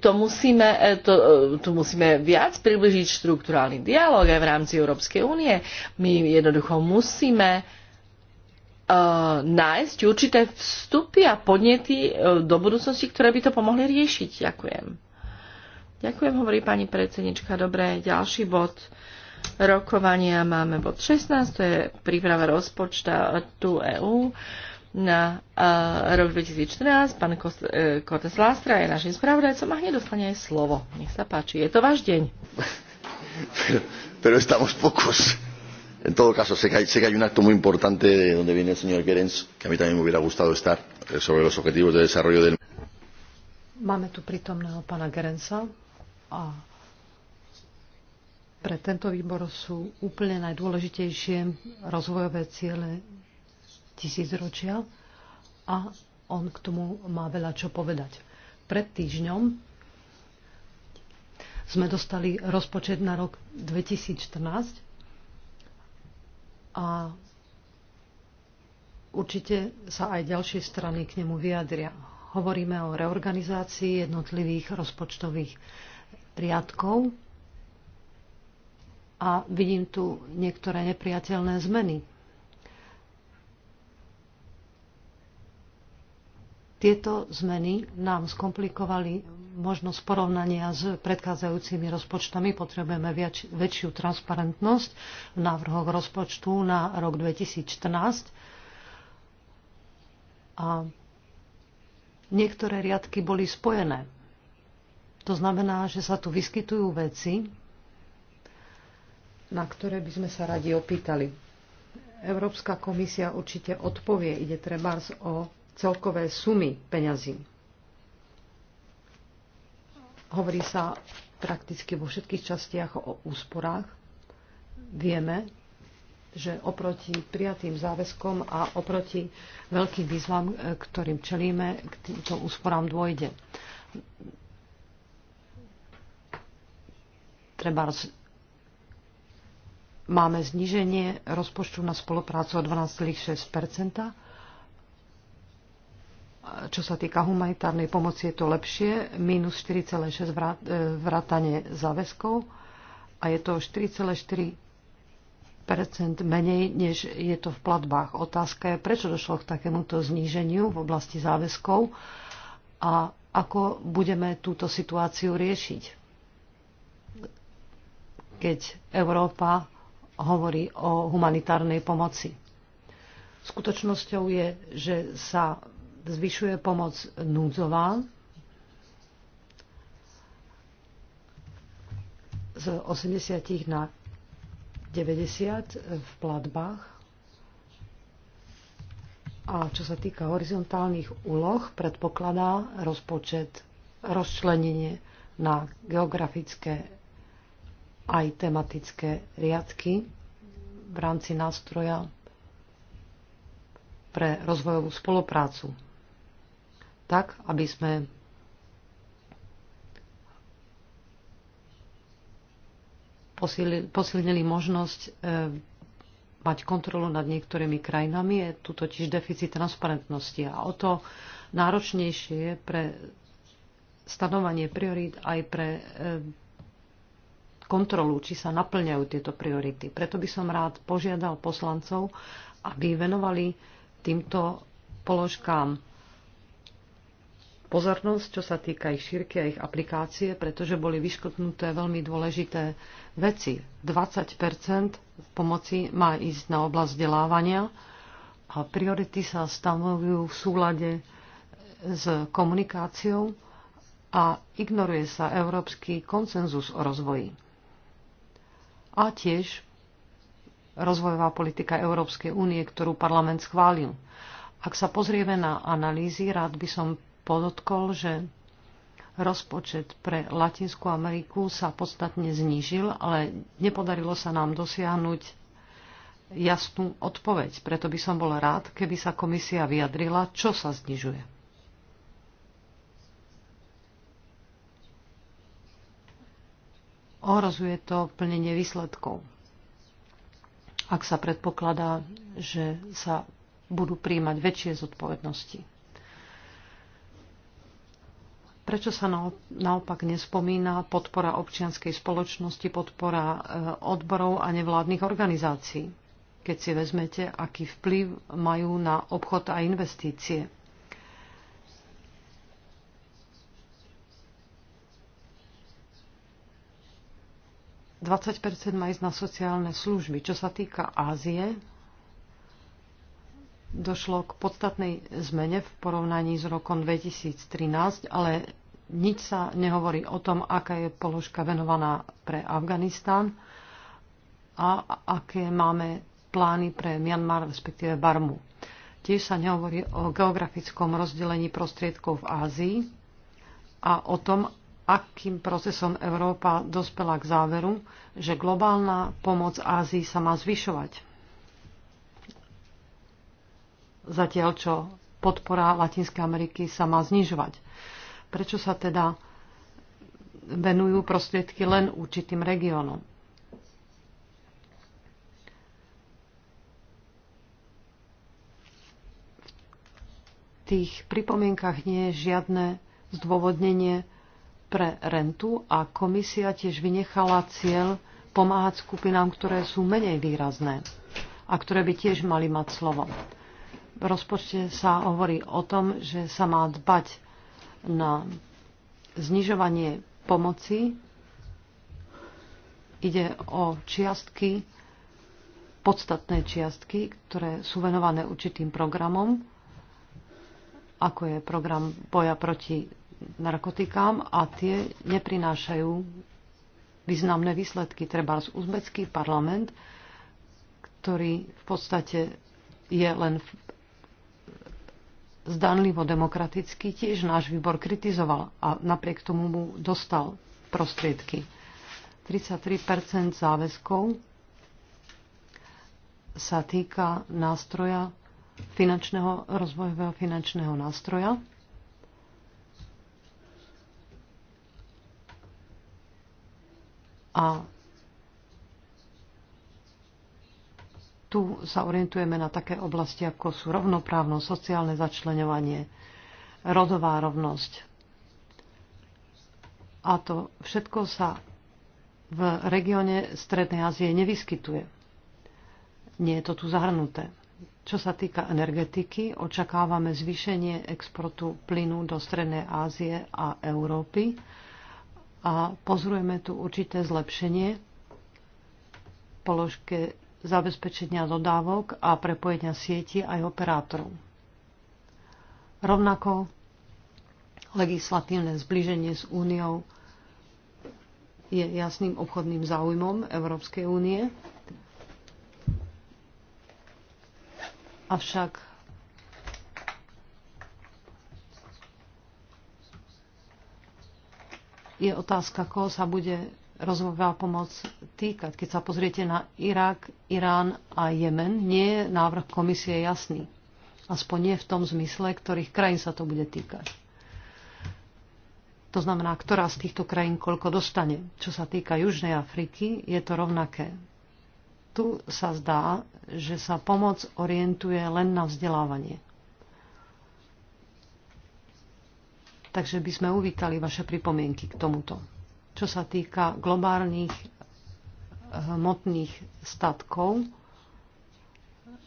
A: to musíme, e, to, e, tu musíme viac približiť štrukturálny dialog aj v rámci Európskej únie. My jednoducho musíme uh, nájsť určité vstupy a podnety uh, do budúcnosti, ktoré by to pomohli riešiť. Ďakujem. Ďakujem, hovorí pani predsednička. Dobre, ďalší bod. Uh, rokovania máme bod 16, to je príprava rozpočta tu EÚ na uh, rok 2014. Pán Kortes e, Lástra je našim spravodajcom a hneď dostane aj slovo. Nech sa páči, je to váš deň.
C: Pero estamos pocos. En todo caso, sé que, hay, sé que hay un acto muy importante de donde viene el señor Gerenz, que a mí también me hubiera gustado estar, eh, sobre los objetivos de desarrollo del...
D: Máme tu prítomného pana Gerenza. A... Oh pre tento výbor sú úplne najdôležitejšie rozvojové ciele tisícročia a on k tomu má veľa čo povedať. Pred týždňom sme dostali rozpočet na rok 2014 a určite sa aj ďalšie strany k nemu vyjadria. Hovoríme o reorganizácii jednotlivých rozpočtových riadkov a vidím tu niektoré nepriateľné zmeny. Tieto zmeny nám skomplikovali možnosť porovnania s predchádzajúcimi rozpočtami. Potrebujeme viac, väčšiu transparentnosť v návrhoch rozpočtu na rok 2014. A niektoré riadky boli spojené. To znamená, že sa tu vyskytujú veci, na ktoré by sme sa radi opýtali. Európska komisia určite odpovie, ide trebárs o celkové sumy peňazí. Hovorí sa prakticky vo všetkých častiach o úsporách. Vieme, že oproti prijatým záväzkom a oproti veľkým výzvam, e, ktorým čelíme, k týmto úsporám dôjde. Treba máme zníženie rozpočtu na spoluprácu o 12,6 Čo sa týka humanitárnej pomoci, je to lepšie. Minus 4,6 e, vrátanie záväzkov a je to 4,4 menej, než je to v platbách. Otázka je, prečo došlo k takémuto zníženiu v oblasti záväzkov a ako budeme túto situáciu riešiť, keď Európa hovorí o humanitárnej pomoci. Skutočnosťou je, že sa zvyšuje pomoc núdzová z 80 na 90 v platbách. A čo sa týka horizontálnych úloh, predpokladá rozpočet rozčlenenie na geografické aj tematické riadky v rámci nástroja pre rozvojovú spoluprácu. Tak, aby sme posilnili možnosť e, mať kontrolu nad niektorými krajinami. Je tu totiž deficit transparentnosti a o to náročnejšie je pre stanovanie priorít aj pre e, kontrolu, či sa naplňajú tieto priority. Preto by som rád požiadal poslancov, aby venovali týmto položkám pozornosť, čo sa týka ich šírky a ich aplikácie, pretože boli vyškrtnuté veľmi dôležité veci. 20 v pomoci má ísť na oblasť vzdelávania a priority sa stanovujú v súlade s komunikáciou a ignoruje sa európsky konsenzus o rozvoji a tiež rozvojová politika Európskej únie, ktorú parlament schválil. Ak sa pozrieme na analýzy, rád by som podotkol, že rozpočet pre Latinskú Ameriku sa podstatne znížil, ale nepodarilo sa nám dosiahnuť jasnú odpoveď. Preto by som bol rád, keby sa komisia vyjadrila, čo sa znižuje. ohrozuje to plnenie výsledkov. Ak sa predpokladá, že sa budú príjmať väčšie zodpovednosti. Prečo sa naopak nespomína podpora občianskej spoločnosti, podpora e, odborov a nevládnych organizácií, keď si vezmete, aký vplyv majú na obchod a investície? 20 má ísť na sociálne služby. Čo sa týka Ázie, došlo k podstatnej zmene v porovnaní s rokom 2013, ale nič sa nehovorí o tom, aká je položka venovaná pre Afganistán a aké máme plány pre Myanmar, respektíve Barmu. Tiež sa nehovorí o geografickom rozdelení prostriedkov v Ázii a o tom, akým procesom Európa dospela k záveru, že globálna pomoc Ázii sa má zvyšovať. Zatiaľ, čo podpora Latinskej Ameriky sa má znižovať. Prečo sa teda venujú prostriedky len určitým regiónom? V tých pripomienkach nie je žiadne zdôvodnenie, pre rentu a komisia tiež vynechala cieľ pomáhať skupinám, ktoré sú menej výrazné a ktoré by tiež mali mať slovo. V rozpočte sa hovorí o tom, že sa má dbať na znižovanie pomoci. Ide o čiastky, podstatné čiastky, ktoré sú venované určitým programom, ako je program boja proti narkotikám a tie neprinášajú významné výsledky. Treba z uzbecký parlament, ktorý v podstate je len zdanlivo demokratický, tiež náš výbor kritizoval a napriek tomu mu dostal prostriedky. 33% záväzkov sa týka nástroja finančného, rozvojového finančného nástroja. A tu sa orientujeme na také oblasti, ako sú rovnoprávno sociálne začlenovanie, rodová rovnosť. A to všetko sa v regióne Strednej Ázie nevyskytuje. Nie je to tu zahrnuté. Čo sa týka energetiky, očakávame zvýšenie exportu plynu do Strednej Ázie a Európy a pozrujeme tu určité zlepšenie v položke zabezpečenia dodávok a prepojenia sieti aj operátorov. Rovnako legislatívne zbliženie s úniou je jasným obchodným záujmom Európskej únie. Avšak Je otázka, koho sa bude rozvojová pomoc týkať. Keď sa pozriete na Irak, Irán a Jemen, nie je návrh komisie jasný. Aspoň nie v tom zmysle, ktorých krajín sa to bude týkať. To znamená, ktorá z týchto krajín koľko dostane. Čo sa týka Južnej Afriky, je to rovnaké. Tu sa zdá, že sa pomoc orientuje len na vzdelávanie. Takže by sme uvítali vaše pripomienky k tomuto. Čo sa týka globálnych eh, hmotných statkov,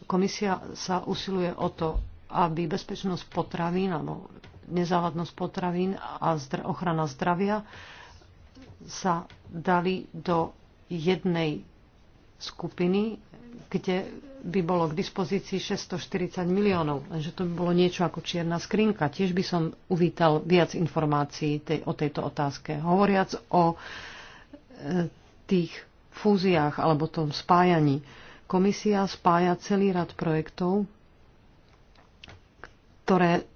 D: komisia sa usiluje o to, aby bezpečnosť potravín alebo nezávadnosť potravín a ochrana zdravia sa dali do jednej skupiny, kde by bolo k dispozícii 640 miliónov. Lenže to by bolo niečo ako čierna skrinka. Tiež by som uvítal viac informácií tej, o tejto otázke. Hovoriac o e, tých fúziách alebo tom spájaní. Komisia spája celý rad projektov, ktoré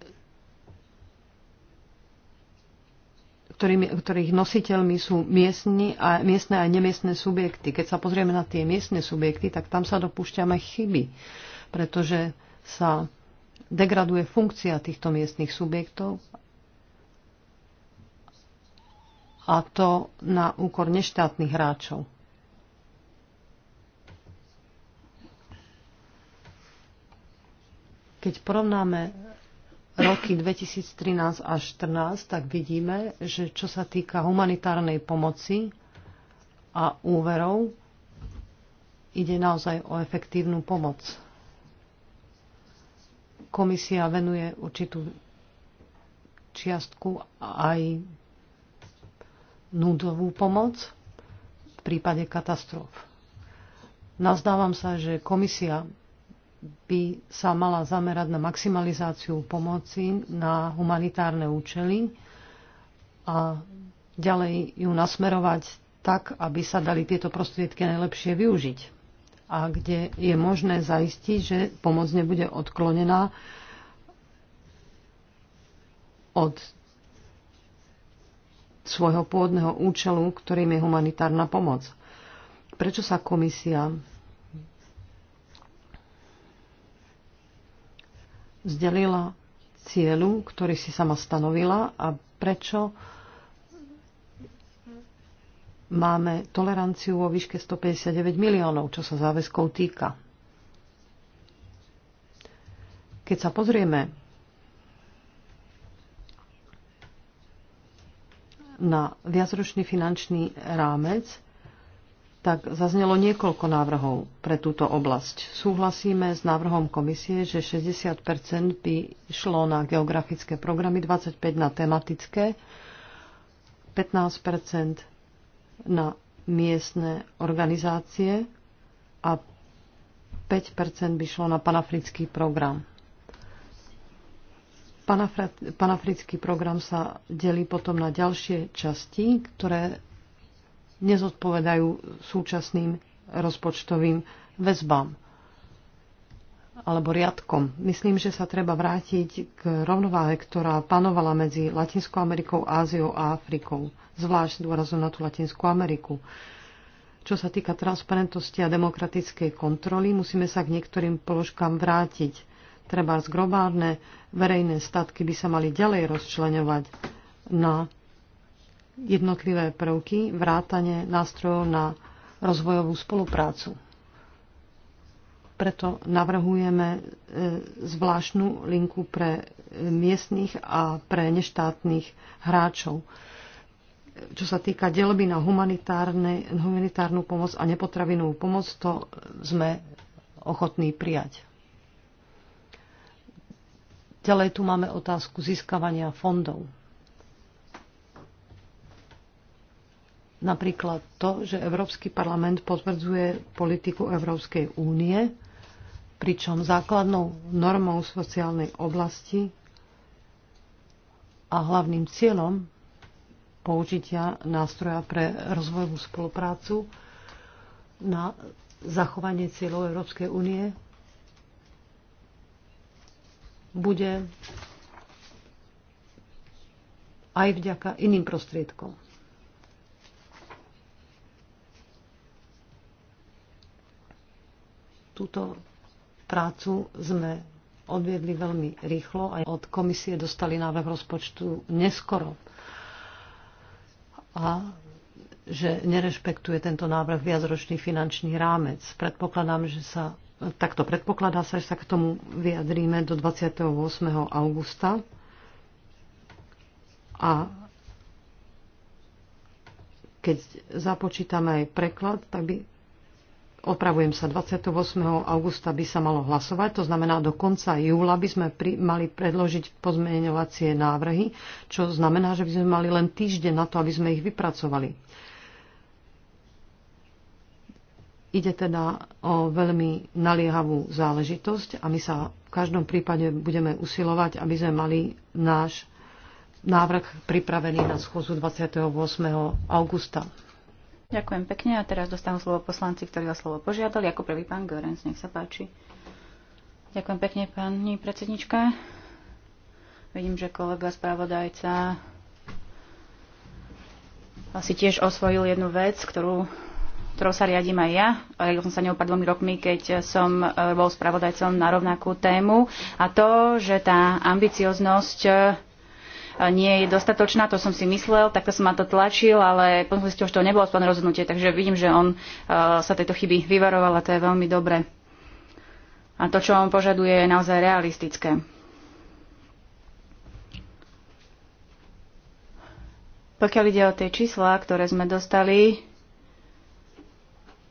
D: ktorými, ktorých nositeľmi sú miestne a, miestne a nemiestne subjekty. Keď sa pozrieme na tie miestne subjekty, tak tam sa dopúšťame chyby, pretože sa degraduje funkcia týchto miestnych subjektov a to na úkor neštátnych hráčov. Keď porovnáme roky 2013 až 2014, tak vidíme, že čo sa týka humanitárnej pomoci a úverov, ide naozaj o efektívnu pomoc. Komisia venuje určitú čiastku aj núdovú pomoc v prípade katastrof. Nazdávam sa, že komisia by sa mala zamerať na maximalizáciu pomoci na humanitárne účely a ďalej ju nasmerovať tak, aby sa dali tieto prostriedky najlepšie využiť a kde je možné zaistiť, že pomoc nebude odklonená od svojho pôvodného účelu, ktorým je humanitárna pomoc. Prečo sa komisia vzdelila cieľu, ktorý si sama stanovila a prečo máme toleranciu o výške 159 miliónov, čo sa záväzkov týka. Keď sa pozrieme na viacročný finančný rámec 2021-2027, tak zaznelo niekoľko návrhov pre túto oblasť. Súhlasíme s návrhom komisie, že 60 by šlo na geografické programy, 25 na tematické, 15 na miestne organizácie a 5 by šlo na panafrický program. Panafra, panafrický program sa delí potom na ďalšie časti, ktoré nezodpovedajú súčasným rozpočtovým väzbám alebo riadkom. Myslím, že sa treba vrátiť k rovnováhe, ktorá panovala medzi Latinskou Amerikou, Áziou a Afrikou, zvlášť dôrazu na tú Latinskú Ameriku. Čo sa týka transparentnosti a demokratickej kontroly, musíme sa k niektorým položkám vrátiť. Treba z globálne verejné statky by sa mali ďalej rozčleňovať na jednotlivé prvky, vrátane nástrojov na rozvojovú spoluprácu. Preto navrhujeme e, zvláštnu linku pre e, miestných a pre neštátnych hráčov. Čo sa týka delby na humanitárnu pomoc a nepotravinovú pomoc, to sme ochotní prijať. Ďalej tu máme otázku získavania fondov. Napríklad to, že Európsky parlament potvrdzuje politiku Európskej únie, pričom základnou normou sociálnej oblasti a hlavným cieľom použitia nástroja pre rozvojovú spoluprácu na zachovanie cieľov Európskej únie bude aj vďaka iným prostriedkom. túto prácu sme odviedli veľmi rýchlo a od komisie dostali návrh rozpočtu neskoro. A že nerešpektuje tento návrh viacročný finančný rámec. Predpokladám, že sa takto predpokladá sa, že sa k tomu vyjadríme do 28. augusta. A keď započítame aj preklad, tak by opravujem sa, 28. augusta by sa malo hlasovať, to znamená, do konca júla by sme pri, mali predložiť pozmeňovacie návrhy, čo znamená, že by sme mali len týždeň na to, aby sme ich vypracovali. Ide teda o veľmi naliehavú záležitosť a my sa v každom prípade budeme usilovať, aby sme mali náš návrh pripravený na schozu 28. augusta.
B: Ďakujem pekne. A teraz dostanú slovo poslanci, ktorí o slovo požiadali. Ako prvý pán Görens, nech sa páči. Ďakujem pekne, pani predsednička. Vidím, že kolega správodajca asi tiež osvojil jednu vec, ktorú, ktorou sa riadím aj ja. A ja som sa ňou dvomi rokmi, keď som eh, bol spravodajcom na rovnakú tému. A to, že tá ambicioznosť eh, nie je dostatočná, to som si myslel, takto som ma to tlačil, ale potom ste už to nebolo spolne rozhodnutie, takže vidím, že on e, sa tejto chyby vyvaroval a to je veľmi dobré. A to, čo on požaduje, je naozaj realistické. Pokiaľ ide o tie čísla, ktoré sme dostali,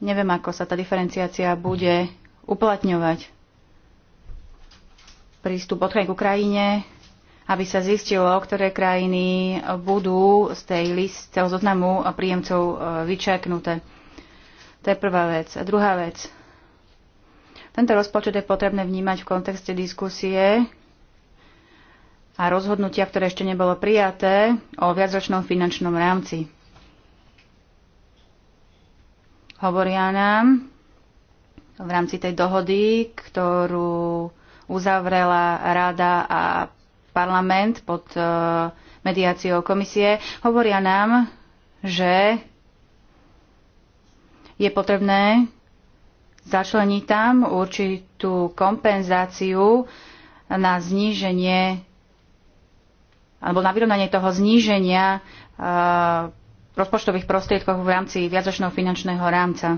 B: neviem, ako sa tá diferenciácia bude uplatňovať. Prístup odchrany k Ukrajine, aby sa zistilo, ktoré krajiny budú z tej list, toho zoznamu príjemcov e, vyčerknuté. To je prvá vec. A druhá vec. Tento rozpočet je potrebné vnímať v kontexte diskusie a rozhodnutia, ktoré ešte nebolo prijaté o viacročnom finančnom rámci. Hovoria nám v rámci tej dohody, ktorú uzavrela Rada a parlament pod eh, mediáciou komisie, hovoria nám, že je potrebné začleniť tam určitú kompenzáciu na zníženie alebo na vyrovnanie toho zníženia uh, rozpočtových prostriedkov v rámci viacročného finančného rámca.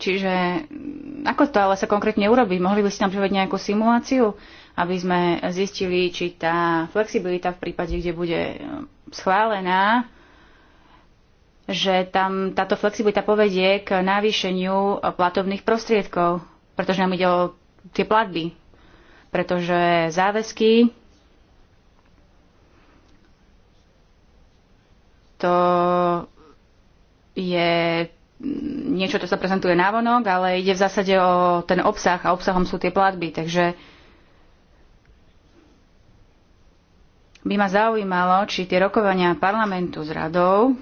B: Čiže mm, ako to ale sa konkrétne urobí? Mohli by ste nám povedať nejakú simuláciu? Uh, aby sme zistili, či tá flexibilita v prípade, kde bude eh, schválená, že tam táto flexibilita povedie k navýšeniu eh, platobných prostriedkov, pretože nám ide o tie platby. Pretože záväzky, to je mm, niečo, čo sa prezentuje na vonok, ale ide v zásade o ten obsah a obsahom sú tie platby. Takže uh, by ma zaujímalo, či tie rokovania parlamentu s radou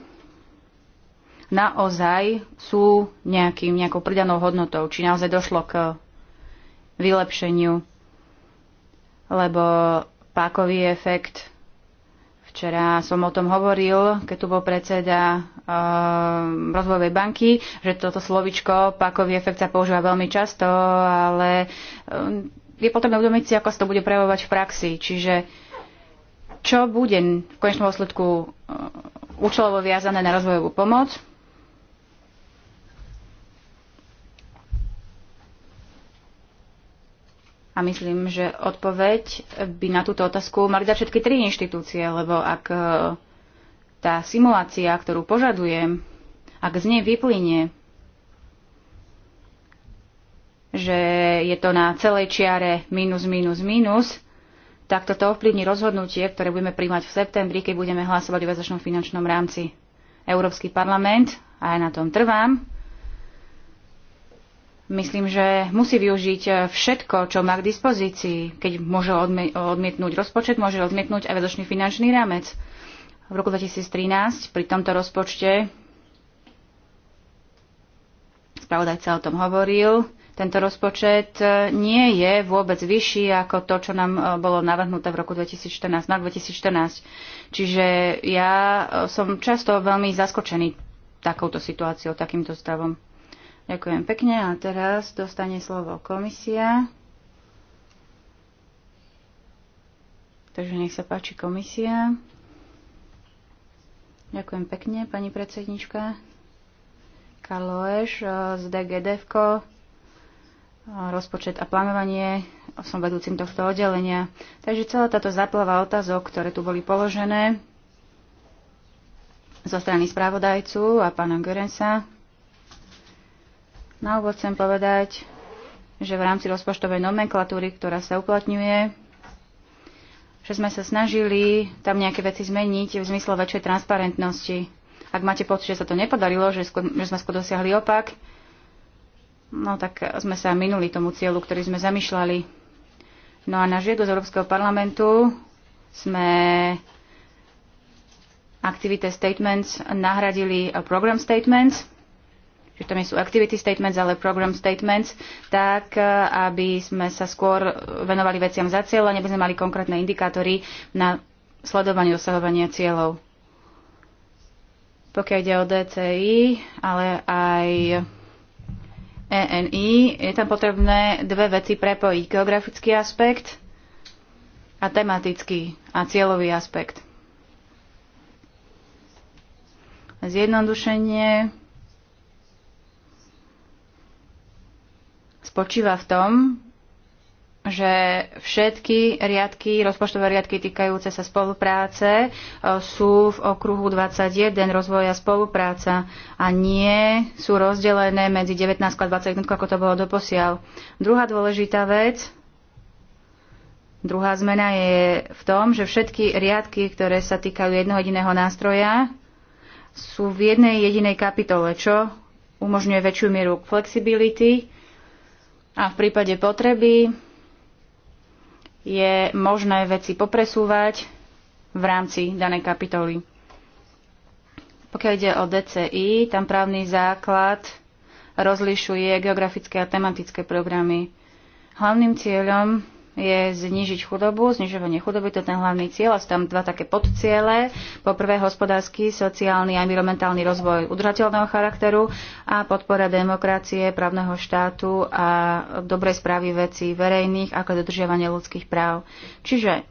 B: naozaj sú nejakým, nejakou pridanou hodnotou, či naozaj došlo k vylepšeniu, lebo pákový efekt. Včera som o tom hovoril, keď tu bol predseda uh, rozvojovej banky, že toto slovičko pákový efekt sa používa veľmi často, ale uh, je potrebné uvedomiť si, ako sa to bude prejavovať v praxi. Čiže uh, čo bude v konečnom dôsledku eh, účelovo viazané na rozvojovú pomoc. A myslím, že odpoveď by na túto otázku mali dať všetky tri inštitúcie, lebo ak eh, tá simulácia, ktorú požadujem, ak z nej vyplynie, že je to na celej čiare minus, minus, minus, tak toto ovplyvní rozhodnutie, ktoré budeme príjmať v septembri, keď budeme hlasovať o väzačnom finančnom rámci. Európsky parlament, a aj ja na tom trvám, myslím, že musí využiť všetko, čo má k dispozícii, keď môže odme- odmietnúť rozpočet, môže odmietnúť aj väzačný finančný rámec. V roku 2013 pri tomto rozpočte spravodajca o tom hovoril, tento rozpočet e, nie je vôbec vyšší ako to, čo nám e, bolo navrhnuté v roku 2014, na 2014. Čiže ja e, som často veľmi zaskočený takouto situáciou, takýmto stavom. Ďakujem pekne a teraz dostane slovo komisia. Takže nech sa páči komisia. Ďakujem pekne, pani predsednička. Karloeš z DGDFKO rozpočet a plánovanie, som vedúcim tohto oddelenia. Takže celá táto zaplava otázok, ktoré tu boli položené zo strany správodajcu a pána Görensa, na úvod chcem povedať, že v rámci rozpočtovej nomenklatúry, ktorá sa uplatňuje, že sme sa snažili tam nejaké veci zmeniť v zmysle väčšej transparentnosti. Ak máte pocit, že sa to nepodarilo, že, skôr, že sme skôr dosiahli opak, No tak sme sa minuli tomu cieľu, ktorý sme zamýšľali. No a na žiadosť Európskeho parlamentu sme aktivité statements nahradili program statements, že tam sú activity statements, ale program statements, tak aby sme sa skôr venovali veciam za cieľ a neby sme mali konkrétne indikátory na sledovanie dosahovania cieľov. Pokiaľ ide o DCI, ale aj mm-hmm ENI, je tam potrebné dve veci prepojiť. Geografický aspekt a tematický a cieľový aspekt. Zjednodušenie spočíva v tom, že všetky riadky, rozpočtové riadky týkajúce sa spolupráce e, sú v okruhu 21 rozvoja spolupráca a nie sú rozdelené medzi 19 a 21, ako to bolo doposiaľ. Druhá dôležitá vec, druhá zmena je v tom, že všetky riadky, ktoré sa týkajú jednoho jediného nástroja, sú v jednej jedinej kapitole, čo umožňuje väčšiu mieru flexibility a v prípade potreby je možné veci popresúvať v rámci danej kapitoly. Pokiaľ ide o DCI, tam právny základ rozlišuje geografické a tematické programy. Hlavným cieľom je znižiť chudobu, znižovanie chudoby, to je ten hlavný cieľ, a sú tam dva také podciele. Po prvé, hospodársky, sociálny a environmentálny rozvoj udržateľného charakteru a podpora demokracie, právneho štátu a dobrej správy vecí verejných, ako dodržiavanie ľudských práv. Čiže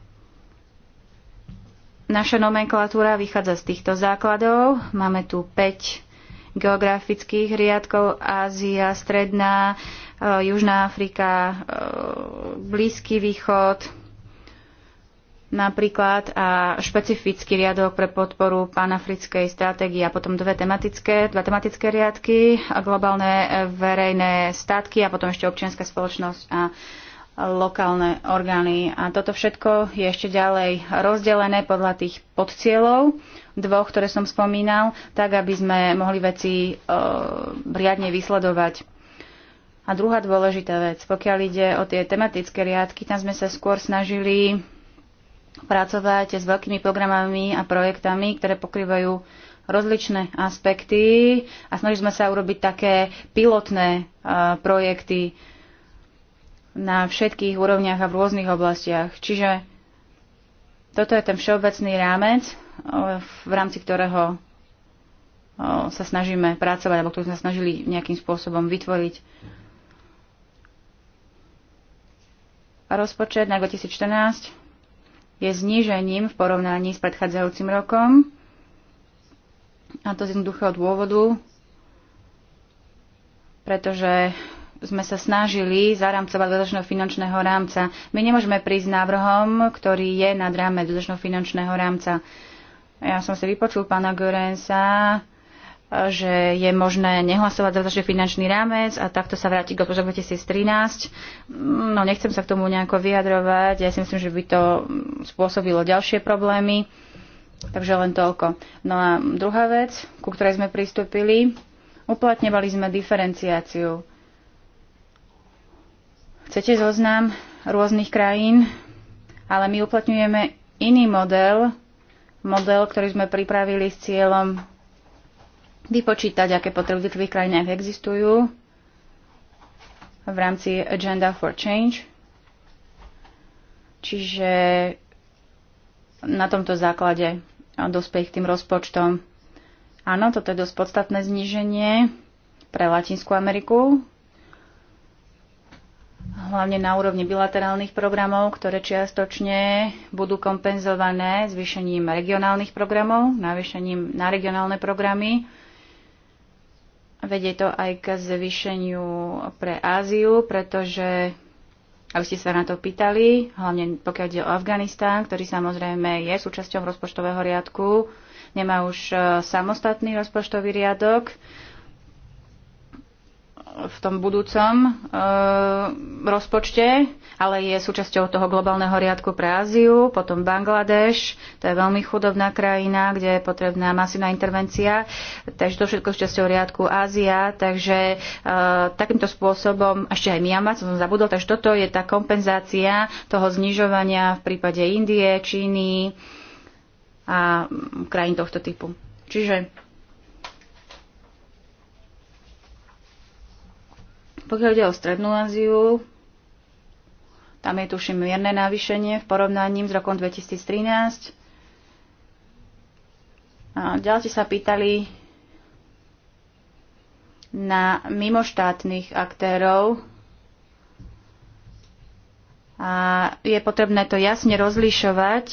B: naša nomenklatúra vychádza z týchto základov. Máme tu 5 geografických riadkov Ázia, Stredná, uh, Eh, Južná Afrika, eh, Blízky východ napríklad a špecifický riadok pre podporu panafrickej stratégie a potom dve tematické, dva tematické riadky, a globálne eh, verejné statky a potom ešte občianská spoločnosť a lokálne orgány. A toto všetko je ešte ďalej rozdelené podľa tých podcieľov, dvoch, ktoré som spomínal, tak aby sme mohli veci e, riadne vysledovať. A druhá dôležitá vec, pokiaľ ide o tie tematické riadky, tam sme sa skôr snažili pracovať s veľkými programami a projektami, ktoré pokrývajú rozličné aspekty a snažili sme sa urobiť také pilotné uh, projekty na všetkých úrovniach a v rôznych oblastiach. Čiže toto je ten všeobecný rámec, e, v rámci ktorého e, sa snažíme pracovať, alebo ktorý sme snažili nejakým spôsobom vytvoriť. rozpočet na 2014 je znížením v porovnaní s predchádzajúcim rokom. A to z jednoduchého dôvodu, pretože sme sa snažili zarámcovať dodatočného finančného rámca. My nemôžeme prísť návrhom, ktorý je nad ráme dodatočného finančného rámca. Ja som si vypočul pána Görensa, že je možné nehlasovať za finančný rámec a takto sa vráti k roku 2013. No nechcem sa k tomu nejako vyjadrovať. Ja si myslím, že by to spôsobilo ďalšie problémy. Takže len toľko. No a druhá vec, ku ktorej sme pristúpili, uplatňovali sme diferenciáciu. Chcete zoznam rôznych krajín, ale my uplatňujeme iný model, model, ktorý sme pripravili s cieľom vypočítať, aké potreby v jednotlivých krajinách existujú v rámci Agenda for Change. Čiže na tomto základe dospieť k tým rozpočtom. Áno, toto je dosť podstatné zníženie pre Latinskú Ameriku, hlavne na úrovni bilaterálnych programov, ktoré čiastočne budú kompenzované zvýšením regionálnych programov, navýšením na regionálne programy vedie to aj k zvýšeniu pre Áziu, pretože, aby ste sa na to pýtali, hlavne pokiaľ ide o Afganistán, ktorý samozrejme je súčasťou rozpočtového riadku, nemá už e, samostatný rozpočtový riadok, v tom budúcom uh, rozpočte, ale je súčasťou toho globálneho riadku pre Áziu, potom Bangladeš, to je veľmi chudobná krajina, kde je potrebná masívna intervencia, takže to všetko súčasťou riadku Ázia, takže uh, takýmto spôsobom, ešte aj Myanmar, som zabudol, takže toto je tá kompenzácia toho znižovania v prípade Indie, Číny a mm, krajín tohto typu. Čiže pokiaľ ide o Strednú Aziu, tam je tuším mierne navýšenie v porovnaní s rokom 2013. A ďalej sa pýtali na mimoštátnych aktérov. A je potrebné to jasne rozlišovať,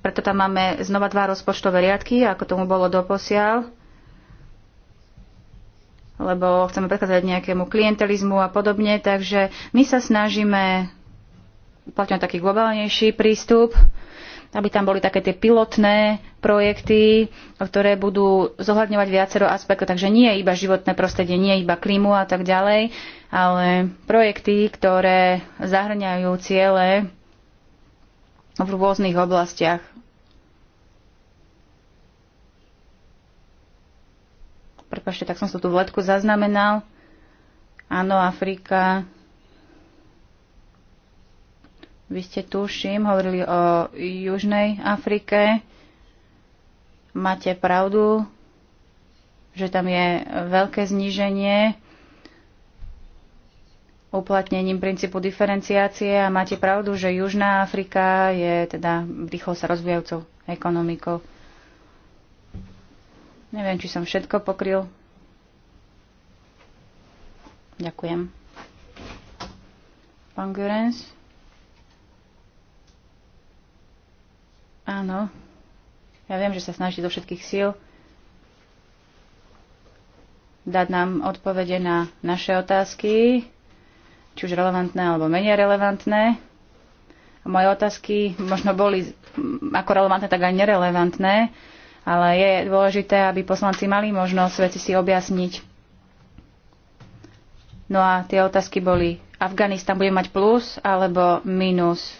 B: preto tam máme znova dva rozpočtové riadky, ako tomu bolo doposiaľ lebo chceme predkázať nejakému klientelizmu a podobne. Takže my sa snažíme uplatňovať taký globálnejší prístup, aby tam boli také tie pilotné projekty, ktoré budú zohľadňovať viacero aspektov. Takže nie iba životné prostredie, nie iba klímu a tak ďalej, ale projekty, ktoré zahrňajú ciele v rôznych oblastiach prepašte, tak som sa tu vledko zaznamenal. Áno, Afrika. Vy ste tu, šim, hovorili o Južnej Afrike. Máte pravdu, že tam je veľké zníženie uplatnením princípu diferenciácie a máte pravdu, že Južná Afrika je teda rýchlo sa rozvíjajúcou ekonomikou. Neviem, či som všetko pokryl. Ďakujem. Pán Gurens? Áno. Ja viem, že sa snaží do všetkých síl dať nám odpovede na naše otázky, či už relevantné alebo menej relevantné. A moje otázky možno boli ako relevantné, tak aj nerelevantné ale je dôležité, aby poslanci mali možnosť veci si objasniť. No a tie otázky boli, Afganistan bude mať plus alebo minus.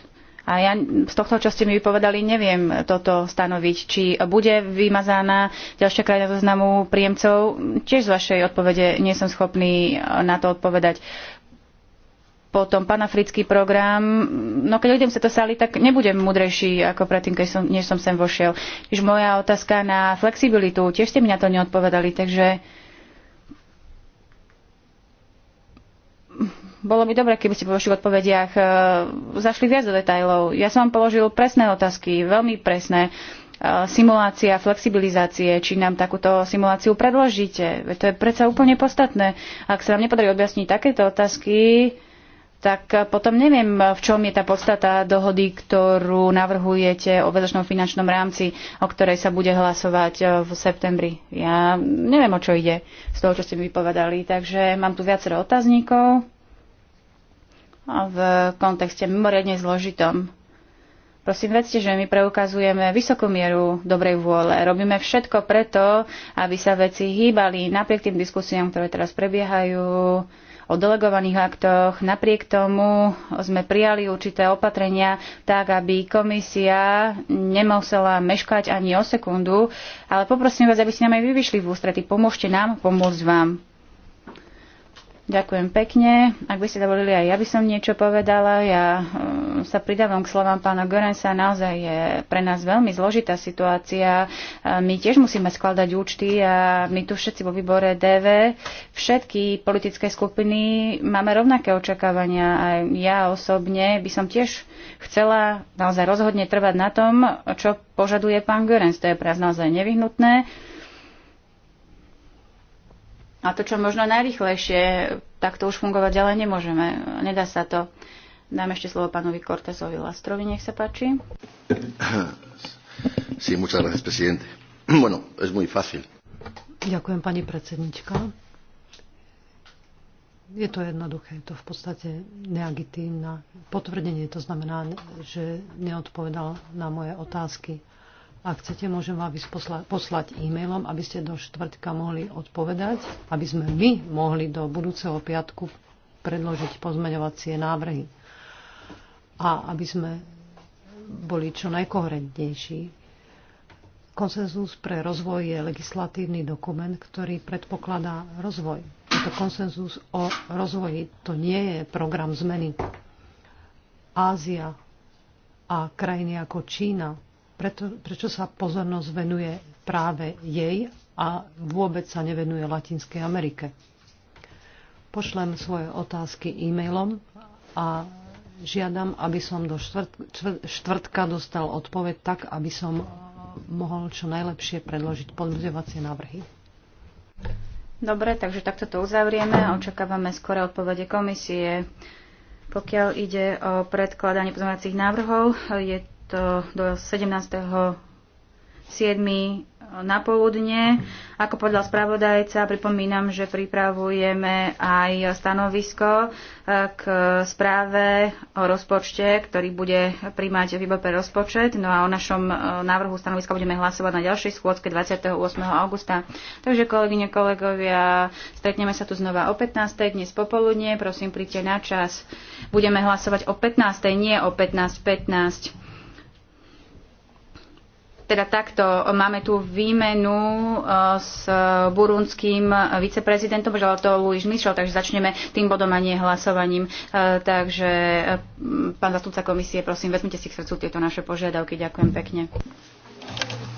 B: A ja z tohto, čo ste mi vypovedali, neviem toto stanoviť. Či bude vymazaná ďalšia krajina zoznamu príjemcov, tiež z vašej odpovede nie som schopný na to odpovedať potom panafrický program. No keď ľuďom sa to sali, tak nebudem múdrejší ako predtým, keď som, než som sem vošiel. Čiže moja otázka na flexibilitu, tiež ste mi na to neodpovedali, takže... Bolo by dobre, keby ste po vašich odpovediach uh, zašli viac do detajlov. Ja som vám položil presné otázky, veľmi presné. Uh, simulácia, flexibilizácie, či nám takúto simuláciu predložíte. To je predsa úplne podstatné. Ak sa vám nepodarí objasniť takéto otázky, uh, tak eh, potom neviem, eh, v čom je tá podstata dohody, ktorú navrhujete o väzačnom finančnom rámci, o ktorej sa bude hlasovať eh, v septembri. Ja neviem, o čo ide z toho, čo ste mi vypovedali. Takže mám tu viacero otáznikov v kontexte mimoriadne zložitom. Prosím, vedzte, že my preukazujeme vysokú mieru dobrej vôle. Robíme všetko preto, aby sa veci hýbali napriek tým diskusiám, ktoré teraz prebiehajú o delegovaných aktoch. Napriek tomu sme prijali určité opatrenia tak, aby komisia nemusela meškať ani o sekundu. Ale poprosím vás, aby ste nám aj vyvyšli v ústrety. Pomôžte nám, pomôcť vám. Ďakujem pekne. Ak by ste dovolili, aj ja by som niečo povedala. Ja eh, sa pridávam k slovám pána Gorensa. Naozaj je pre nás veľmi zložitá situácia. My tiež musíme skladať účty a my tu všetci vo výbore DV, všetky politické skupiny máme rovnaké očakávania. A ja osobne by som tiež chcela naozaj rozhodne trvať na tom, čo požaduje pán Görens. To je pre nás naozaj nevyhnutné. A to, čo možno najrychlejšie, tak to už fungovať ďalej nemôžeme. Nedá sa to. Dám ešte slovo pánovi Cortesovi Lastrovi, nech sa páči.
C: Sí, muchas gracias, presidente. Bueno, es muy fácil.
D: Ďakujem, pani predsednička. Je to jednoduché, je to v podstate neagitívne potvrdenie. To znamená, že neodpovedal na moje otázky. Ak chcete, môžem vám posla- poslať e-mailom, aby ste do štvrtka mohli odpovedať, aby sme my mohli do budúceho piatku predložiť pozmeňovacie návrhy. A aby sme boli čo najkohrednejší. Konsenzus pre rozvoj je legislatívny dokument, ktorý predpokladá rozvoj. Je to konsenzus o rozvoji, to nie je program zmeny. Ázia a krajiny ako Čína preto, prečo sa pozornosť venuje práve jej a vôbec sa nevenuje Latinskej Amerike. Pošlem svoje otázky e-mailom a žiadam, aby som do štvrtka dostal odpoveď tak, aby som mohol čo najlepšie predložiť podľudzovacie návrhy.
B: Dobre, takže takto to uzavrieme a očakávame skoré odpovede komisie. Pokiaľ ide o predkladanie pozmeňovacích návrhov, je to do 17. 7. Eh, na poludne. Ako povedal spravodajca, pripomínam, že pripravujeme aj stanovisko eh, k správe o rozpočte, ktorý bude príjmať výbor pre rozpočet. No a o našom eh, návrhu stanoviska budeme hlasovať na ďalšej schôdzke 28. augusta. Takže kolegyne, kolegovia, stretneme sa tu znova o 15. dnes popoludne. Prosím, príďte na čas. Budeme hlasovať o 15. nie o 15.15. 15 teda takto, máme tu výmenu eh, s burundským viceprezidentom, že to Luis Michel, takže začneme tým bodom a nie hlasovaním. Eh, takže eh, pán zastupca komisie, prosím, vezmite si k srdcu tieto naše požiadavky. Ďakujem pekne. Thank you.